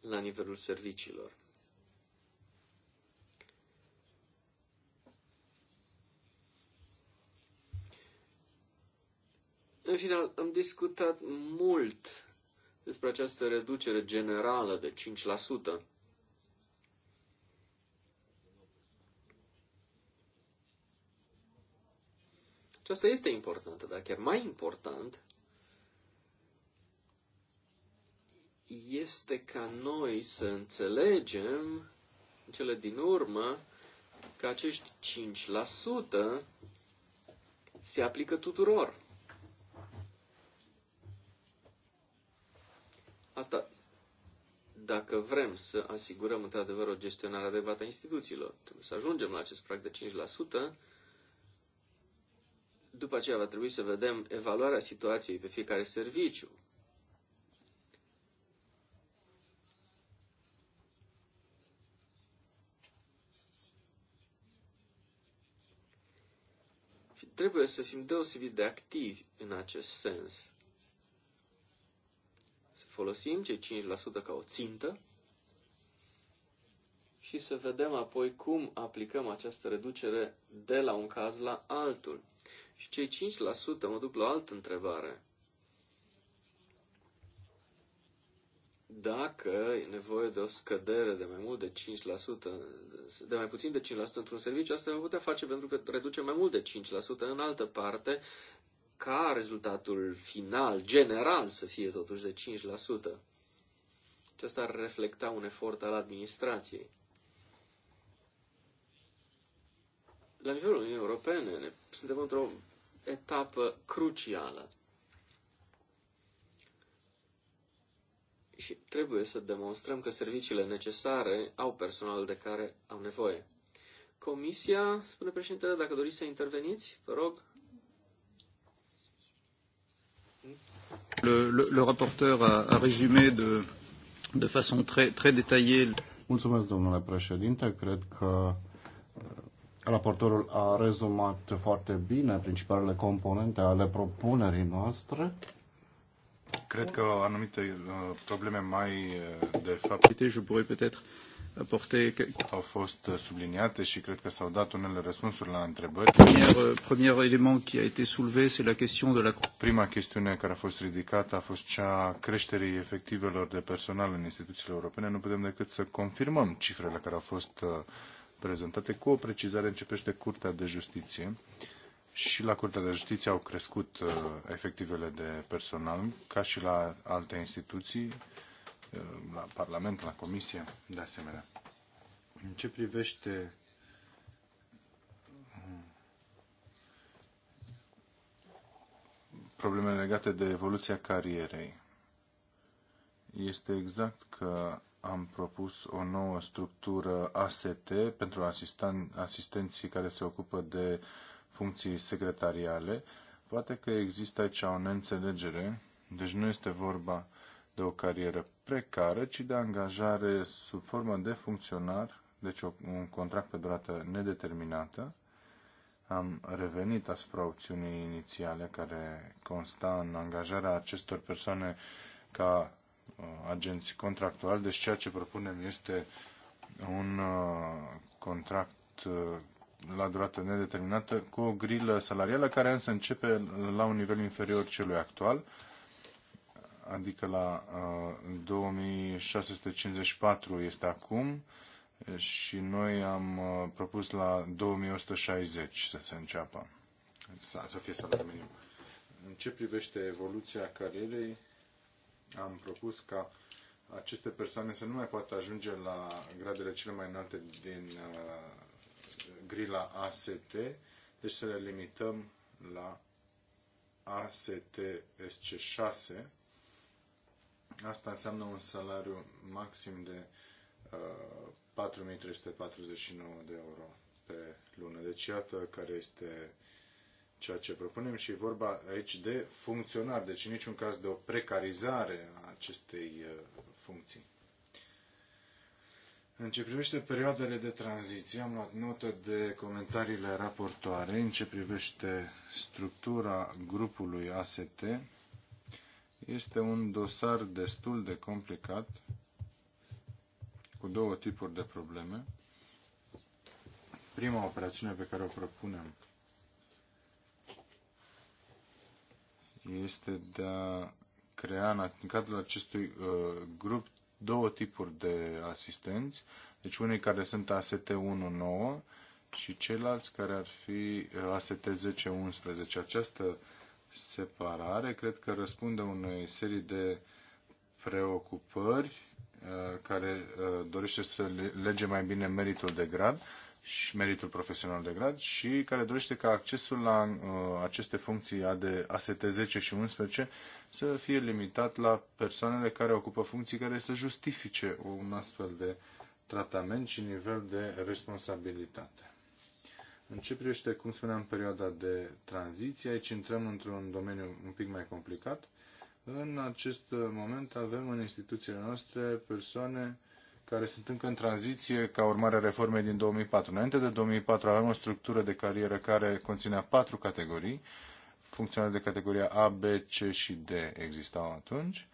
la nivelul serviciilor. În final, am discutat mult despre această reducere generală de 5%. Aceasta este importantă, dar chiar mai important este ca noi să înțelegem în cele din urmă că acești 5% se aplică tuturor. Asta dacă vrem să asigurăm într-adevăr o gestionare adecvată a instituțiilor. Trebuie să ajungem la acest prag de 5%. După aceea va trebui să vedem evaluarea situației pe fiecare serviciu. Și trebuie să fim deosebit de activi în acest sens folosim cei 5% ca o țintă și să vedem apoi cum aplicăm această reducere de la un caz la altul. Și cei 5% mă duc la o altă întrebare. Dacă e nevoie de o scădere de mai mult de 5%, de mai puțin de 5% într-un serviciu, asta o putea face pentru că reduce mai mult de 5% în altă parte ca rezultatul final, general, să fie totuși de 5%. Acesta ar reflecta un efort al administrației. La nivelul Uniunii Europene ne, suntem într-o etapă crucială. Și trebuie să demonstrăm că serviciile necesare au personal de care au nevoie. Comisia, spune președintele, dacă doriți să interveniți, vă rog. Le, le, le rapporteur a, a résumé de, de façon très, très détaillée. Mulțumesc, domnule președinte. Cred că uh, raportorul a rezumat foarte bine principalele componente ale propunerii noastre. Cred că anumite uh, probleme mai uh, de fapt. Je pourrais peut-être euh, apporté. Au fost uh, subliniate și cred că s-au dat unele răspunsuri la întrebări. Premier, element euh, qui a été soulevé, c'est la question de la... Prima chestiune care a fost ridicată a fost cea creșterii efectivelor de personal în instituțiile europene. Nu putem decât să confirmăm cifrele care au fost uh, prezentate cu o precizare începește Curtea de Justiție. Și la Curtea de Justiție au crescut uh, efectivele de personal, ca și la alte instituții Uh, la Parlament, la Comisie, de asemenea. În ce privește uh, problemele legate de evoluția carierei, este exact că am propus o nouă structură AST pentru asistan, asistenții care se ocupă de funcții secretariale. Poate că există aici o neînțelegere, deci nu este vorba de o carieră precară, ci de angajare sub formă de funcționar, deci un contract pe durată nedeterminată. Am revenit asupra opțiunii inițiale care consta în angajarea acestor persoane ca uh, agenți contractuali, deci ceea ce propunem este un uh, contract uh, la durată nedeterminată cu o grilă salarială care însă începe la un nivel inferior celui actual adică la 2654 uh, este acum și noi am uh, propus la 2160 să se înceapă, să, să fie salariul minim. În ce privește evoluția carierei, am propus ca aceste persoane să nu mai poată ajunge la gradele cele mai înalte din uh, grila AST, deci să le limităm la AST SC6 Asta înseamnă un salariu maxim de uh, 4349 de euro pe lună. Deci iată care este ceea ce propunem și e vorba aici de funcționar, deci în niciun caz de o precarizare a acestei uh, funcții. În ce privește perioadele de tranziție, am luat notă de comentariile raportoare în ce privește structura grupului AST, este un dosar destul de complicat, cu două tipuri de probleme. Prima operațiune pe care o propunem este de a crea în cadrul acestui uh, grup două tipuri de asistenți, deci unii care sunt AST 1.9 și ceilalți care ar fi uh, AST 10.11. Această separare, cred că răspunde unei serii de preocupări uh, care uh, dorește să lege mai bine meritul de grad și meritul profesional de grad și care dorește ca accesul la uh, aceste funcții de AST10 și 11 să fie limitat la persoanele care ocupă funcții care să justifice un astfel de tratament și nivel de responsabilitate. În ce privește, cum spuneam, perioada de tranziție, aici intrăm într-un domeniu un pic mai complicat. În acest moment avem în instituțiile noastre persoane care sunt încă în tranziție ca urmare a reformei din 2004. Înainte de 2004 avem o structură de carieră care conținea patru categorii. funcționale de categoria A, B, C și D existau atunci.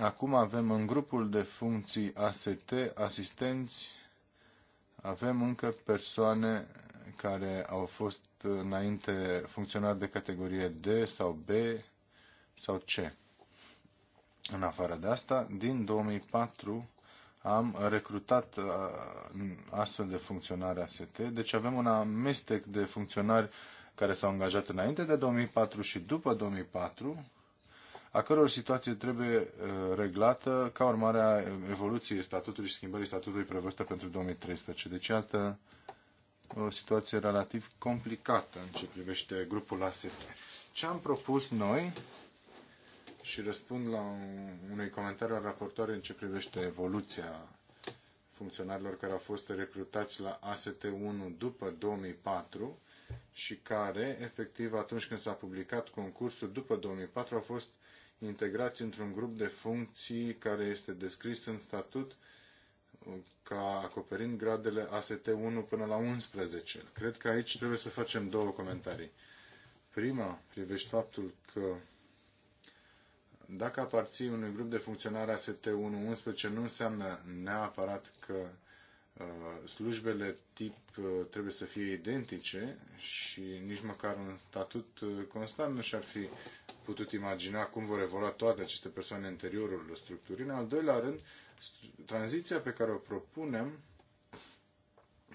Acum avem în grupul de funcții AST, asistenți, avem încă persoane care au fost înainte funcționari de categorie D sau B sau C. În afară de asta, din 2004 am recrutat uh, astfel de funcționari AST, deci avem un amestec de funcționari care s-au angajat înainte de 2004 și după 2004, a căror situație trebuie uh, reglată ca urmare a evoluției statutului și schimbării statutului prevăzută pentru 2013. Deci, iată, o situație relativ complicată în ce privește grupul ASF. Ce am propus noi și răspund la unui comentariu al raportoarei în ce privește evoluția funcționarilor care au fost recrutați la AST1 după 2004 și care, efectiv, atunci când s-a publicat concursul după 2004, au fost integrați într-un grup de funcții care este descris în statut ca acoperind gradele AST 1 până la 11. Cred că aici trebuie să facem două comentarii. Prima privește faptul că dacă aparții unui grup de funcționare AST 1-11 nu înseamnă neapărat că uh, slujbele tip uh, trebuie să fie identice și nici măcar un statut uh, constant nu și-ar fi putut imagina cum vor evolua toate aceste persoane în interiorul structurii. În al doilea rând, Tranziția pe care o propunem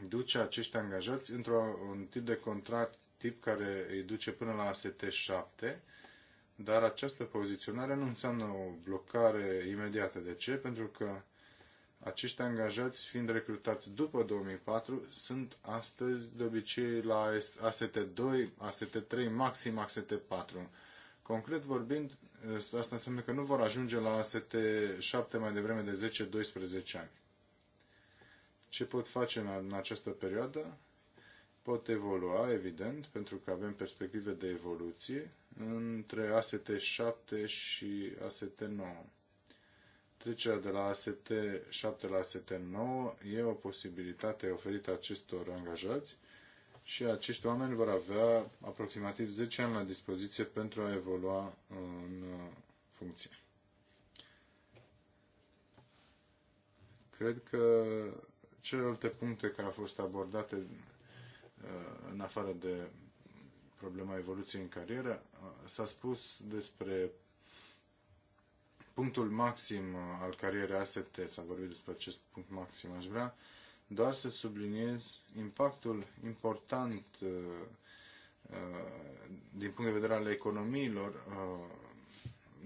duce acești angajați într-un tip de contract tip care îi duce până la ST7, dar această poziționare nu înseamnă o blocare imediată. De ce? Pentru că acești angajați, fiind recrutați după 2004, sunt astăzi de obicei la AST2, AST3, maxim AST4. Concret vorbind, asta înseamnă că nu vor ajunge la st 7 mai devreme de 10-12 ani. Ce pot face în, în această perioadă? Pot evolua, evident, pentru că avem perspective de evoluție între AST7 și AST9. Trecerea de la AST7 la AST9 e o posibilitate oferită acestor angajați și acești oameni vor avea aproximativ 10 ani la dispoziție pentru a evolua în uh, funcție. Cred că celelalte puncte care au fost abordate uh, în afară de problema evoluției în carieră, uh, s-a spus despre punctul maxim al carierei ASET, s-a vorbit despre acest punct maxim. Aș vrea doar să subliniez impactul important uh, uh, din punct de vedere al economiilor, uh,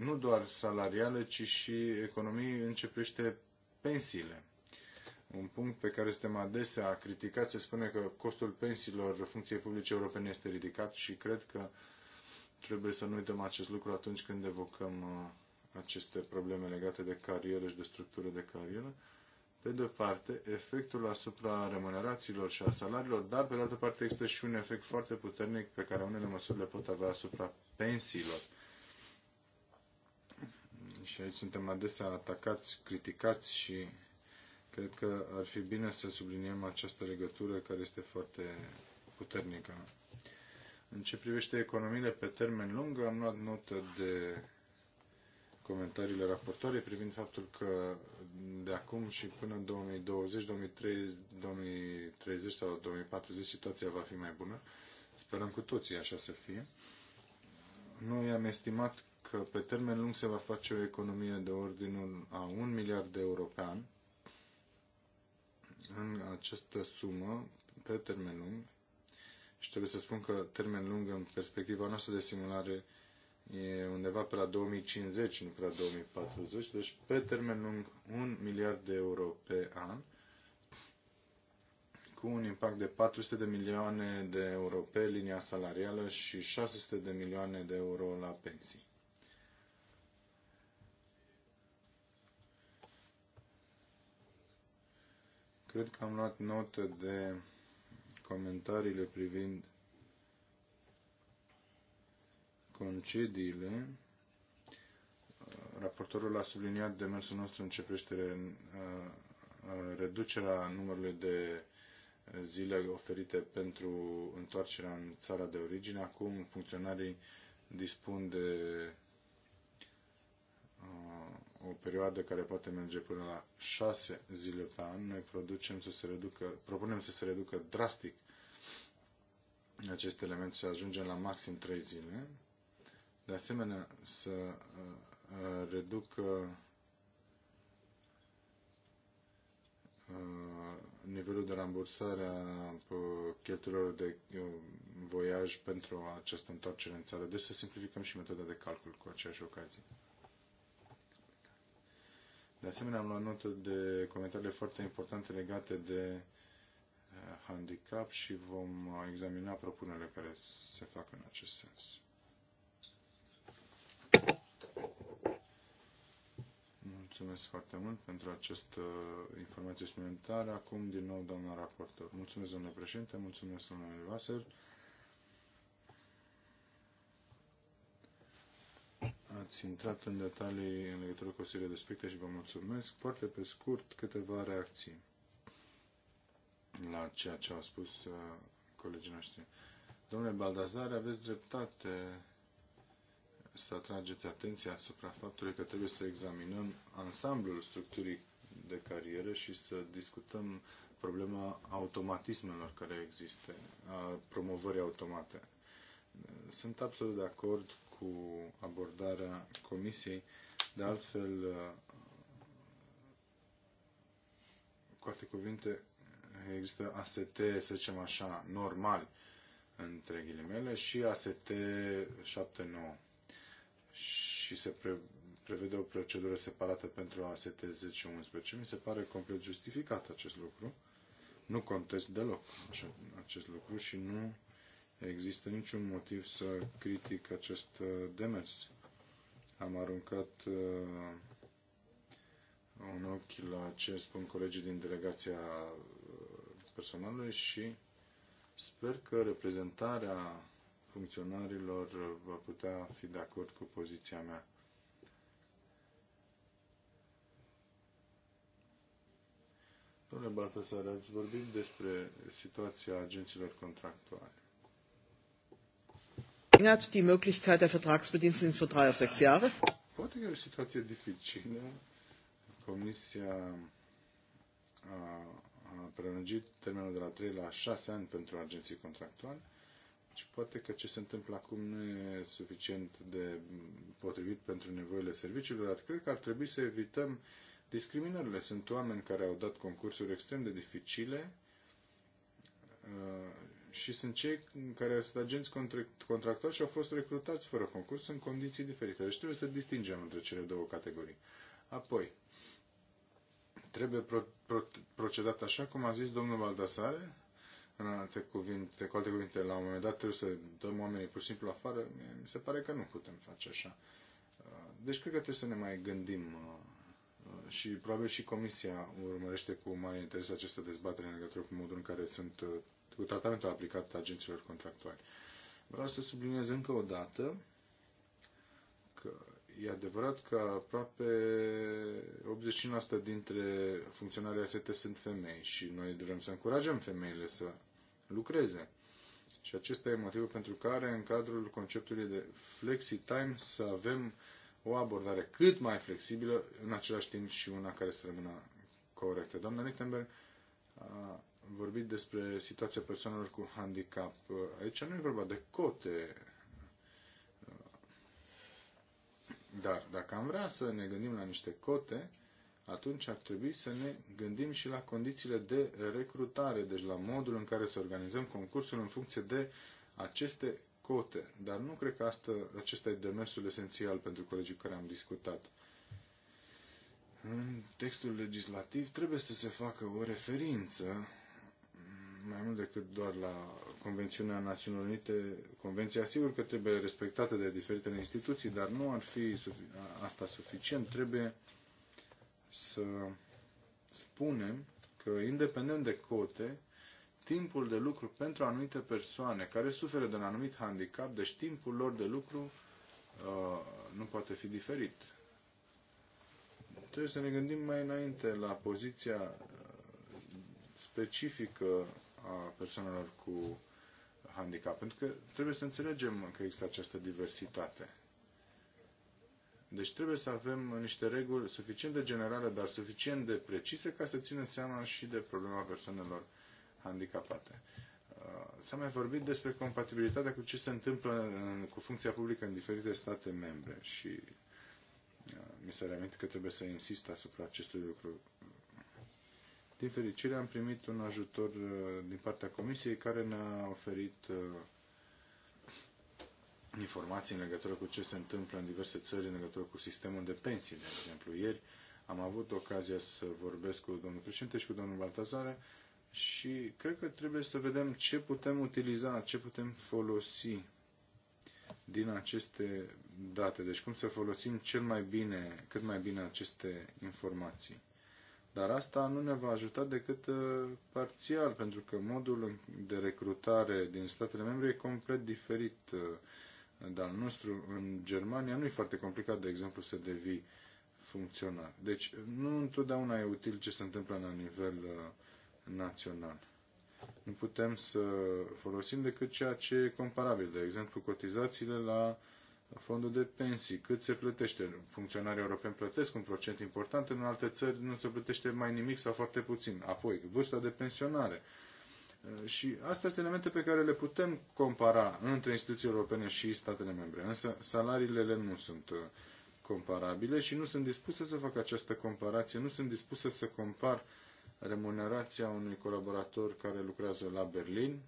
nu doar salariale, ci și economii începește pensiile. Un punct pe care suntem adesea criticat se spune că costul pensiilor funcției publice europene este ridicat și cred că trebuie să nu uităm acest lucru atunci când evocăm aceste probleme legate de carieră și de structură de carieră pe de-o parte, efectul asupra remunerațiilor și a salariilor, dar, pe de altă parte, există și un efect foarte puternic pe care unele măsuri le pot avea asupra pensiilor. Și aici suntem adesea atacați, criticați și cred că ar fi bine să subliniem această legătură care este foarte puternică. În ce privește economiile pe termen lung, am luat notă de comentariile raportoare privind faptul că de acum și până în 2020, 2030, 2030 sau 2040 situația va fi mai bună. Sperăm cu toții așa să fie. Noi am estimat că pe termen lung se va face o economie de ordinul a 1 miliard de euro pe an. În această sumă, pe termen lung, și trebuie să spun că termen lung în perspectiva noastră de simulare e undeva pe la 2050, nu pe la 2040, deci pe termen lung un miliard de euro pe an, cu un impact de 400 de milioane de euro pe linia salarială și 600 de milioane de euro la pensii. Cred că am luat notă de comentariile privind concediile, raportorul a subliniat demersul nostru în ce privește reducerea numărului de zile oferite pentru întoarcerea în țara de origine. Acum funcționarii dispun de o perioadă care poate merge până la șase zile pe an. Noi producem să se reducă, propunem să se reducă drastic acest element, să ajungem la maxim trei zile de asemenea să uh, uh, reducă uh, nivelul de rambursare a cheltuielor de voiaj pentru această întoarcere în țară. Deci să simplificăm și metoda de calcul cu aceeași ocazie. De asemenea, am luat notă de comentariile foarte importante legate de handicap și vom examina propunerile care se fac în acest sens. Mulțumesc foarte mult pentru această informație suplimentară. Acum, din nou, doamna raportor. Mulțumesc, domnule președinte, mulțumesc, domnule Vaser. Ați intrat în detalii în legătură cu o serie de aspecte și vă mulțumesc. Foarte pe scurt, câteva reacții la ceea ce au spus uh, colegii noștri. Domnule Baldazare, aveți dreptate să atrageți atenția asupra faptului că trebuie să examinăm ansamblul structurii de carieră și să discutăm problema automatismelor care există, a promovării automate. Sunt absolut de acord cu abordarea comisiei, de altfel, cu alte cuvinte, există AST, să zicem așa, normal, între ghilimele, și AST 79 și se pre, prevede o procedură separată pentru AST 10 11. Mi se pare complet justificat acest lucru. Nu contest deloc acest lucru și nu există niciun motiv să critic acest uh, demers. Am aruncat uh, un ochi la ce spun colegii din delegația uh, personalului și sper că reprezentarea funcționarilor uh, va putea fi de acord cu poziția mea. Domnule Baltasar, ați vorbit despre situația agenților contractuale. Hat die Möglichkeit der Vertragsbediensteten von drei auf sechs Jahre? Poate că e o situație dificilă. Comisia a, a prelungit termenul de la 3 la 6 ani pentru agenții contractuale. Și poate că ce se întâmplă acum nu e suficient de potrivit pentru nevoile serviciilor, dar cred că ar trebui să evităm discriminările. Sunt oameni care au dat concursuri extrem de dificile uh, și sunt cei care sunt agenți contractuali și au fost recrutați fără concurs în condiții diferite. Deci trebuie să distingem între cele două categorii. Apoi, trebuie pro, pro, procedat așa cum a zis domnul Baldasare, în alte cuvinte, cu alte cuvinte, la un moment dat trebuie să dăm oamenii pur și simplu afară, mi se pare că nu putem face așa. Uh, deci cred că trebuie să ne mai gândim uh, uh, și probabil și Comisia urmărește cu mare interes această dezbatere în legătură cu modul în care sunt cu tratamentul aplicat agenților contractuali. Vreau să subliniez încă o dată că e adevărat că aproape 85% dintre funcționarii AST sunt femei și noi vrem să încurajăm femeile să lucreze. Și acesta e motivul pentru care, în cadrul conceptului de flexi-time, să avem o abordare cât mai flexibilă, în același timp și una care să rămână corectă. Doamna Lichtenberg a vorbit despre situația persoanelor cu handicap. Aici nu e vorba de cote, dar dacă am vrea să ne gândim la niște cote, atunci ar trebui să ne gândim și la condițiile de recrutare, deci la modul în care să organizăm concursul în funcție de aceste cote. Dar nu cred că asta, acesta e demersul esențial pentru colegii care am discutat. În textul legislativ trebuie să se facă o referință mai mult decât doar la Convențiunea Națiunilor Unite, Convenția sigur că trebuie respectată de diferitele instituții, dar nu ar fi asta suficient. Trebuie uh, să spunem că, independent de cote, timpul de lucru pentru anumite persoane care suferă de un anumit handicap, deci timpul lor de lucru uh, nu poate fi diferit. Trebuie să ne gândim mai înainte la poziția uh, specifică a persoanelor cu handicap, pentru că trebuie să înțelegem că există această diversitate. Deci trebuie să avem niște reguli suficient de generale, dar suficient de precise ca să ținem seama și de problema persoanelor handicapate. Uh, s-a mai vorbit despre compatibilitatea cu ce se întâmplă în, cu funcția publică în diferite state membre și uh, mi se reamintit că trebuie să insist asupra acestui lucru. Din fericire am primit un ajutor uh, din partea Comisiei care ne-a oferit informații în legătură cu ce se întâmplă în diverse țări, în legătură cu sistemul de pensii, de exemplu. Ieri am avut ocazia să vorbesc cu domnul președinte și cu domnul Baltazare și cred că trebuie să vedem ce putem utiliza, ce putem folosi din aceste date. Deci cum să folosim cel mai bine, cât mai bine aceste informații. Dar asta nu ne va ajuta decât uh, parțial, pentru că modul de recrutare din statele membre e complet diferit uh, de-al nostru, în Germania, nu e foarte complicat, de exemplu, să devii funcționar. Deci nu întotdeauna e util ce se întâmplă la nivel uh, național. Nu putem să folosim decât ceea ce e comparabil. De exemplu, cotizațiile la fondul de pensii, cât se plătește. Funcționarii europeni plătesc un procent important, în alte țări nu se plătește mai nimic sau foarte puțin. Apoi, vârsta de pensionare. Uh, și astea sunt elemente pe care le putem compara între instituțiile europene și statele membre. Însă salariile nu sunt comparabile și nu sunt dispuse să fac această comparație, nu sunt dispuse să compar remunerația unui colaborator care lucrează la Berlin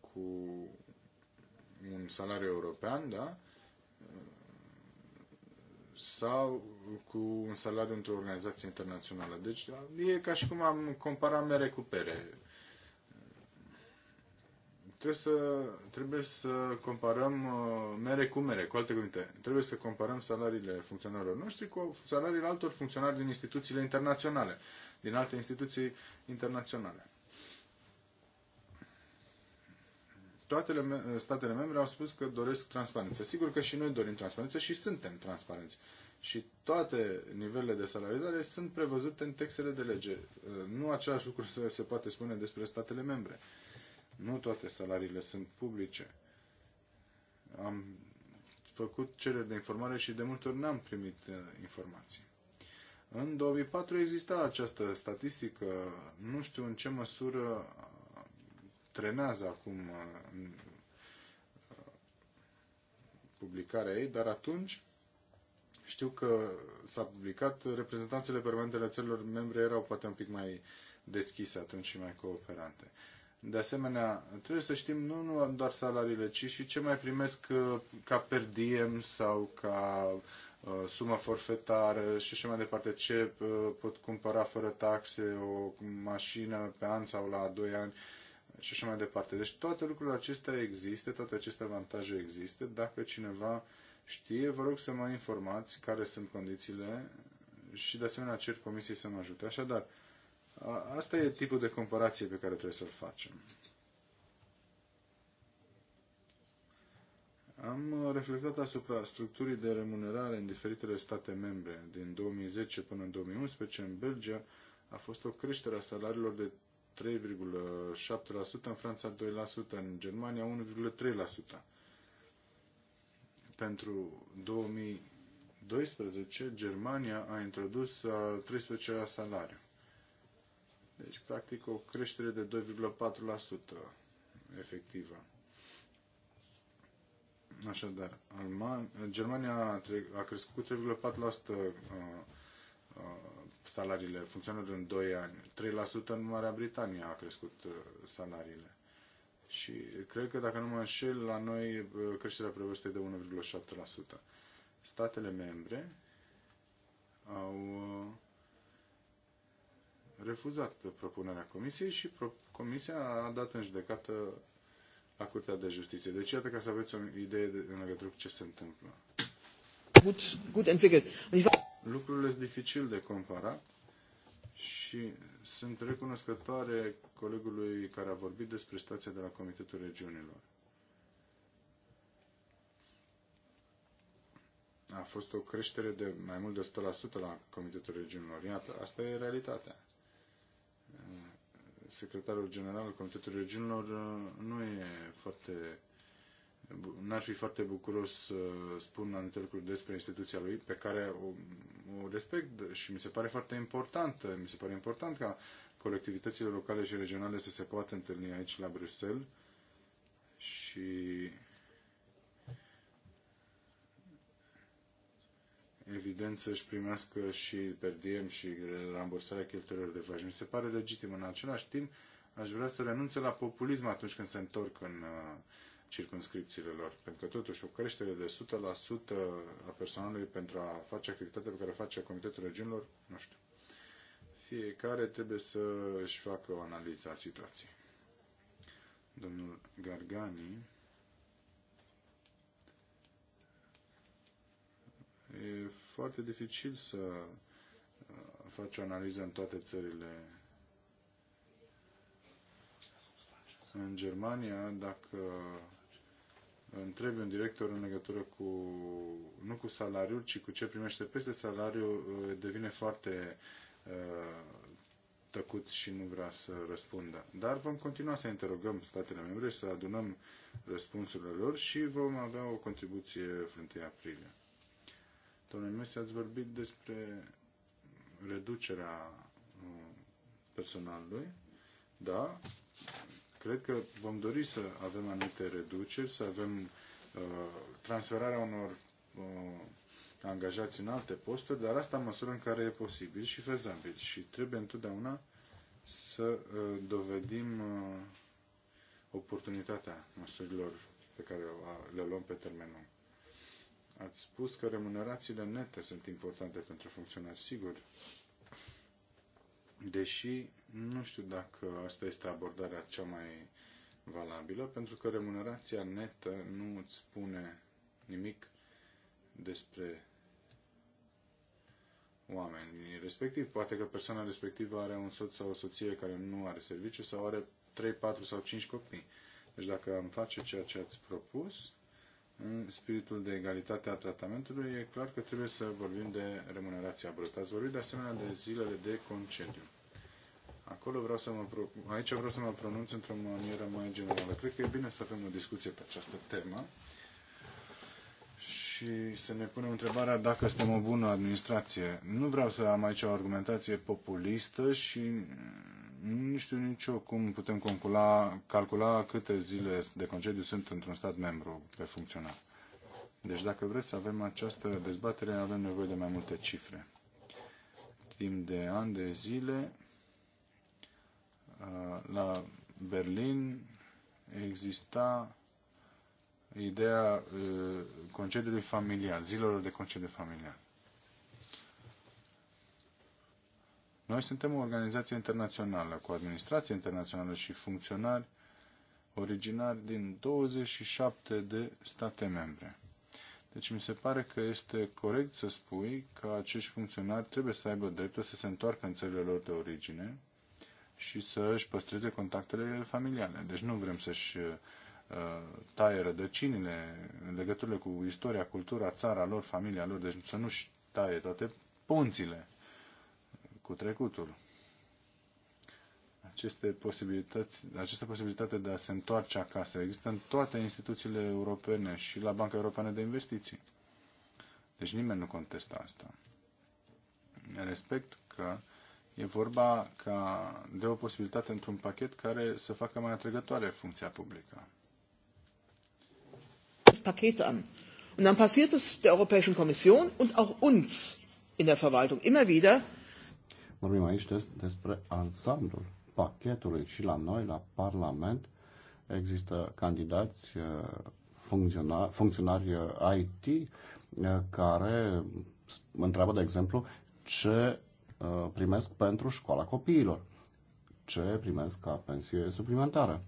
cu un salariu european, da? sau cu un salariu într-o organizație internațională. Deci da, e ca și cum am compara mere cu pere trebuie să, trebuie să comparăm uh, mere cu mere. Cu alte cuvinte, trebuie să comparăm salariile funcționarilor noștri cu salariile altor funcționari din instituțiile internaționale, din alte instituții internaționale. Toate statele membre au spus că doresc transparență. Sigur că și noi dorim transparență și suntem transparenți. Și toate nivelele de salarizare sunt prevăzute în textele de lege. Uh, nu același lucru se poate spune despre statele membre. Uh, nu toate salariile sunt publice. Am făcut cereri de informare și de multe ori n-am primit uh, informații. În 2004 exista această statistică, nu știu în ce măsură uh, trenează acum uh, publicarea ei, dar atunci știu că s-a publicat, reprezentanțele permanente ale țărilor membre erau poate un pic mai deschise atunci și mai cooperante. De asemenea, trebuie să știm nu, nu doar salariile, ci și ce mai primesc uh, ca per diem sau ca uh, sumă forfetară și așa mai departe, ce uh, pot cumpăra fără taxe, o mașină pe an sau la 2 ani și așa mai departe. Deci toate lucrurile acestea există, toate aceste avantaje există. Dacă cineva știe, vă rog să mă informați care sunt condițiile și de asemenea cer comisiei să mă ajute. Așadar, Asta e tipul de comparație pe care trebuie să-l facem. Am reflectat asupra structurii de remunerare în diferitele state membre. Din 2010 până în 2011, în Belgia, a fost o creștere a salariilor de 3,7%, în Franța 2%, în Germania 1,3%. Pentru 2012, Germania a introdus a 13-a salariu. Deci, practic, o creștere de 2,4% efectivă. Așadar, Germania a crescut 3,4% uh, uh, salariile funcționând în 2 ani. 3% în Marea Britanie a crescut uh, salariile. Și cred că, dacă nu mă înșel, la noi creșterea prevăzută de 1,7%. Statele membre au refuzat propunerea Comisiei și pro- Comisia a dat în judecată la Curtea de Justiție. Deci, iată ca să aveți o idee de, în legătură cu ce se întâmplă. Gut, gut entwickelt. Lucrurile sunt dificil de comparat și sunt recunoscătoare colegului care a vorbit despre stația de la Comitetul Regiunilor. A fost o creștere de mai mult de 100% la Comitetul Regiunilor. Iată, asta e realitatea secretarul general al Comitetului Regiunilor uh, nu e foarte n-ar fi foarte bucuros să spun anumite lucruri despre instituția lui, pe care o, o respect și mi se pare foarte important. Mi se pare important ca colectivitățile locale și regionale să se poată întâlni aici la Bruxelles și evident, să-și primească și per diem și rambursarea cheltuielor vaj. Mi se pare legitim. În același timp, aș vrea să renunțe la populism atunci când se întorc în uh, circunscripțiile lor. Pentru că, totuși, o creștere de 100% a personalului pentru a face activitatea pe care o face Comitetul Regiunilor, nu știu. Fiecare trebuie să își facă o analiză a situației. Domnul Gargani E foarte dificil să uh, faci o analiză în toate țările. În Germania, dacă întrebi un director în legătură cu, nu cu salariul, ci cu ce primește peste salariu, uh, devine foarte uh, tăcut și nu vrea să răspundă. Dar vom continua să interogăm statele membre, să adunăm răspunsurile lor și vom avea o contribuție în 1 aprilie. Domnule Mesi, ați vorbit despre reducerea uh, personalului. Da, cred că vom dori să avem anumite reduceri, să avem uh, transferarea unor uh, angajați în alte posturi, dar asta în măsură în care e posibil și fezabil. Și trebuie întotdeauna să uh, dovedim uh, oportunitatea măsurilor pe care le luăm pe termen lung. Ați spus că remunerațiile nete sunt importante pentru funcționari, sigur. Deși nu știu dacă asta este abordarea cea mai valabilă, pentru că remunerația netă nu îți spune nimic despre oamenii respectiv. Poate că persoana respectivă are un soț sau o soție care nu are serviciu sau are 3, 4 sau 5 copii. Deci dacă am face ceea ce ați propus, în spiritul de egalitate a tratamentului, e clar că trebuie să vorbim de remunerația brută. Ați vorbit de asemenea de zilele de concediu. Acolo vreau să mă, aici vreau să mă pronunț într-o manieră mai generală. Cred că e bine să avem o discuție pe această temă și să ne punem întrebarea dacă suntem o bună administrație. Nu vreau să am aici o argumentație populistă și nu știu nici eu cum putem calcula, calcula câte zile de concediu sunt într-un stat membru pe funcționar. Deci dacă vreți să avem această dezbatere, avem nevoie de mai multe cifre. Timp de ani de zile, la Berlin exista ideea concediului familial, zilelor de concediu familial. Noi suntem o organizație internațională cu administrație internațională și funcționari originari din 27 de state membre. Deci mi se pare că este corect să spui că acești funcționari trebuie să aibă dreptul să se întoarcă în țările lor de origine și să își păstreze contactele familiale. Deci nu vrem să-și uh, taie rădăcinile, legăturile cu istoria, cultura, țara lor, familia lor, deci să nu-și taie toate punțile cu trecutul. Aceste posibilități, această posibilitate de a se întoarce acasă există în toate instituțiile europene și la Banca Europeană de Investiții. Deci nimeni nu contestă asta. Respect că e vorba ca de o posibilitate într-un pachet care să facă mai atrăgătoare funcția publică. Das an. Und dann passiert es der Europäischen Kommission und auch uns in der Verwaltung immer wieder, Vorbim aici des, despre ansamblul pachetului și la noi, la Parlament, există candidați eh, funcționari, funcționari eh, IT eh, care întreabă, de exemplu, ce primesc pentru școala copiilor, ce primesc ca pensie suplimentară.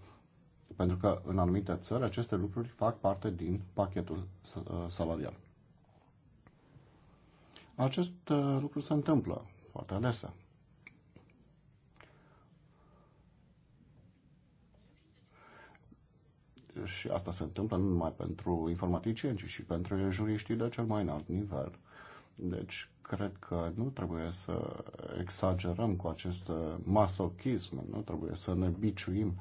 Pentru că în anumite țări aceste lucruri fac parte din pachetul salarial. Acest lucru se întâmplă foarte adesea. și asta se întâmplă nu numai pentru informaticieni, ci și pentru juriștii de cel mai înalt nivel. Deci, cred că nu trebuie să exagerăm cu acest masochism, nu trebuie să ne biciuim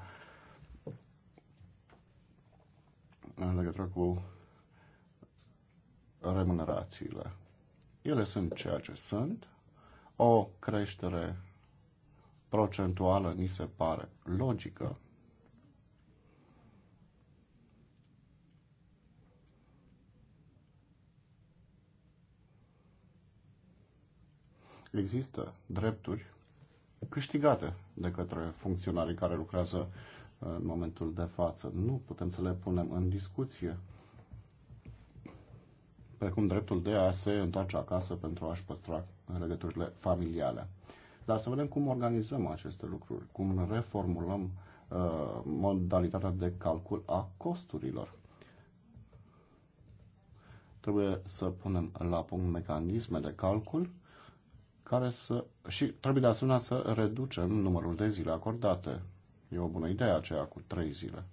în legătură cu remunerațiile. Ele sunt ceea ce sunt. O creștere procentuală ni se pare logică, există drepturi câștigate de către funcționarii care lucrează uh, în momentul de față. Nu putem să le punem în discuție precum dreptul de a se întoarce acasă pentru a-și păstra legăturile familiale. Dar să vedem cum organizăm aceste lucruri, cum reformulăm uh, modalitatea de calcul a costurilor. Trebuie să punem la punct mecanisme de calcul care să, și trebuie de asemenea să reducem numărul de zile acordate. E o bună idee aceea cu trei zile.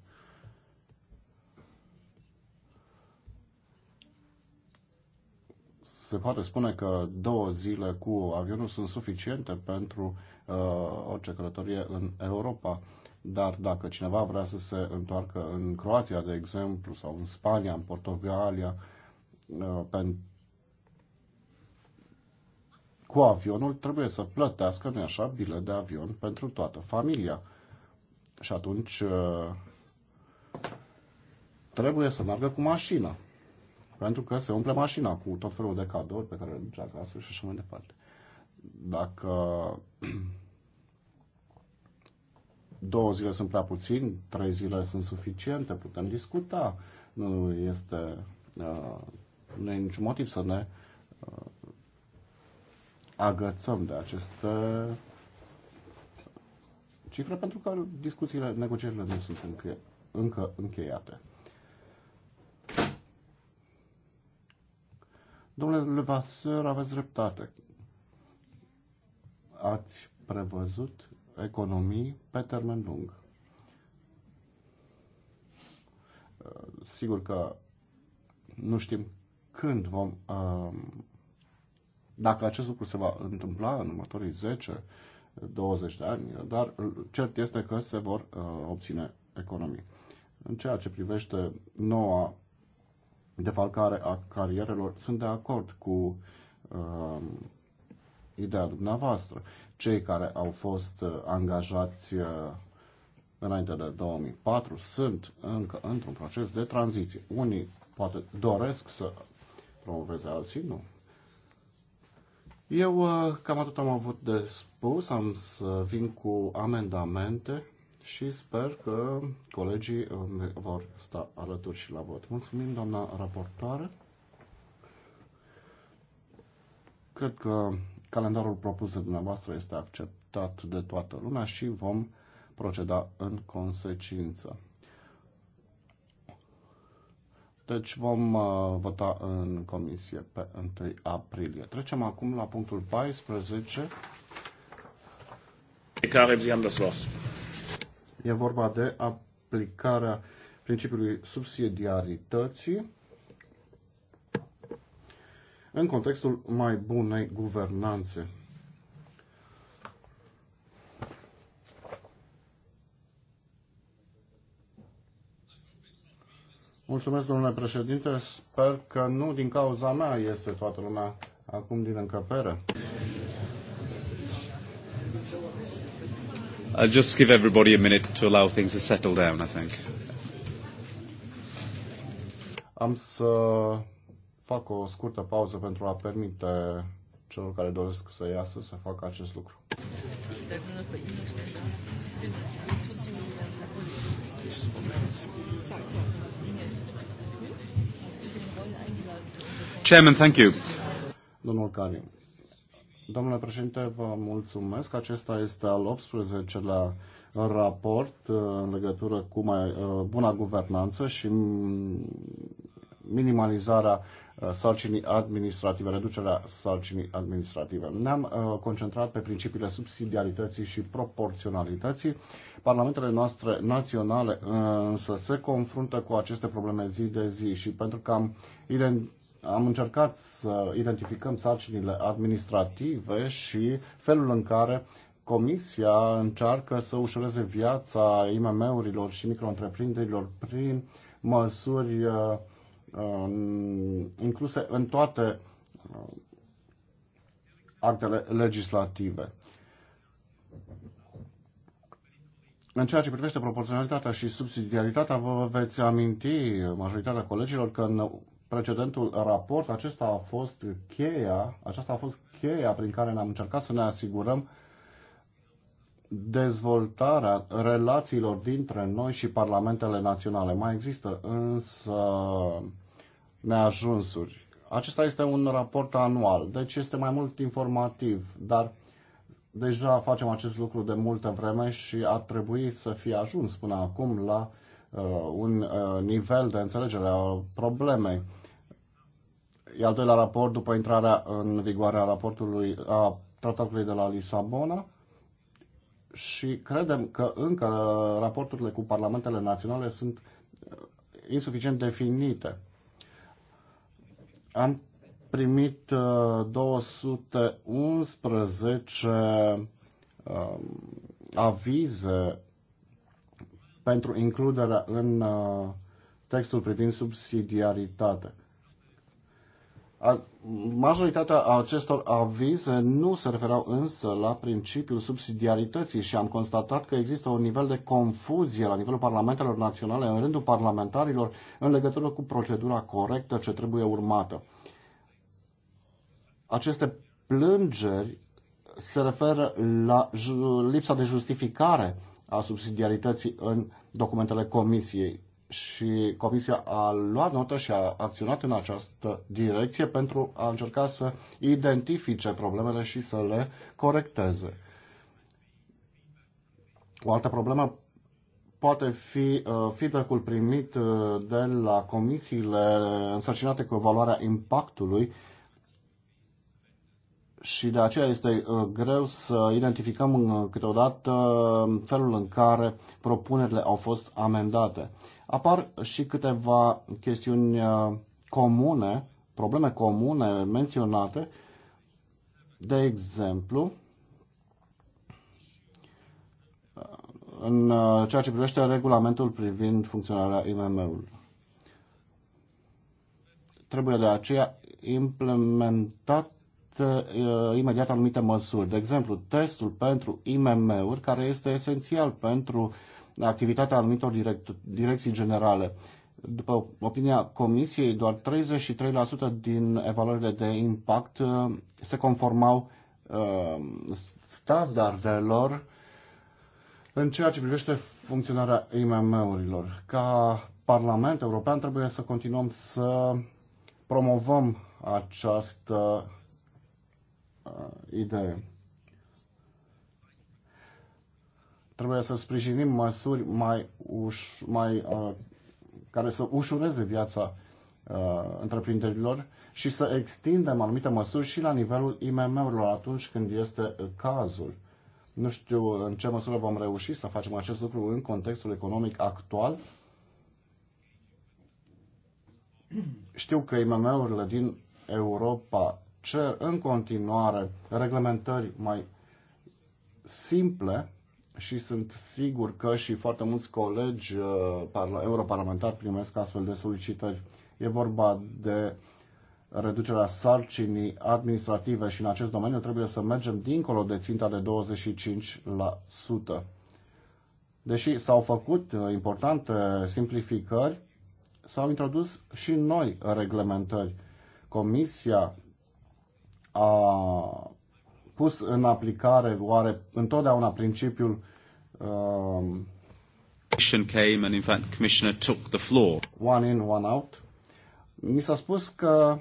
se poate spune că două zile cu avionul sunt suficiente pentru uh, orice călătorie în Europa, dar dacă cineva vrea să se întoarcă în Croația, de exemplu, sau în Spania, în Portugalia, uh, pentru cu avionul trebuie să plătească, nu așa, bilă de avion pentru toată familia. Și atunci uh, trebuie să meargă cu mașina. Pentru că se umple mașina cu tot felul de cadouri pe care le duce acasă și așa mai departe. Dacă două zile sunt prea puțin, trei zile sunt suficiente, putem discuta. Nu este, uh, nu e niciun motiv să ne uh, agățăm de această cifră, pentru că discuțiile, negocierile nu sunt încă, încă încheiate. Domnule Levasseur, aveți dreptate. Ați prevăzut economii pe termen lung. Sigur că nu știm când vom uh, dacă acest lucru se va întâmpla în următorii 10 20 de ani, dar cert este că se vor uh, obține economii. În ceea ce privește noua defalcare a carierelor, sunt de acord cu uh, ideea dumneavoastră. Cei care au fost uh, angajați uh, înainte de 2004 sunt încă într-un proces de tranziție. Unii poate doresc să promoveze, alții nu. Eu uh, cam atât am avut de spus, am să vin cu amendamente și sper că colegii uh, vor sta alături și la vot. Mulțumim, doamna raportoare. Cred că calendarul propus de dumneavoastră este acceptat de toată lumea și vom proceda în consecință. Deci vom uh, vota în comisie pe 1 aprilie. Trecem acum la punctul 14. E vorba de aplicarea principiului subsidiarității în contextul mai bunei guvernanțe. Mulțumesc, domnule președinte. Sper că nu din cauza mea iese toată lumea acum din încăpere. I'll just give everybody a minute to allow things to settle down, I think. Am să fac o scurtă pauză pentru a permite celor care doresc să iasă să facă acest lucru. Thank you. Chairman, thank you. Domnul Cari. Domnule președinte, vă mulțumesc. Acesta este al 18-lea raport uh, în legătură cu mai, uh, buna guvernanță și minimalizarea uh, sarcinii administrative, reducerea sarcinii administrative. Ne-am concentrat pe principiile subsidiarității și proporționalității. Parlamentele noastre naționale însă se confruntă cu aceste probleme zi de zi și pentru că am identificat am încercat să identificăm sarcinile administrative și felul în care Comisia încearcă să ușureze viața IMM-urilor și micro-întreprinderilor prin măsuri uh, um, incluse în toate uh, actele legislative. În ceea ce privește proporționalitatea și subsidiaritatea, vă veți aminti majoritatea colegilor că în precedentul raport, acesta a fost cheia, aceasta a fost cheia prin care ne-am încercat să ne asigurăm dezvoltarea relațiilor dintre noi și parlamentele naționale. Mai există însă neajunsuri. Acesta este un raport anual, deci este mai mult informativ, dar deja facem acest lucru de multă vreme și ar trebui să fie ajuns până acum la uh, un uh, nivel de înțelegere a problemei. E al doilea raport după intrarea în vigoare a raportului a tratatului de la Lisabona și credem că încă raporturile cu parlamentele naționale sunt uh, insuficient definite. Am primit 211 uh, um, avize pentru includerea în uh, textul privind subsidiaritate. Majoritatea acestor avize nu se referau însă la principiul subsidiarității și am constatat că există un nivel de confuzie la nivelul parlamentelor naționale în rândul parlamentarilor în legătură cu procedura corectă ce trebuie urmată. Aceste plângeri se referă la lipsa de justificare a subsidiarității în documentele Comisiei și Comisia a luat notă și a acționat în această direcție pentru a încerca să identifice problemele și să le corecteze. O altă problemă poate fi uh, feedback-ul primit uh, de la comisiile însărcinate cu evaluarea impactului și de aceea este uh, greu să identificăm uh, câteodată uh, felul în care propunerile au fost amendate. Apar și câteva chestiuni comune, probleme comune menționate, de exemplu, în ceea ce privește regulamentul privind funcționarea IMM-ului. Trebuie de aceea implementat uh, imediat anumite măsuri. De exemplu, testul pentru IMM-uri, care este esențial pentru activitatea anumitor direct, direcții generale. După opinia Comisiei, doar 33% din evaluările de impact uh, se conformau uh, standardelor în ceea ce privește funcționarea IMM-urilor. Ca Parlament European trebuie să continuăm să promovăm această Uh, idee. Trebuie să sprijinim măsuri mai, uș, mai uh, care să ușureze viața uh, întreprinderilor și să extindem anumite măsuri și la nivelul IMM-urilor atunci când este cazul. Nu știu în ce măsură vom reuși să facem acest lucru în contextul economic actual. Știu că IMM-urile din Europa cer în continuare reglementări mai simple și sunt sigur că și foarte mulți colegi uh, europarlamentari primesc astfel de solicitări. E vorba de reducerea sarcinii administrative și în acest domeniu trebuie să mergem dincolo de ținta de 25%. Deși s-au făcut uh, importante simplificări, s-au introdus și noi reglementări. Comisia a pus în aplicare oare întotdeauna principiul uh, came and in fact commissioner took the floor. One in, one out. Mi s-a spus că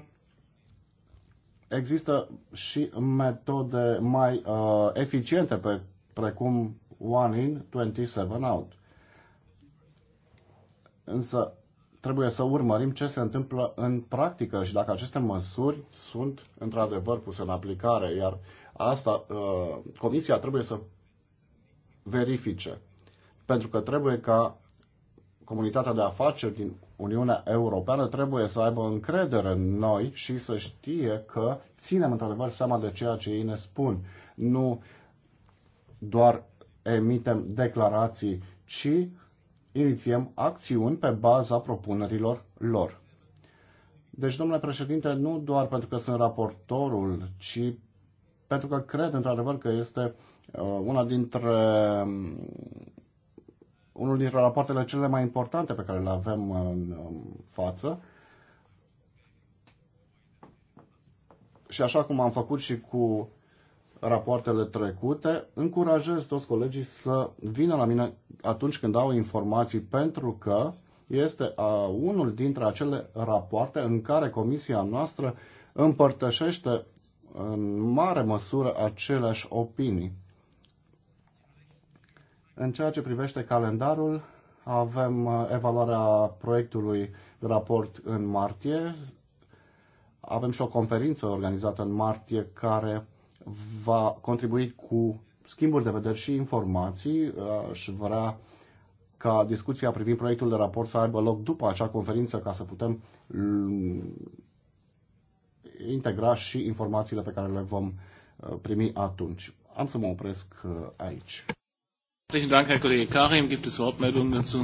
există și metode mai uh, eficiente pe, precum one in, 27 out. Însă trebuie să urmărim ce se întâmplă în practică și dacă aceste măsuri sunt într-adevăr puse în aplicare, iar asta uh, comisia trebuie să verifice. Pentru că trebuie ca comunitatea de afaceri din Uniunea Europeană trebuie să aibă încredere în noi și să știe că ținem într-adevăr seama de ceea ce ei ne spun. Nu doar emitem declarații, ci inițiem acțiuni pe baza propunerilor lor. Deci, domnule președinte, nu doar pentru că sunt raportorul, ci pentru că cred într-adevăr că este uh, una dintre um, unul dintre rapoartele cele mai importante pe care le avem în față. Și așa cum am făcut și cu rapoartele trecute, încurajez toți colegii să vină la mine atunci când au informații, pentru că este unul dintre acele rapoarte în care comisia noastră împărtășește în mare măsură aceleași opinii. În ceea ce privește calendarul, avem evaluarea proiectului raport în martie, avem și o conferință organizată în martie care va contribui cu schimburi de vedere și informații uh, și vrea ca discuția privind proiectul de raport să aibă loc după acea conferință ca să putem integra și informațiile pe care le vom uh, primi atunci. Am să mă opresc uh, aici. Herzlichen Dank, Herr Kollege Karim. Gibt es Wortmeldungen dazu?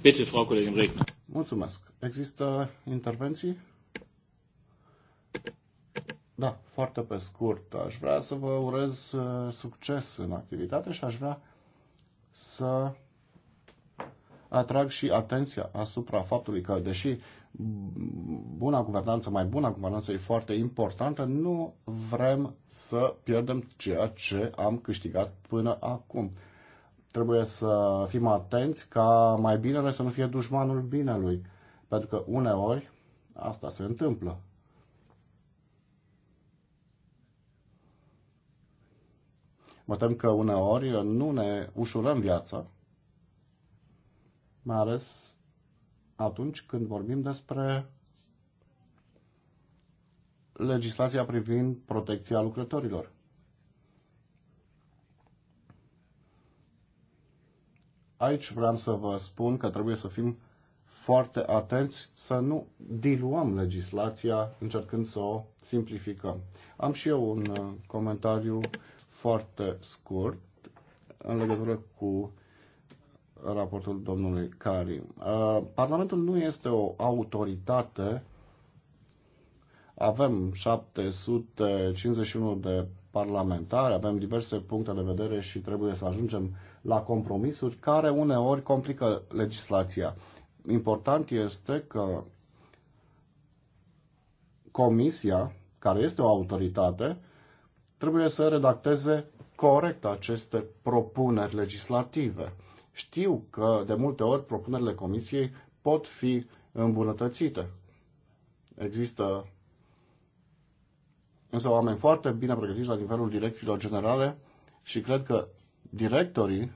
Bitte, Frau Kollegin Regner. Mulțumesc. Există intervenții? Da, foarte pe scurt. Aș vrea să vă urez uh, succes în activitate și aș vrea să atrag și atenția asupra faptului că, deși buna guvernanță, mai bună guvernanță e foarte importantă, nu vrem să pierdem ceea ce am câștigat până acum. Trebuie să fim atenți ca mai binele să nu fie dușmanul binelui, pentru că uneori asta se întâmplă. Mă tem că uneori nu ne ușurăm viața, mai ales atunci când vorbim despre legislația privind protecția lucrătorilor. Aici vreau să vă spun că trebuie să fim foarte atenți să nu diluăm legislația încercând să o simplificăm. Am și eu un uh, comentariu foarte scurt în legătură cu raportul domnului Cari. Uh, Parlamentul nu este o autoritate. Avem 751 de parlamentari, avem diverse puncte de vedere și trebuie să ajungem la compromisuri care uneori complică legislația. Important este că Comisia, care este o autoritate, trebuie să redacteze corect aceste propuneri legislative. Știu că de multe ori propunerile Comisiei pot fi îmbunătățite. Există însă oameni foarte bine pregătiți la nivelul direcțiilor generale și cred că directorii,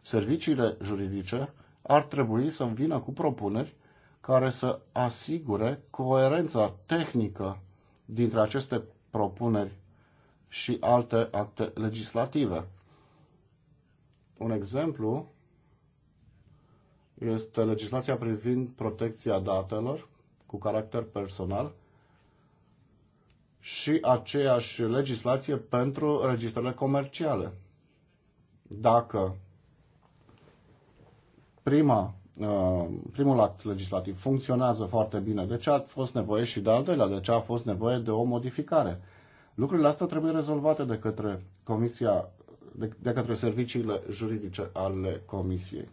serviciile juridice, ar trebui să vină cu propuneri care să asigure coerența tehnică dintre aceste propuneri și alte acte legislative. Un exemplu este legislația privind protecția datelor cu caracter personal și aceeași legislație pentru registrele comerciale. Dacă prima, uh, primul act legislativ funcționează foarte bine, de ce a fost nevoie și de al doilea, de ce a fost nevoie de o modificare? Lucrurile astea trebuie rezolvate de către Comisia, de, de către serviciile juridice ale Comisiei.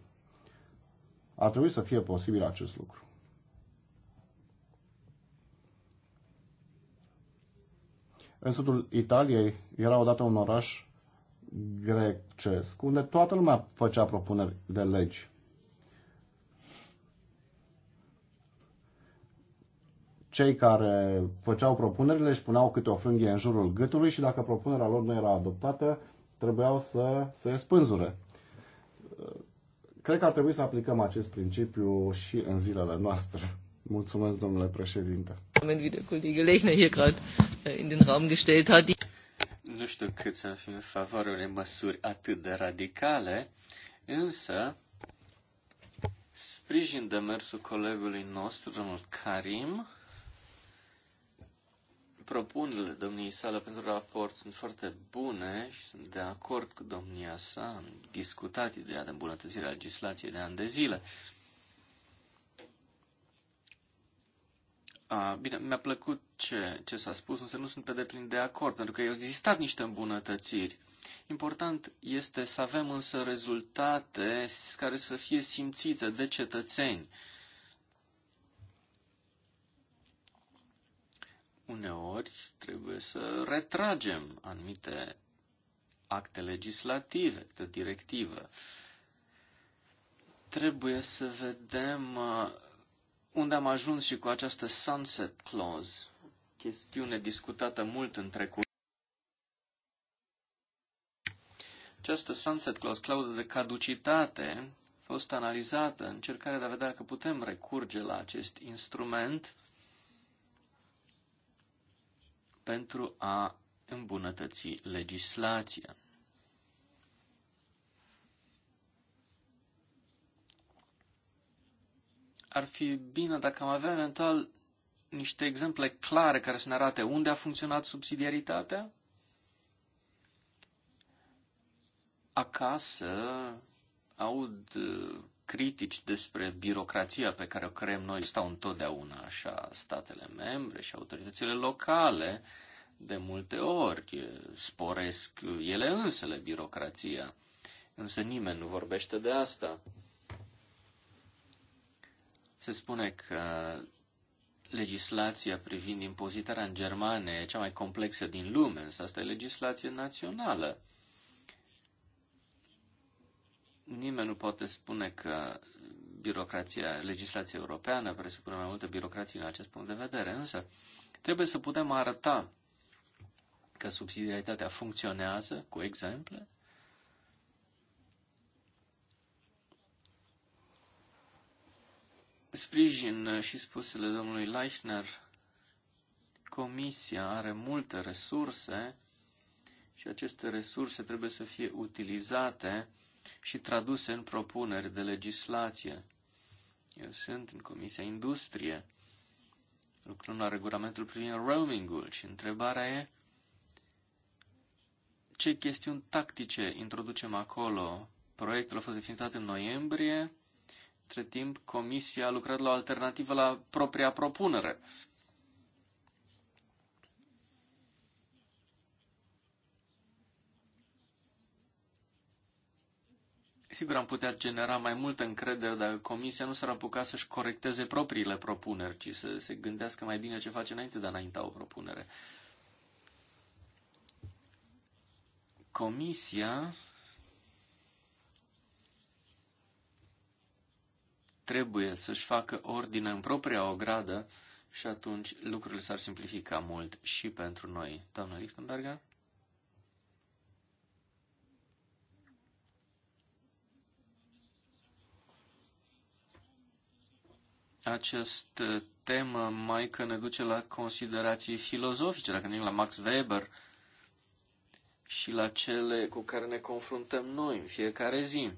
Ar trebui să fie posibil acest lucru. În sudul Italiei era odată un oraș grecesc, unde toată lumea făcea propuneri de legi. cei care făceau propunerile își puneau câte o frânghie în jurul gâtului și dacă propunerea lor nu era adoptată, trebuiau să se spânzure. Cred că ar trebui să aplicăm acest principiu și în zilele noastre. Mulțumesc, domnule președinte. Moment, wie der Kollege Lechner hier gerade äh, in den Raum gestellt hat. Nu știu cât să fim în unei măsuri atât de radicale, însă sprijin demersul colegului nostru, domnul Karim, propunerile domniei sale pentru raport sunt foarte bune și sunt de acord cu domnia sa. Am discutat ideea de îmbunătățire a legislației de ani de zile. A, bine, mi-a plăcut ce, ce s-a spus, însă nu sunt pe deplin de acord, pentru că au existat niște îmbunătățiri. Important este să avem însă rezultate care să fie simțite de cetățeni. Uh, uneori trebuie să retragem anumite acte legislative, acte directive. Trebuie să vedem uh, unde am ajuns și cu această sunset clause, chestiune discutată mult în trecut. Această sunset clause, clauză de caducitate, a fost analizată, în încercarea de a vedea că putem recurge la acest instrument pentru a îmbunătăți legislația. Ar fi bine dacă am avea eventual niște exemple clare care să ne arate unde a funcționat subsidiaritatea, acasă aud uh, critici despre birocrația pe care o creăm noi stau întotdeauna așa statele membre și autoritățile locale de multe ori sporesc ele însele birocrația. Însă nimeni nu vorbește de asta. Se spune că legislația privind impozitarea în Germania e cea mai complexă din lume, însă asta e legislație națională. Nimeni nu poate spune că birocrația, legislația europeană presupune mai multă birocrație în acest punct de vedere, însă trebuie să putem arăta că subsidiaritatea funcționează cu exemple sprijin și spusele domnului Leichner, Comisia are multe resurse și aceste resurse trebuie să fie utilizate și traduse în propuneri de legislație. Eu sunt în Comisia Industrie, lucrând la regulamentul privind roamingul și întrebarea e ce chestiuni tactice introducem acolo. Proiectul a fost definitat în noiembrie, între timp Comisia a lucrat la o alternativă la propria propunere. Sigur, am putea genera mai multă încredere dacă Comisia nu s-ar apuca să-și corecteze propriile propuneri, ci să se gândească mai bine ce face înainte de a înainta o propunere. Comisia trebuie să-și facă ordine în propria ogradă și atunci lucrurile s-ar simplifica mult și pentru noi. Doamna Lichtenberger? această temă mai că ne duce la considerații filozofice, dacă ne la Max Weber și la cele cu care ne confruntăm noi în fiecare zi.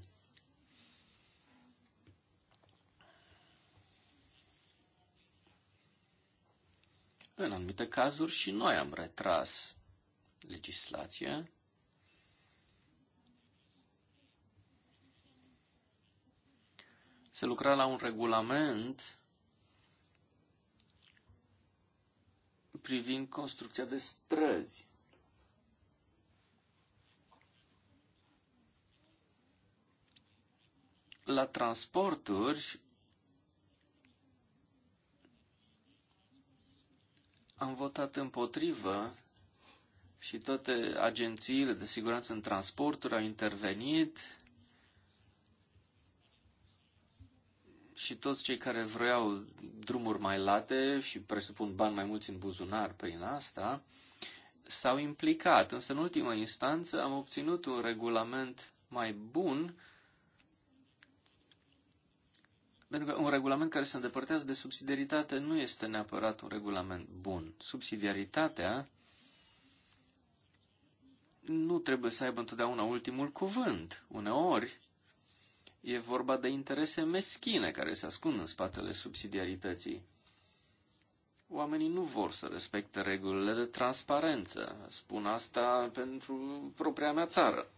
În anumite cazuri și noi am retras legislație se lucra la un regulament privind construcția de străzi. La transporturi am votat împotrivă și toate agențiile de siguranță în transporturi au intervenit și toți cei care vreau drumuri mai late și presupun bani mai mulți în buzunar prin asta, s-au implicat. Însă, în ultimă instanță, am obținut un regulament mai bun, pentru că un regulament care se îndepărtează de subsidiaritate nu este neapărat un regulament bun. Subsidiaritatea nu trebuie să aibă întotdeauna ultimul cuvânt. Uneori, E vorba de interese meschine care se ascund în spatele subsidiarității. Oamenii nu vor să respecte regulile de transparență. Spun asta pentru propria mea țară.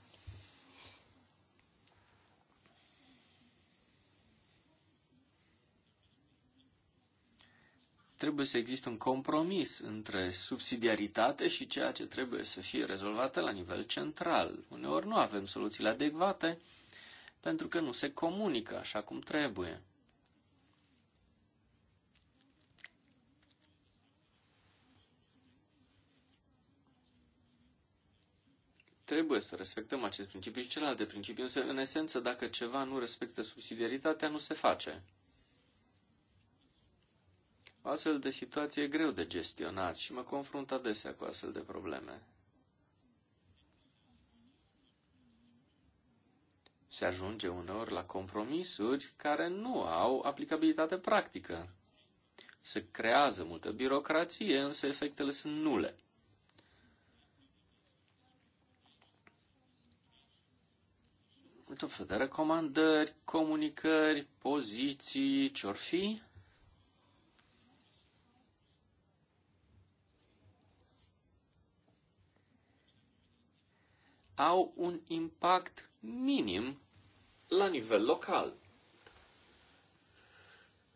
trebuie să existe un compromis între subsidiaritate și ceea ce trebuie să fie rezolvate la nivel central. Uneori nu avem soluțiile adecvate pentru că nu se comunică așa cum trebuie. Trebuie să respectăm acest principiu și celelalte principii, însă, în esență, dacă ceva nu respectă subsidiaritatea, nu se face. O astfel de situație e greu de gestionat și mă confrunt adesea cu astfel de probleme. se ajunge uneori la compromisuri care nu au aplicabilitate practică. Se creează multă birocrație, însă efectele sunt nule. tot fel de recomandări, comunicări, poziții, ce fi, au un impact minim la nivel local.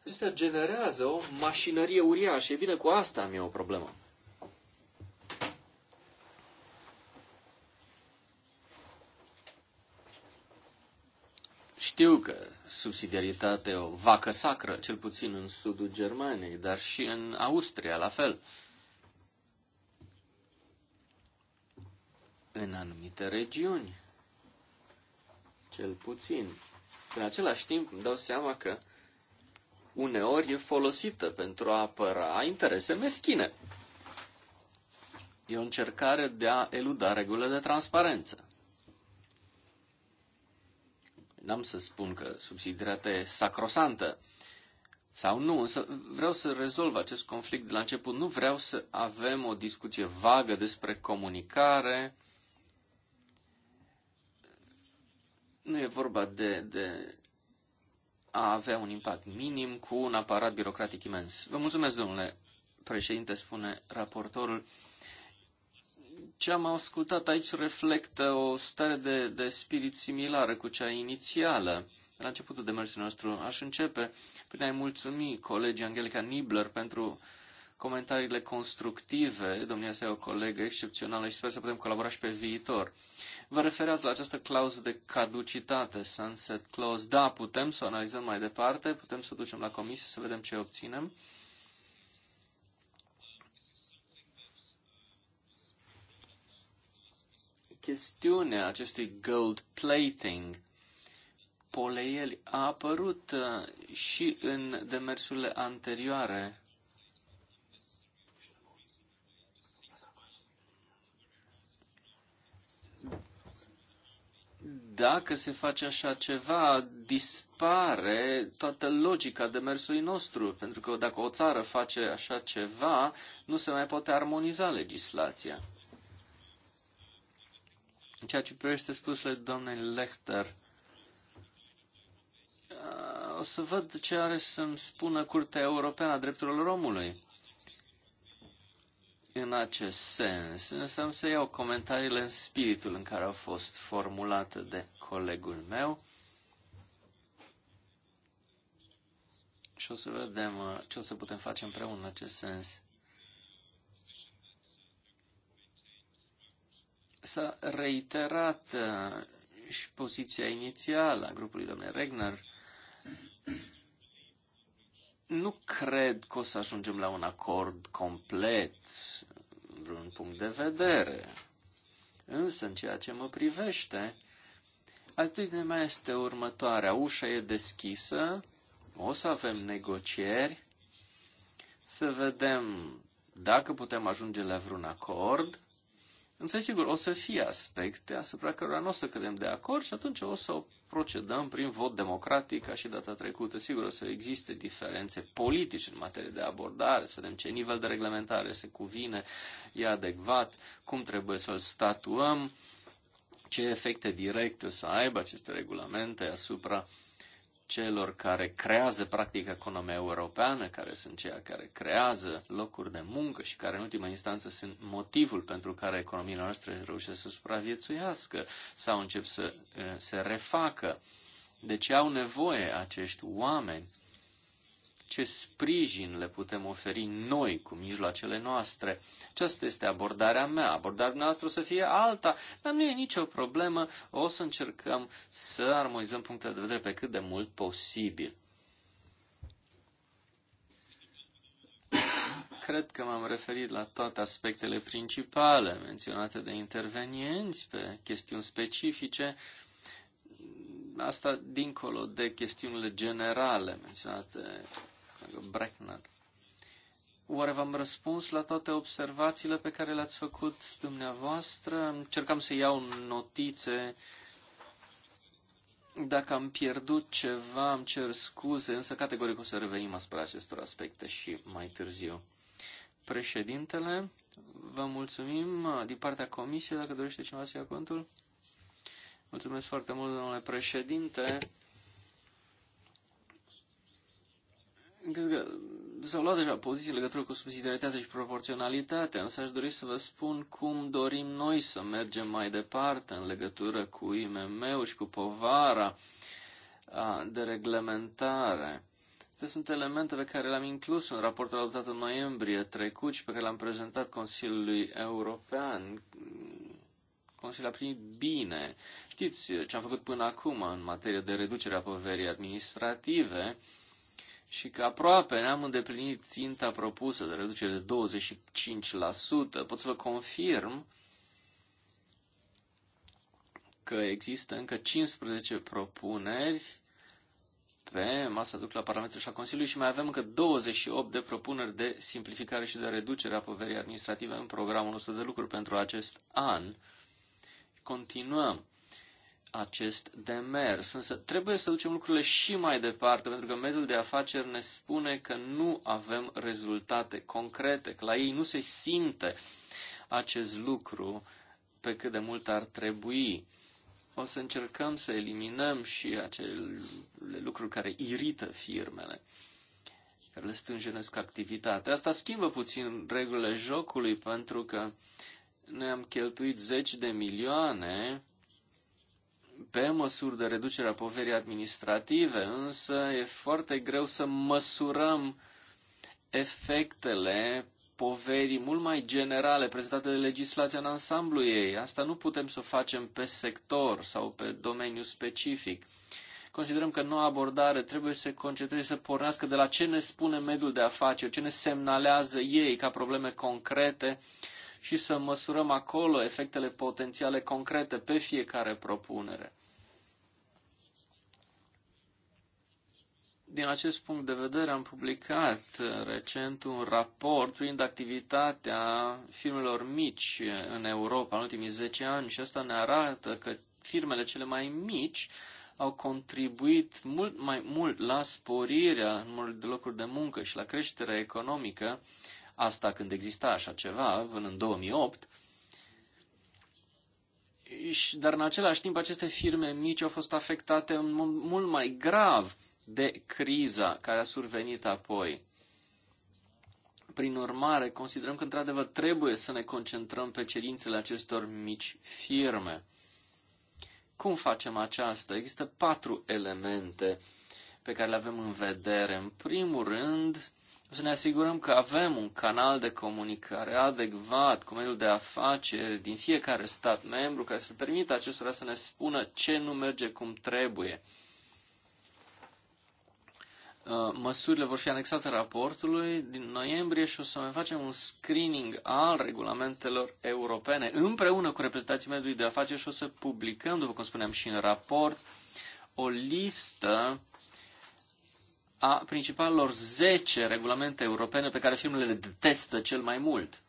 Acestea generează o mașinărie uriașă. E bine, cu asta am eu o problemă. Știu că subsidiaritatea e o vacă sacră, cel puțin în sudul Germaniei, dar și în Austria, la fel. în anumite regiuni. Cel puțin. În același timp îmi dau seama că uneori e folosită pentru a apăra interese meschine. E o încercare de a eluda regulile de transparență. N-am să spun că subsidiaritatea e sacrosantă sau nu, însă vreau să rezolv acest conflict de la început. Nu vreau să avem o discuție vagă despre comunicare, Nu e vorba de, de a avea un impact minim cu un aparat birocratic imens. Vă mulțumesc, domnule președinte, spune raportorul. Ce am ascultat aici reflectă o stare de, de spirit similară cu cea inițială. La începutul demersului nostru aș începe prin a-i mulțumi colegii Angelica Nibler pentru uh, comentariile constructive. Domnia sa e o colegă excepțională și sper să putem colabora și pe viitor. Vă referați la această clauză de caducitate, sunset clause. Da, putem să o analizăm mai departe, putem să o ducem la comisie să vedem ce obținem. Chestiunea acestui gold plating poleieli a apărut uh, și în demersurile anterioare Dacă se face așa ceva, dispare toată logica demersului nostru, pentru că dacă o țară face așa ceva, nu se mai poate armoniza legislația. În ceea ce privește spusele doamnei Lechter, o să văd ce are să-mi spună Curtea Europeană a Drepturilor Omului în acest sens, însă am să iau comentariile în spiritul în care au fost formulate de colegul meu. Și o să vedem uh, ce o să putem face împreună în acest sens. S-a reiterat uh, și poziția inițială a grupului domnului Regner, nu cred că o să ajungem la un acord complet în vreun punct de vedere. Însă, în ceea ce mă privește, atitudinea mea este următoarea. Ușa e deschisă, o să avem negocieri, să vedem dacă putem ajunge la vreun acord, însă, sigur, o să fie aspecte asupra cărora nu o să cădem de acord și atunci o să procedăm prin vot democratic ca și data trecută. Sigur, o să existe diferențe politice în materie de abordare, să vedem ce nivel de reglementare se cuvine, e adecvat, cum trebuie să-l statuăm, ce efecte directe să aibă aceste regulamente asupra uh, celor care creează practic economia europeană, care sunt cei care creează locuri de muncă și care în ultima instanță sunt motivul pentru care economiile noastre reușesc să supraviețuiască sau încep să eh, se refacă. Deci au nevoie acești oameni ce sprijin le putem oferi noi cu mijloacele noastre. Aceasta este abordarea mea. Abordarea noastră o să fie alta, dar nu e nicio problemă. O să încercăm să armonizăm punctele de vedere pe cât de mult posibil. Cred că m-am referit la toate aspectele principale menționate de intervenienți pe chestiuni specifice asta dincolo de chestiunile generale menționate Breckner. Oare v-am răspuns la toate observațiile pe care le-ați făcut dumneavoastră? Încercam să iau notițe. Dacă am pierdut ceva, îmi cer scuze, însă categoric o să revenim asupra acestor aspecte și mai târziu. Președintele, vă mulțumim din partea comisiei, dacă dorește cineva să ia contul. Mulțumesc foarte mult, domnule președinte. Cred că s-au luat deja poziții legătură cu subsidiaritatea și proporționalitatea, însă aș dori să vă spun cum dorim noi să mergem mai departe în legătură cu IMM-ul și cu povara de reglementare. Acestea sunt elemente pe care le-am inclus în raportul adoptat în noiembrie trecut și pe care l-am prezentat Consiliului European. Consiliul a primit bine. Știți ce am făcut până acum în materie de reducere a poverii administrative. Uh, și că aproape ne-am îndeplinit ținta propusă de reducere de 25%. Pot să vă confirm că există încă 15 propuneri pe masa duc la Parlamentul și la Consiliu și mai avem încă 28 de propuneri de simplificare și de reducere a poverii administrative în programul nostru de lucru pentru acest an. Continuăm acest demers. Însă trebuie să ducem lucrurile și mai departe, pentru că mediul de afaceri ne spune că nu avem rezultate concrete, că la ei nu se simte acest lucru pe cât de mult ar trebui. O să încercăm să eliminăm și acele lucruri care irită firmele, care le stânjenesc activitatea. Asta schimbă puțin regulile jocului, pentru că noi am cheltuit zeci de milioane pe măsuri de reducere a poverii administrative, însă e foarte greu să măsurăm efectele poverii mult mai generale prezentate de legislația în ansamblu ei. Asta nu putem să o facem pe sector sau pe domeniu specific. Considerăm că noua abordare trebuie să se concentreze, să pornească de la ce ne spune mediul de afaceri, ce ne semnalează ei ca probleme concrete și să măsurăm acolo efectele potențiale concrete pe fiecare propunere. Din acest punct de vedere am publicat recent un raport privind activitatea firmelor mici în Europa în ultimii 10 ani și asta ne arată că firmele cele mai mici au contribuit mult mai mult la sporirea numărului de locuri de muncă și la creșterea economică asta când exista așa ceva, până în 2008, și, dar în același timp aceste firme mici au fost afectate mult mai grav de criza care a survenit apoi. Prin urmare, considerăm că într-adevăr trebuie să ne concentrăm pe cerințele acestor mici firme. Cum facem aceasta? Există patru elemente pe care le avem în vedere. În primul rând, să ne asigurăm că avem un canal de comunicare adecvat cu mediul de afaceri din fiecare stat membru care să permită acestora să ne spună ce nu merge cum trebuie. Uh, măsurile vor fi anexate raportului din noiembrie și o să mai facem un screening al regulamentelor europene împreună cu reprezentații mediului de afaceri și o să publicăm, după cum spuneam și în raport, o listă a principalelor 10 regulamente europene pe care firmele le detestă cel mai mult.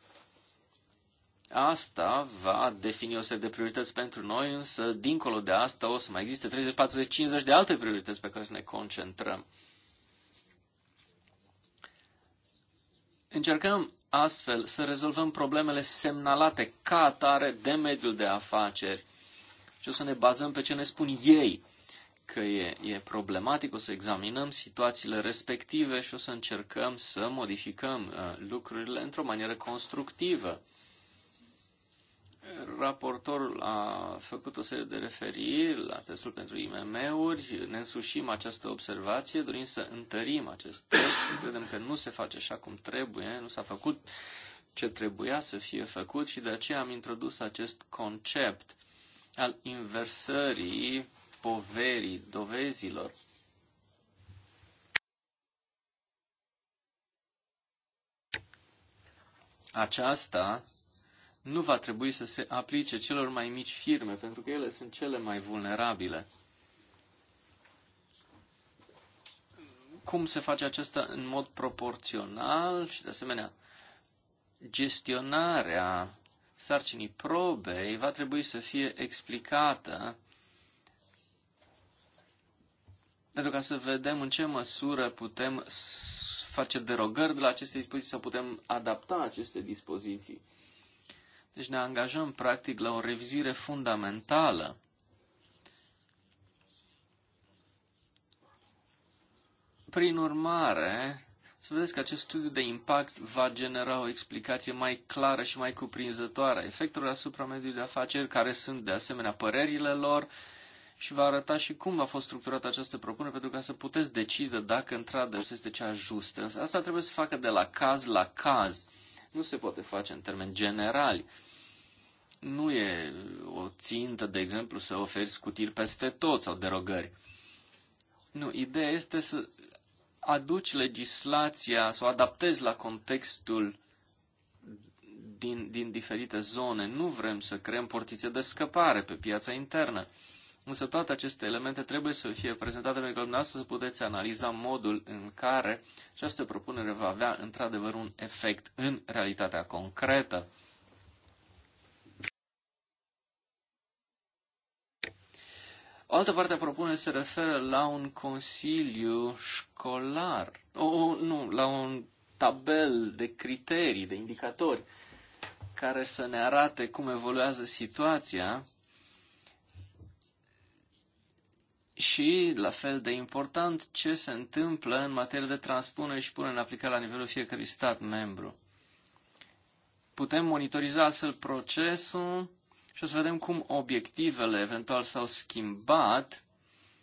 Asta va defini o serie de priorități pentru noi, însă, dincolo de asta, o să mai existe 30, 40, 50 de alte priorități pe care să ne concentrăm. Încercăm astfel să rezolvăm problemele semnalate ca atare de mediul de afaceri și o să ne bazăm pe ce ne spun ei că e, e problematic, o să examinăm situațiile respective și o să încercăm să modificăm uh, lucrurile într-o manieră constructivă. Raportorul a făcut o serie de referiri la testul pentru IMM-uri, ne însușim această observație, dorim să întărim acest test, credem că nu se face așa cum trebuie, nu s-a făcut ce trebuia să fie făcut și de aceea am introdus acest concept al inversării poverii, dovezilor. Aceasta nu va trebui să se aplice celor mai mici firme, pentru că ele sunt cele mai vulnerabile. Cum se face acesta în mod proporțional și, de asemenea, gestionarea sarcinii probei va trebui să fie explicată pentru ca să vedem în ce măsură putem face derogări de la aceste dispoziții sau putem adapta aceste dispoziții. Deci ne angajăm practic la o revizuire fundamentală Prin urmare, să vedeți că acest studiu de impact va genera o explicație mai clară și mai cuprinzătoare a efectelor asupra mediului de afaceri, care sunt de asemenea părerile lor, și va arăta și cum a fost structurată această propunere pentru ca să puteți decide dacă într-adevăr este cea justă. Însă asta trebuie să facă de la caz la caz. Nu se poate face în termeni generali. Nu e o țintă, de exemplu, să oferi scutiri peste tot sau derogări. Nu, ideea este să aduci legislația, să o adaptezi la contextul din, din diferite zone. Nu vrem să creăm portițe de scăpare pe piața internă. Însă toate aceste elemente trebuie să fie prezentate pentru că dumneavoastră să puteți analiza modul în care această propunere va avea într-adevăr un efect în realitatea concretă. O altă parte a propunerii se referă la un consiliu școlar, o, nu, la un tabel de criterii, de indicatori, care să ne arate cum evoluează situația și, la fel de important, ce se întâmplă în materie de transpunere și punere în aplicare la nivelul fiecărui stat membru. Putem monitoriza astfel procesul și o să vedem cum obiectivele eventual s-au schimbat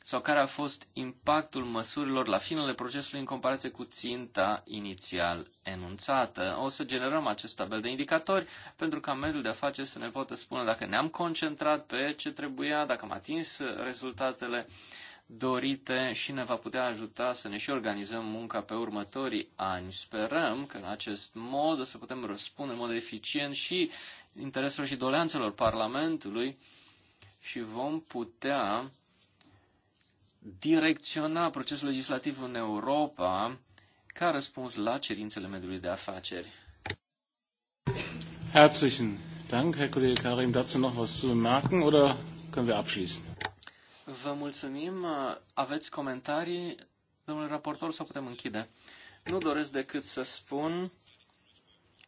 sau care a fost impactul măsurilor la finele procesului în comparație cu ținta inițial enunțată. O să generăm acest tabel de indicatori pentru ca mediul de afaceri să ne poată spune dacă ne-am concentrat pe ce trebuia, dacă am atins rezultatele dorite și ne va putea ajuta să ne și organizăm munca pe următorii ani. Sperăm că în acest mod o să putem răspunde în mod eficient și intereselor și doleanțelor Parlamentului și vom putea direcționa procesul legislativ în Europa ca răspuns la cerințele mediului de afaceri. Herzlichen Dank, Herr Kollege Karim. Dazu noch was zu oder können wir abschließen? Vă mulțumim. Aveți comentarii, domnule raportor, sau putem închide? Nu doresc decât să spun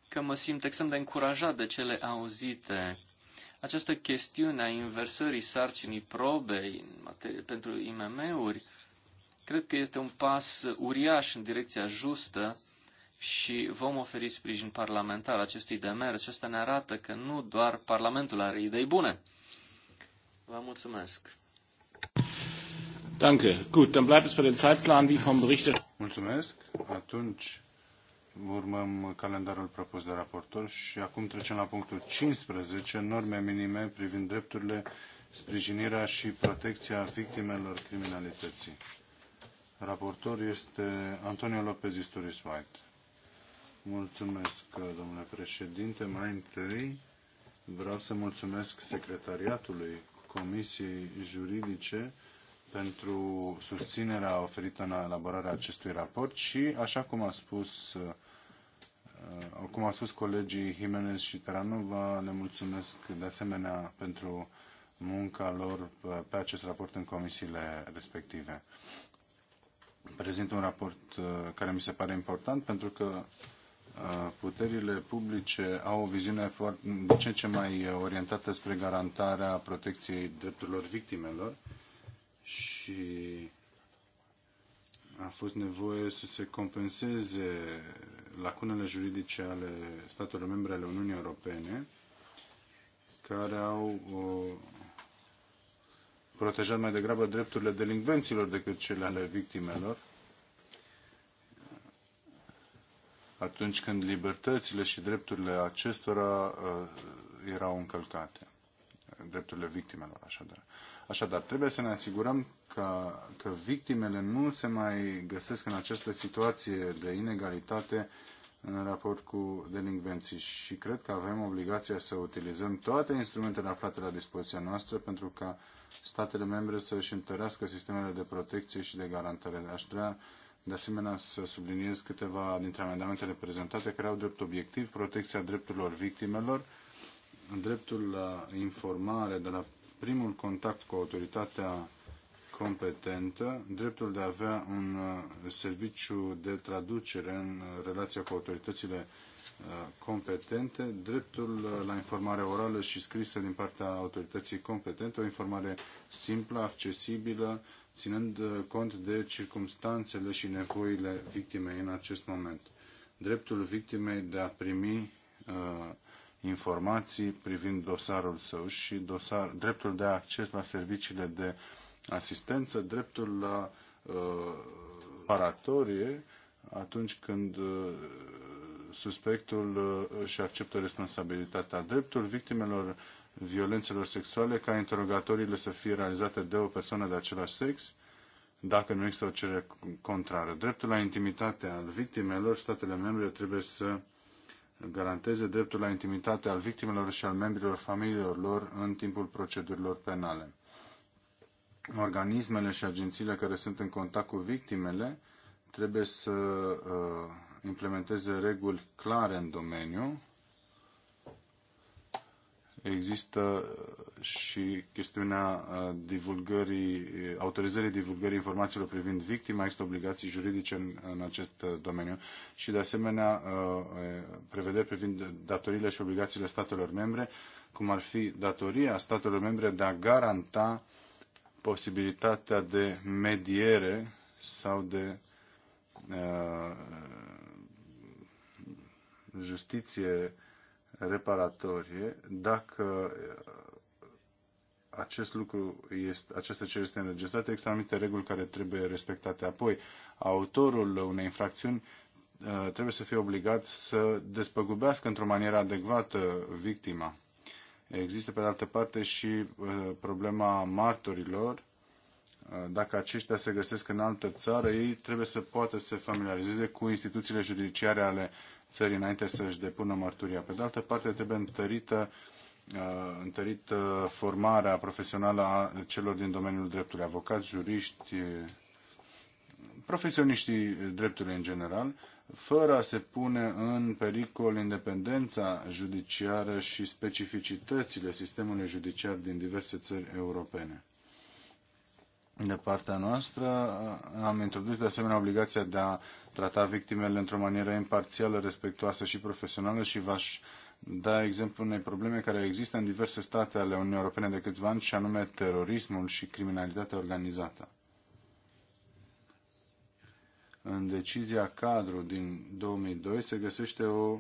că mă simt extrem de încurajat de cele auzite această chestiune a inversării sarcinii probei în materie, pentru IMM-uri, cred că este un pas uriaș în direcția justă și vom oferi sprijin parlamentar acestui demers și asta ne arată că nu doar Parlamentul are idei bune. Vă mulțumesc. Danke. Gut, dann bleibt es für den Zeitplan wie vom Bericht. Mulțumesc. Atunci urmăm calendarul propus de raportor și acum trecem la punctul 15, norme minime privind drepturile, sprijinirea și protecția victimelor criminalității. Raportor este Antonio Lopez Isturis White. Mulțumesc, domnule președinte. Mai întâi vreau să mulțumesc secretariatului Comisiei Juridice pentru susținerea oferită în elaborarea acestui raport și, așa cum a spus, uh, cum a spus colegii Jimenez și Taranova, le mulțumesc de asemenea pentru munca lor pe acest raport în comisiile respective. Prezint un raport uh, care mi se pare important pentru că uh, puterile publice au o viziune foarte, de ce ce mai orientată spre garantarea protecției drepturilor victimelor și a fost nevoie să se compenseze lacunele juridice ale statelor membre ale Uniunii Europene care au protejat mai degrabă drepturile delinvenților decât cele ale victimelor atunci când libertățile și drepturile acestora uh, erau încălcate, drepturile victimelor așadar. Așadar, trebuie să ne asigurăm că, că victimele nu se mai găsesc în această situație de inegalitate în raport cu delinvenții și cred că avem obligația să utilizăm toate instrumentele aflate la dispoziția noastră pentru ca statele membre să își întărească sistemele de protecție și de garantare. Aș vrea de asemenea să subliniez câteva dintre amendamentele prezentate care au drept obiectiv protecția drepturilor victimelor, dreptul la informare de la primul contact cu autoritatea competentă, dreptul de a avea un uh, serviciu de traducere în uh, relația cu autoritățile uh, competente, dreptul la informare orală și scrisă din partea autorității competente, o informare simplă, accesibilă, ținând cont de circumstanțele și nevoile victimei în acest moment. Dreptul victimei de a primi uh, informații privind dosarul său și dosar, dreptul de acces la serviciile de asistență, dreptul la uh, paratorie atunci când uh, suspectul uh, își acceptă responsabilitatea, dreptul victimelor violențelor sexuale ca interogatoriile să fie realizate de o persoană de același sex, dacă nu există o cerere contrară. Dreptul la intimitate al victimelor, statele membre trebuie să garanteze dreptul la intimitate al victimelor și al membrilor familiilor lor în timpul procedurilor penale. Organismele și agențiile care sunt în contact cu victimele trebuie să uh, implementeze reguli clare în domeniu există uh, și chestiunea uh, divulgării, uh, autorizării divulgării informațiilor privind victima, există obligații juridice în, în acest domeniu și de asemenea prevederi privind datoriile și obligațiile statelor membre, cum ar fi datoria statelor membre de a garanta posibilitatea de mediere sau de uh, justiție reparatorie dacă uh, acest lucru este, această cerere este înregistrată, există anumite reguli care trebuie respectate. Apoi, autorul unei infracțiuni uh, trebuie să fie obligat să despăgubească într-o manieră adecvată victima. Există, pe de altă parte, și uh, problema martorilor dacă aceștia se găsesc în altă țară, ei trebuie să poată să se familiarizeze cu instituțiile judiciare ale țării înainte să-și depună mărturia. Pe de altă parte, trebuie întărită, uh, întărită formarea profesională a celor din domeniul dreptului, avocați, juriști, profesioniștii dreptului în general, fără a se pune în pericol independența judiciară și specificitățile sistemului judiciar din diverse țări europene. De partea noastră am introdus de asemenea obligația de a trata victimele într-o manieră imparțială, respectuoasă și profesională și v-aș da exemplu unei probleme care există în diverse state ale Uniunii Europene de câțiva ani și anume terorismul și criminalitatea organizată. În decizia cadru din 2002 se găsește o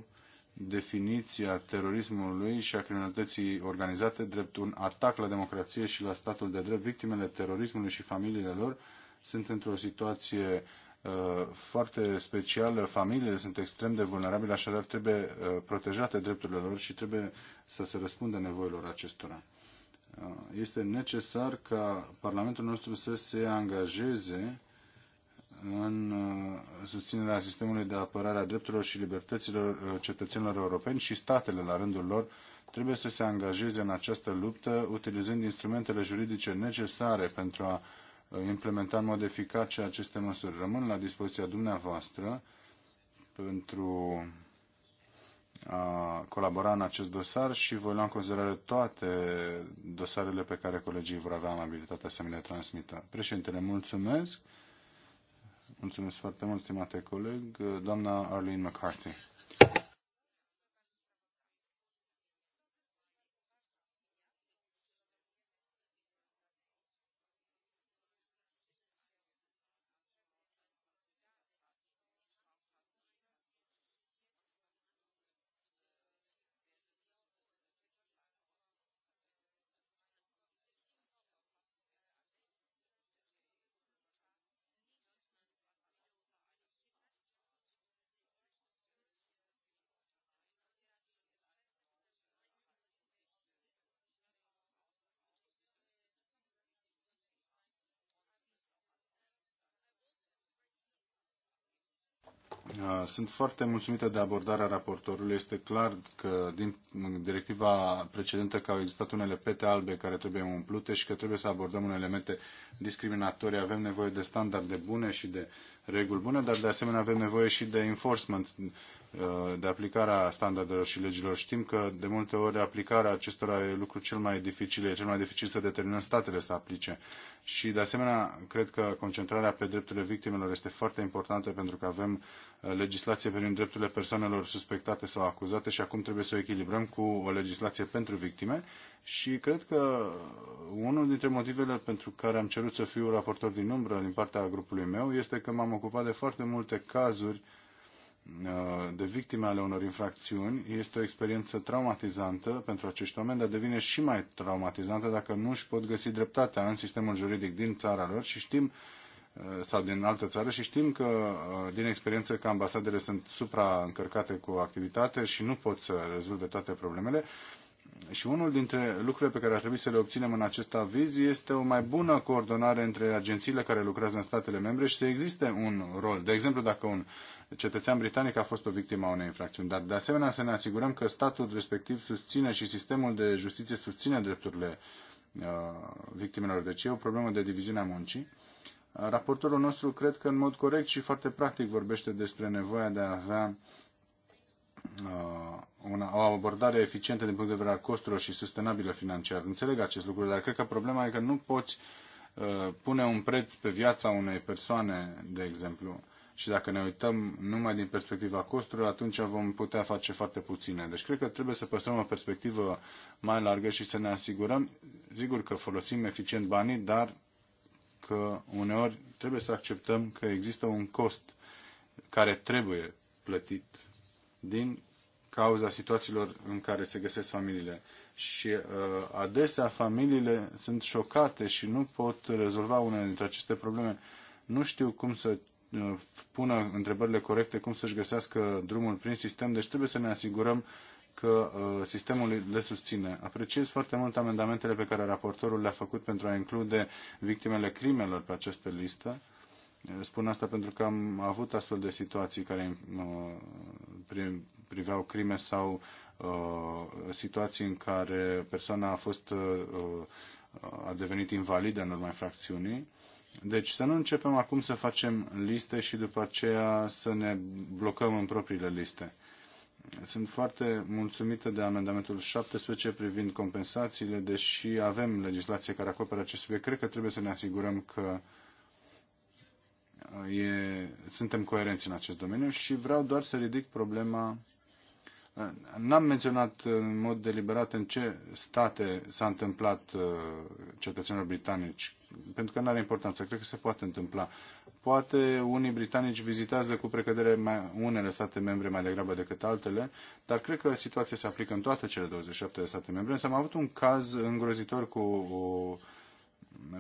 definiția terorismului și a criminalității organizate drept un atac la democrație și la statul de drept. Victimele terorismului și familiile lor sunt într-o situație uh, foarte specială, familiile sunt extrem de vulnerabile, așadar trebuie uh, protejate drepturile lor și trebuie să se răspundă nevoilor acestora. Uh, este necesar ca Parlamentul nostru să se angajeze în uh, susținerea sistemului de apărare a drepturilor și libertăților uh, cetățenilor europeni și statele, la rândul lor, trebuie să se angajeze în această luptă, utilizând instrumentele juridice necesare pentru a uh, implementa în mod eficace aceste măsuri. Rămân la dispoziția dumneavoastră pentru a colabora în acest dosar și voi lua în considerare toate dosarele pe care colegii vor avea amabilitatea să mi le transmită. Președintele, mulțumesc. Mulțumesc foarte mult, stimate coleg. Doamna Arlene McCarthy. Uh, sunt foarte mulțumită de abordarea raportorului. Este clar că din directiva precedentă că au existat unele pete albe care trebuie umplute și că trebuie să abordăm unele elemente discriminatorii. Avem nevoie de standarde bune și de reguli bune, dar de asemenea avem nevoie și de enforcement, Uh, de aplicarea standardelor și legilor. Știm că de multe ori aplicarea acestora e lucru cel mai dificil, e cel mai dificil să determinăm statele să aplice. Și de asemenea, cred că concentrarea pe drepturile victimelor este foarte importantă pentru că avem uh, legislație pentru drepturile persoanelor suspectate sau acuzate și acum trebuie să o echilibrăm cu o legislație pentru victime și cred că unul dintre motivele pentru care am cerut să fiu raportor din umbră din partea grupului meu este că m-am ocupat de foarte multe cazuri uh, Uh, de victime ale unor infracțiuni este o experiență traumatizantă pentru acești oameni, dar devine și mai traumatizantă dacă nu își pot găsi dreptatea în sistemul juridic din țara lor și știm uh, sau din altă țară și știm că uh, din experiență că ambasadele sunt supraîncărcate cu activitate și nu pot să rezolve toate problemele și unul dintre lucrurile pe care ar trebui să le obținem în acest aviz este o mai bună coordonare între agențiile care lucrează în statele membre și să existe un rol. De exemplu, dacă un cetățean britanic a fost o victimă a unei infracțiuni, dar de asemenea să ne asigurăm că statul respectiv susține și sistemul de justiție susține drepturile uh, victimelor. Deci e o problemă de diviziune a muncii. Raportorul nostru cred că în mod corect și foarte practic vorbește despre nevoia de a avea uh, Uh, una, o abordare eficientă din punct de vedere al costurilor și sustenabilă financiar. Înțeleg acest lucru, dar cred că problema e că nu poți uh, pune un preț pe viața unei persoane, de exemplu. Și dacă ne uităm numai din perspectiva costurilor, atunci vom putea face foarte puține. Deci cred că trebuie să păstrăm o perspectivă mai largă și să ne asigurăm, sigur că folosim eficient banii, dar că uneori trebuie să acceptăm că există un cost care trebuie plătit din cauza situațiilor în care se găsesc familiile. Și uh, adesea familiile sunt șocate și nu pot rezolva unele dintre aceste probleme. Nu știu cum să uh, pună întrebările corecte, cum să-și găsească drumul prin sistem, deci trebuie să ne asigurăm că uh, sistemul le susține. Apreciez foarte mult amendamentele pe care raportorul le-a făcut pentru a include victimele crimelor pe această listă Spun asta pentru că am avut astfel de situații care priveau crime sau uh, situații în care persoana a fost uh, uh, a devenit invalidă în urma infracțiunii. Deci să nu începem acum să facem liste și după aceea să ne blocăm în propriile liste. Sunt foarte mulțumită de amendamentul 17 privind compensațiile, deși avem legislație care acoperă acest subiect. Cred că trebuie să ne asigurăm că uh, e, suntem coerenți în acest domeniu și vreau doar să ridic problema. N-am menționat în mod deliberat în ce state s-a întâmplat cetățenilor britanici, pentru că nu are importanță. Cred că se poate întâmpla. Poate unii britanici vizitează cu precădere mai, unele state membre mai degrabă decât altele, dar cred că situația se aplică în toate cele 27 de state membre. Însă am avut un caz îngrozitor cu o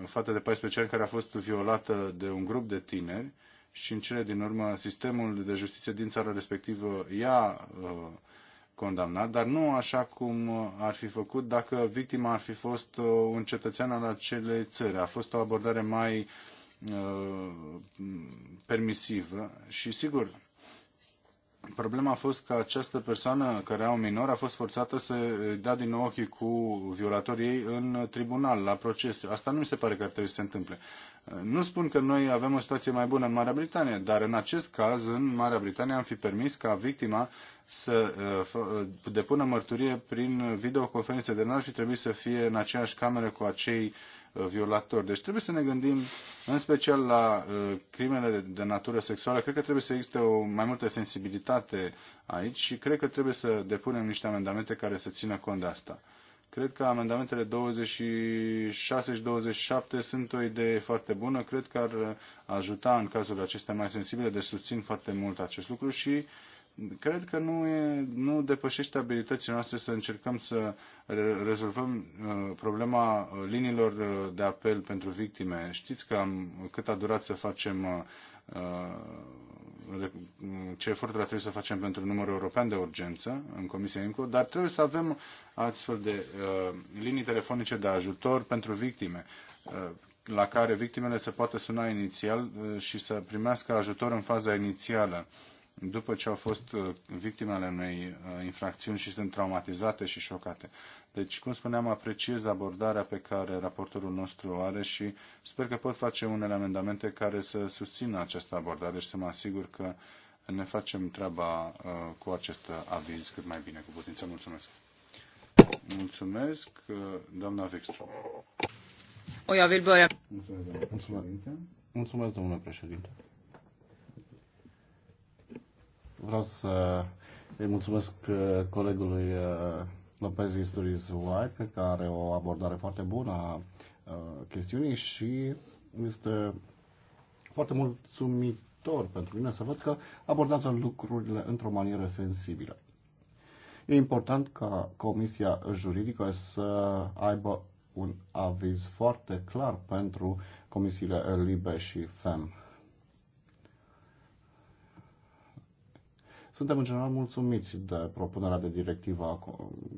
o fată de 14 ani care a fost violată de un grup de tineri și în cele din urmă sistemul de justiție din țara respectivă i-a uh, condamnat, dar nu așa cum ar fi făcut dacă victima ar fi fost uh, un cetățean al acelei țări. A fost o abordare mai uh, permisivă și sigur Problema a fost că această persoană care era un minor a fost forțată să dea din nou ochii cu violatorii ei în tribunal, la proces. Asta nu mi se pare că ar trebui să se întâmple. Nu spun că noi avem o situație mai bună în Marea Britanie, dar în acest caz, în Marea Britanie, am fi permis ca victima să uh, uh, depună mărturie prin videoconferință de n-ar fi trebuit să fie în aceeași cameră cu acei Uh, violatori. Deci trebuie să ne gândim în special la uh, crimele de natură sexuală. Cred că trebuie să existe o mai multă sensibilitate aici și cred că trebuie să depunem niște amendamente care să țină cont de asta. Cred că amendamentele 26 și 27 sunt o idee foarte bună. Cred că ar ajuta în cazurile acestea mai sensibile, deci susțin foarte mult acest lucru și uh, cred că nu, e, nu depășește abilitățile noastre să încercăm să rezolvăm uh, problema uh, liniilor uh, de apel pentru victime. Știți că am, cât a durat să facem ce eforturi trebuie să facem pentru numărul european de urgență în Comisia INCO, dar trebuie să avem astfel de uh, linii telefonice de ajutor pentru victime, uh, la care victimele se poate suna inițial și să primească ajutor în faza inițială. Uh, după ce au fost uh, victimele unei uh, infracțiuni și sunt traumatizate și șocate. Deci, cum spuneam, apreciez abordarea pe care raportorul nostru o are și sper că pot face unele amendamente care să susțină această abordare și să mă asigur că ne facem treaba uh, cu acest aviz cât mai bine cu putință. Mulțumesc! Mulțumesc, doamna Vextru. O, Mulțumesc, doamna. Mulțumesc, domnule președinte. Vreau să îi mulțumesc uh, colegului uh, Lopez Historis White, care are o abordare foarte bună a uh, chestiunii și este foarte mulțumitor pentru mine să văd că abordează lucrurile într-o manieră sensibilă. E important ca Comisia Juridică să aibă un aviz foarte clar pentru comisiile LIBE și FEM. Suntem în general mulțumiți de propunerea de directivă a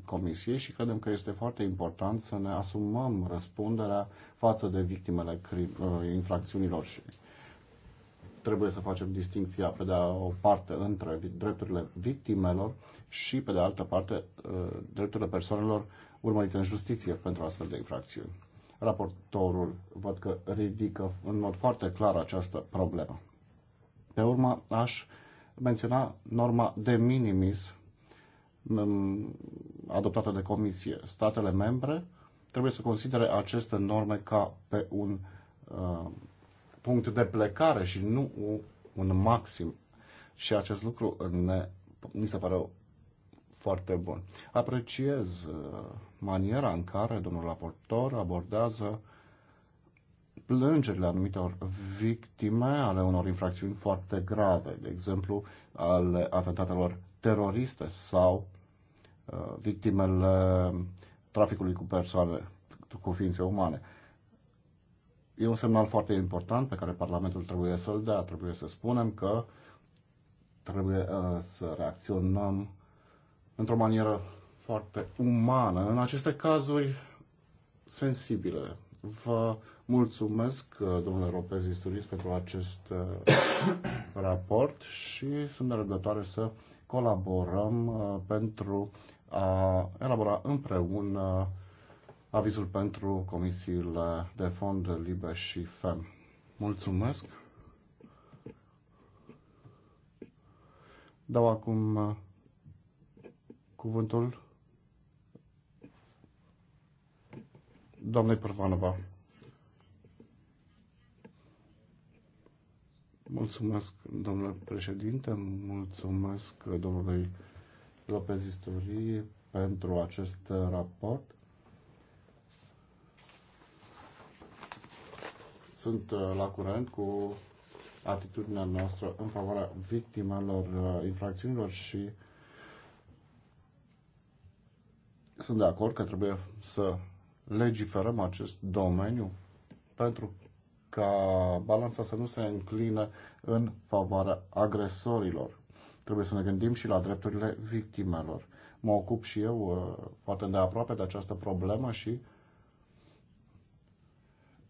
Comisiei și credem că este foarte important să ne asumăm răspunderea față de victimele uh, infracțiunilor și trebuie să facem distinția pe de o parte între drepturile victimelor și pe de altă parte uh, drepturile persoanelor urmărite în justiție pentru astfel de infracțiuni. Raportorul văd că ridică în mod foarte clar această problemă. Pe urmă, aș menționa norma de minimis mm, adoptată de comisie. Statele membre trebuie să considere aceste norme ca pe un uh, punct de plecare și nu un maxim. Și acest lucru ne, mi se pare foarte bun. Apreciez uh, maniera în care domnul raportor abordează plângerile anumitor victime ale unor infracțiuni foarte grave, de exemplu ale atentatelor teroriste sau uh, victimele traficului cu persoane, cu ființe umane. E un semnal foarte important pe care Parlamentul trebuie să-l dea. Trebuie să spunem că trebuie uh, să reacționăm într-o manieră foarte umană în aceste cazuri sensibile. Vă Mulțumesc, uh, domnule Ropez Isturis, pentru acest uh, raport și sunt nerăbdătoare să colaborăm uh, pentru a elabora împreună avizul pentru comisiile de fond LIBE și FEM. Mulțumesc! Dau acum cuvântul doamnei Părvanova. Mulțumesc, domnule președinte, mulțumesc domnului Lopez Istorie pentru acest raport. Sunt uh, la curent cu atitudinea noastră în favoarea victimelor uh, infracțiunilor și sunt de acord că trebuie să legiferăm acest domeniu pentru ca balanța să nu se încline în favoarea agresorilor. Trebuie să ne gândim și la drepturile victimelor. Mă ocup și eu uh, foarte de aproape de această problemă și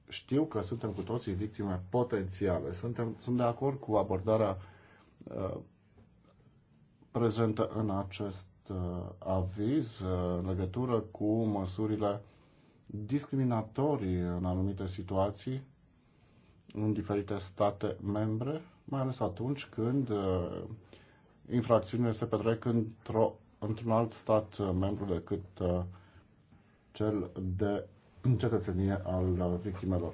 știu că suntem cu toții victime potențiale. Suntem, sunt de acord cu abordarea uh, prezentă în acest uh, aviz în legătură cu măsurile discriminatorii în anumite situații în diferite state membre, mai ales atunci când uh, infracțiunile se petrec într-o, într-un alt stat uh, membru decât uh, cel de cetățenie al victimelor.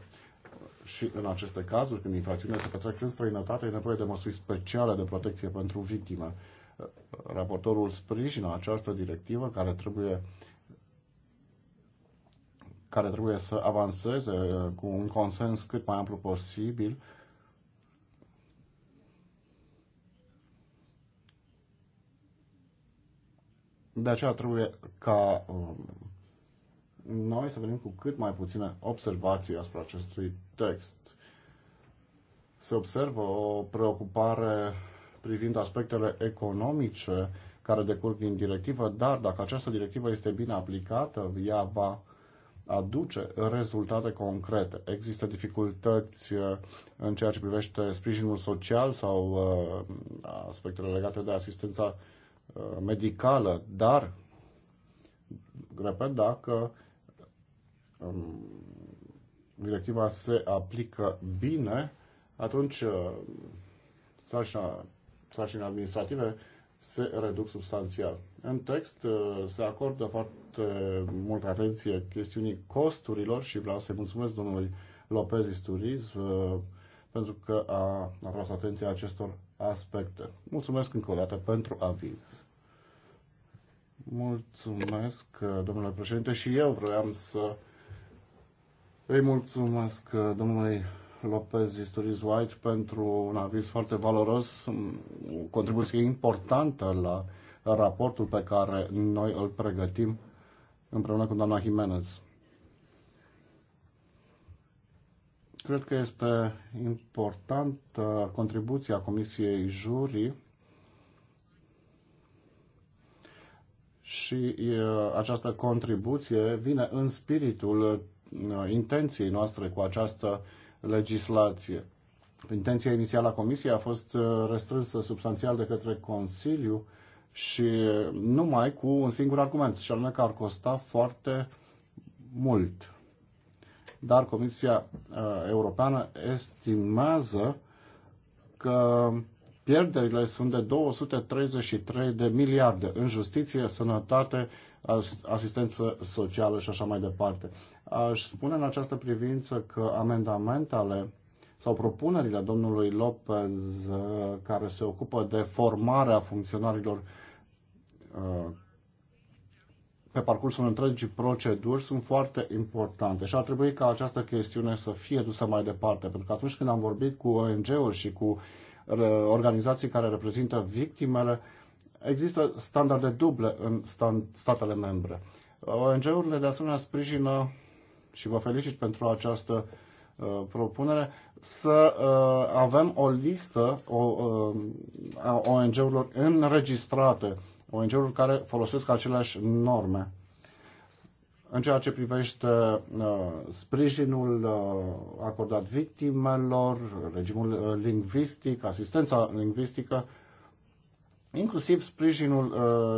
Și în aceste cazuri, când infracțiunile se petrec în străinătate, e nevoie de măsuri speciale de protecție pentru victime. Raportorul sprijină această directivă care trebuie care trebuie să avanseze uh, cu un consens cât mai amplu posibil. De aceea trebuie ca um, noi să venim cu cât mai puține observații asupra acestui text. Se observă o preocupare privind aspectele economice care decurg din directivă, dar dacă această directivă este bine aplicată, ea va aduce rezultate concrete. Există dificultăți uh, în ceea ce privește sprijinul social sau uh, aspectele legate de asistența uh, medicală, dar, repet, dacă um, directiva se aplică bine, atunci sarcina, sarcina administrative se reduc substanțial. În text uh, se acordă foarte multă atenție chestiunii costurilor și vreau să-i mulțumesc domnului Lopez Isturiz uh, pentru că a atras atenția acestor aspecte. Mulțumesc încă o dată pentru aviz. Mulțumesc, uh, domnule președinte, și eu vreau să îi mulțumesc domnului Lopez Historis White pentru un aviz foarte valoros, o contribuție importantă la raportul pe care noi îl pregătim împreună cu doamna Jimenez. Cred că este importantă contribuția Comisiei Jurii și această contribuție vine în spiritul uh, intenției noastre cu această uh, legislație. Intenția inițială a Comisiei a fost uh, restrânsă substanțial de către Consiliu și numai cu un singur argument, și anume că ar costa foarte mult. Dar Comisia uh, Europeană estimează că pierderile sunt de 233 de miliarde în justiție, sănătate, asistență socială și așa mai departe. Aș spune în această privință că amendamentele sau propunerile domnului Lopez uh, care se ocupă de formarea funcționarilor uh, pe parcursul întregii proceduri sunt foarte importante și ar trebui ca această chestiune să fie dusă mai departe, pentru că atunci când am vorbit cu ONG-uri și cu organizații care reprezintă victimele, există standarde duble în statele membre. ONG-urile de asemenea sprijină și vă felicit pentru această uh, propunere, să uh, avem o listă uh, a ONG-urilor înregistrate, ong urilor care folosesc aceleași norme. În ceea ce privește sprijinul acordat victimelor, regimul lingvistic, asistența lingvistică, inclusiv sprijinul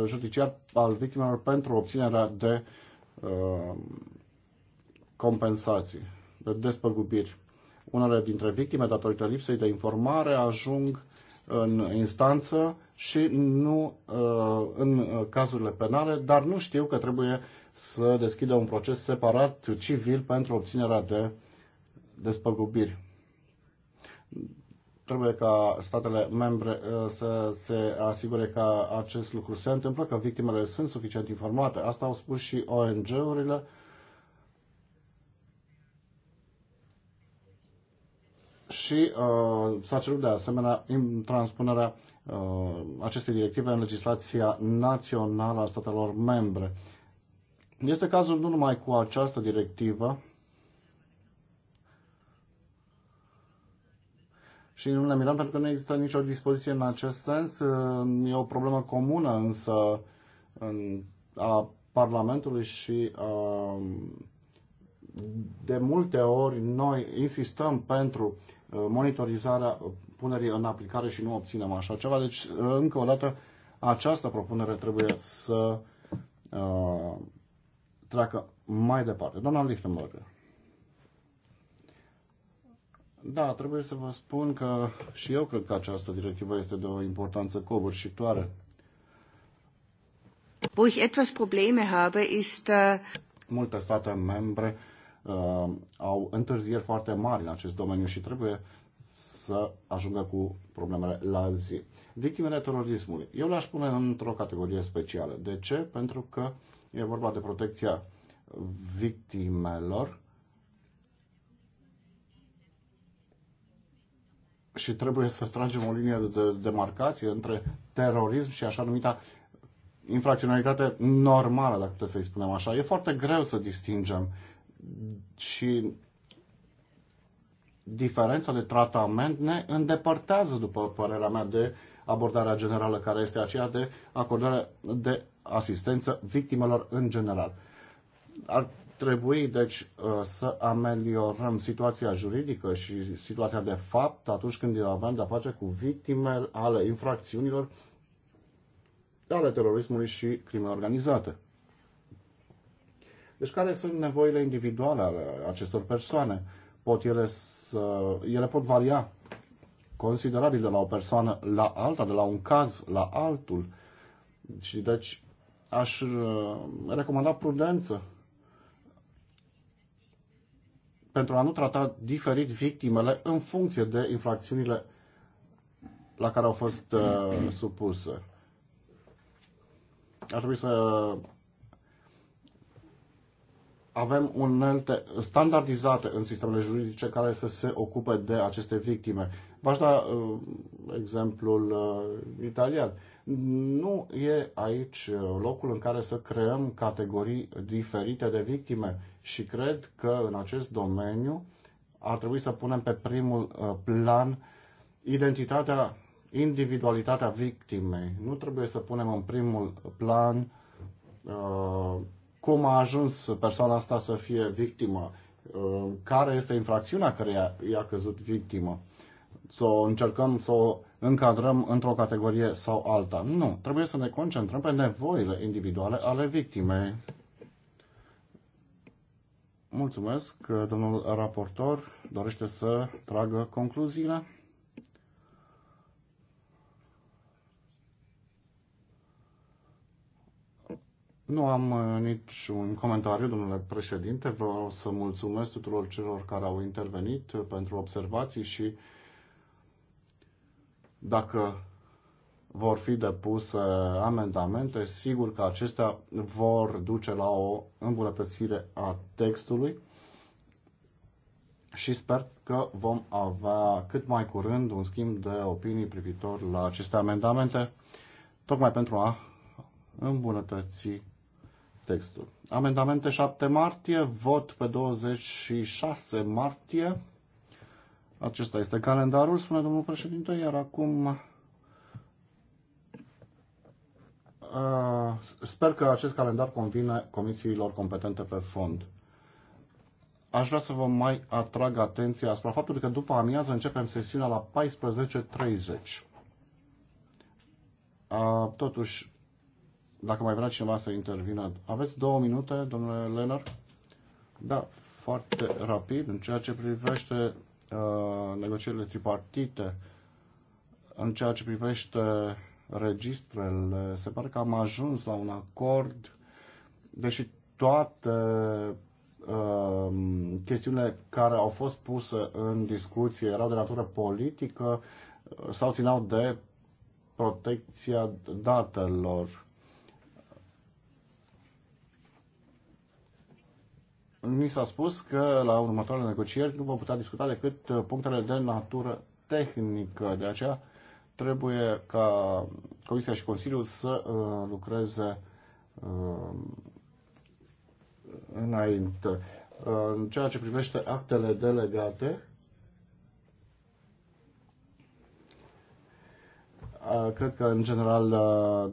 judiciar al victimelor pentru obținerea de compensații, de despăgubiri. Unele dintre victime, datorită lipsei de informare, ajung în instanță și nu uh, în uh, cazurile penale, dar nu știu că trebuie să deschidă un proces separat civil pentru obținerea de despăgubiri. Trebuie ca statele membre uh, să se asigure că acest lucru se întâmplă, că victimele sunt suficient informate. Asta au spus și ONG-urile și uh, s-a cerut de asemenea transpunerea uh, acestei directive în legislația națională a statelor membre. Este cazul nu numai cu această directivă, și nu ne mirăm pentru că nu există nicio dispoziție în acest sens. Uh, e o problemă comună însă în, a Parlamentului și a, uh, de multe ori noi insistăm pentru monitorizarea uh, punerii în aplicare și nu obținem așa ceva. Deci, uh, încă o dată, această propunere trebuie să uh, treacă mai departe. Doamna Lichtenberg. Da, trebuie să vă spun că și eu cred că această directivă este de o importanță covârșitoare. Wo ich etwas Probleme habe, ist... Äh, Multe state membre uh, Uh, au întârzieri foarte mari în acest domeniu și trebuie să ajungă cu problemele la zi. Victimele terorismului. Eu le-aș pune într-o categorie specială. De ce? Pentru că e vorba de protecția victimelor și trebuie să tragem o linie de demarcație între terorism și așa numita infracționalitate normală, dacă puteți să-i spunem așa. E foarte greu să distingem uh, și diferența de tratament ne îndepărtează, după părerea mea, de abordarea generală care este aceea de acordare de asistență victimelor în general. Ar trebui, deci, uh, să ameliorăm situația juridică și situația de fapt atunci când avem de-a face cu victime ale infracțiunilor ale terorismului și crime organizate. Deci care sunt nevoile individuale ale acestor persoane? Pot ele, să, ele pot varia considerabil de la o persoană la alta, de la un caz la altul. Și deci aș uh, recomanda prudență pentru a nu trata diferit victimele în funcție de infracțiunile la care au fost uh, supuse. Ar trebui să avem unelte standardizate în sistemele juridice care să se ocupe de aceste victime. V-aș da uh, exemplul uh, italian. Nu e aici uh, locul în care să creăm categorii diferite de victime și cred că în acest domeniu ar trebui să punem pe primul uh, plan identitatea, individualitatea victimei. Nu trebuie să punem în primul plan uh, cum a ajuns persoana asta să fie victimă, uh, care este infracțiunea care i-a căzut victimă, să o încercăm să o încadrăm într-o categorie sau alta. Nu, trebuie să ne concentrăm pe nevoile individuale ale victimei. Mulțumesc, domnul raportor dorește să tragă concluziile. Nu am uh, niciun comentariu, domnule președinte. o să mulțumesc tuturor celor care au intervenit uh, pentru observații și dacă vor fi depuse amendamente, sigur că acestea vor duce la o îmbunătățire a textului și sper că vom avea cât mai curând un schimb de opinii privitor la aceste amendamente, tocmai pentru a îmbunătăți textul. Amendamente 7 martie, vot pe 26 martie. Acesta este calendarul, spune domnul președinte, iar acum sper că acest calendar convine comisiilor competente pe fond. Aș vrea să vă mai atrag atenția asupra faptului că după amiază începem sesiunea la 14.30. Totuși, dacă mai vrea cineva să intervină. Aveți două minute, domnule Lenar? Da, foarte rapid. În ceea ce privește uh, negocierile tripartite, în ceea ce privește registrele, se pare că am ajuns la un acord, deși toate uh, chestiunile care au fost puse în discuție erau de natură politică uh, sau țineau de protecția datelor mi s-a spus că la următoarele negocieri nu vom putea discuta decât uh, punctele de natură tehnică. De aceea trebuie ca Comisia și Consiliul să uh, lucreze uh, înainte. Uh, în ceea ce privește actele delegate, uh, cred că, în general, uh,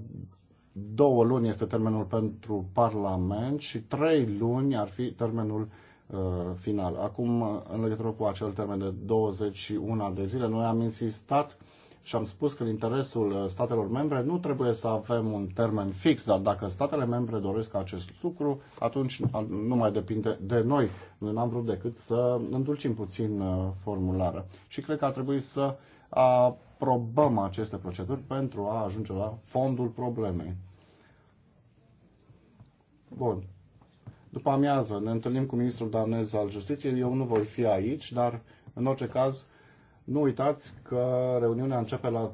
două luni este termenul pentru Parlament și trei luni ar fi termenul uh, final. Acum, uh, în legătură cu acel termen de 21 de zile, noi am insistat și am spus că în interesul uh, statelor membre nu trebuie să avem un termen fix, dar dacă statele membre doresc acest lucru, atunci uh, nu mai depinde de noi. Noi n-am vrut decât să îndulcim puțin formularea. Și cred că ar trebui să aprobăm aceste proceduri pentru a ajunge la fondul problemei. Bun. După amiază ne întâlnim cu ministrul danez al justiției. Eu nu voi fi aici, dar în orice caz nu uitați că reuniunea începe la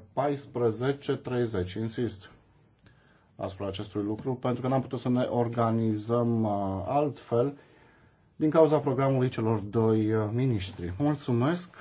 14.30. Insist asupra acestui lucru, pentru că n-am putut să ne organizăm uh, altfel din cauza programului celor doi uh, miniștri. Mulțumesc!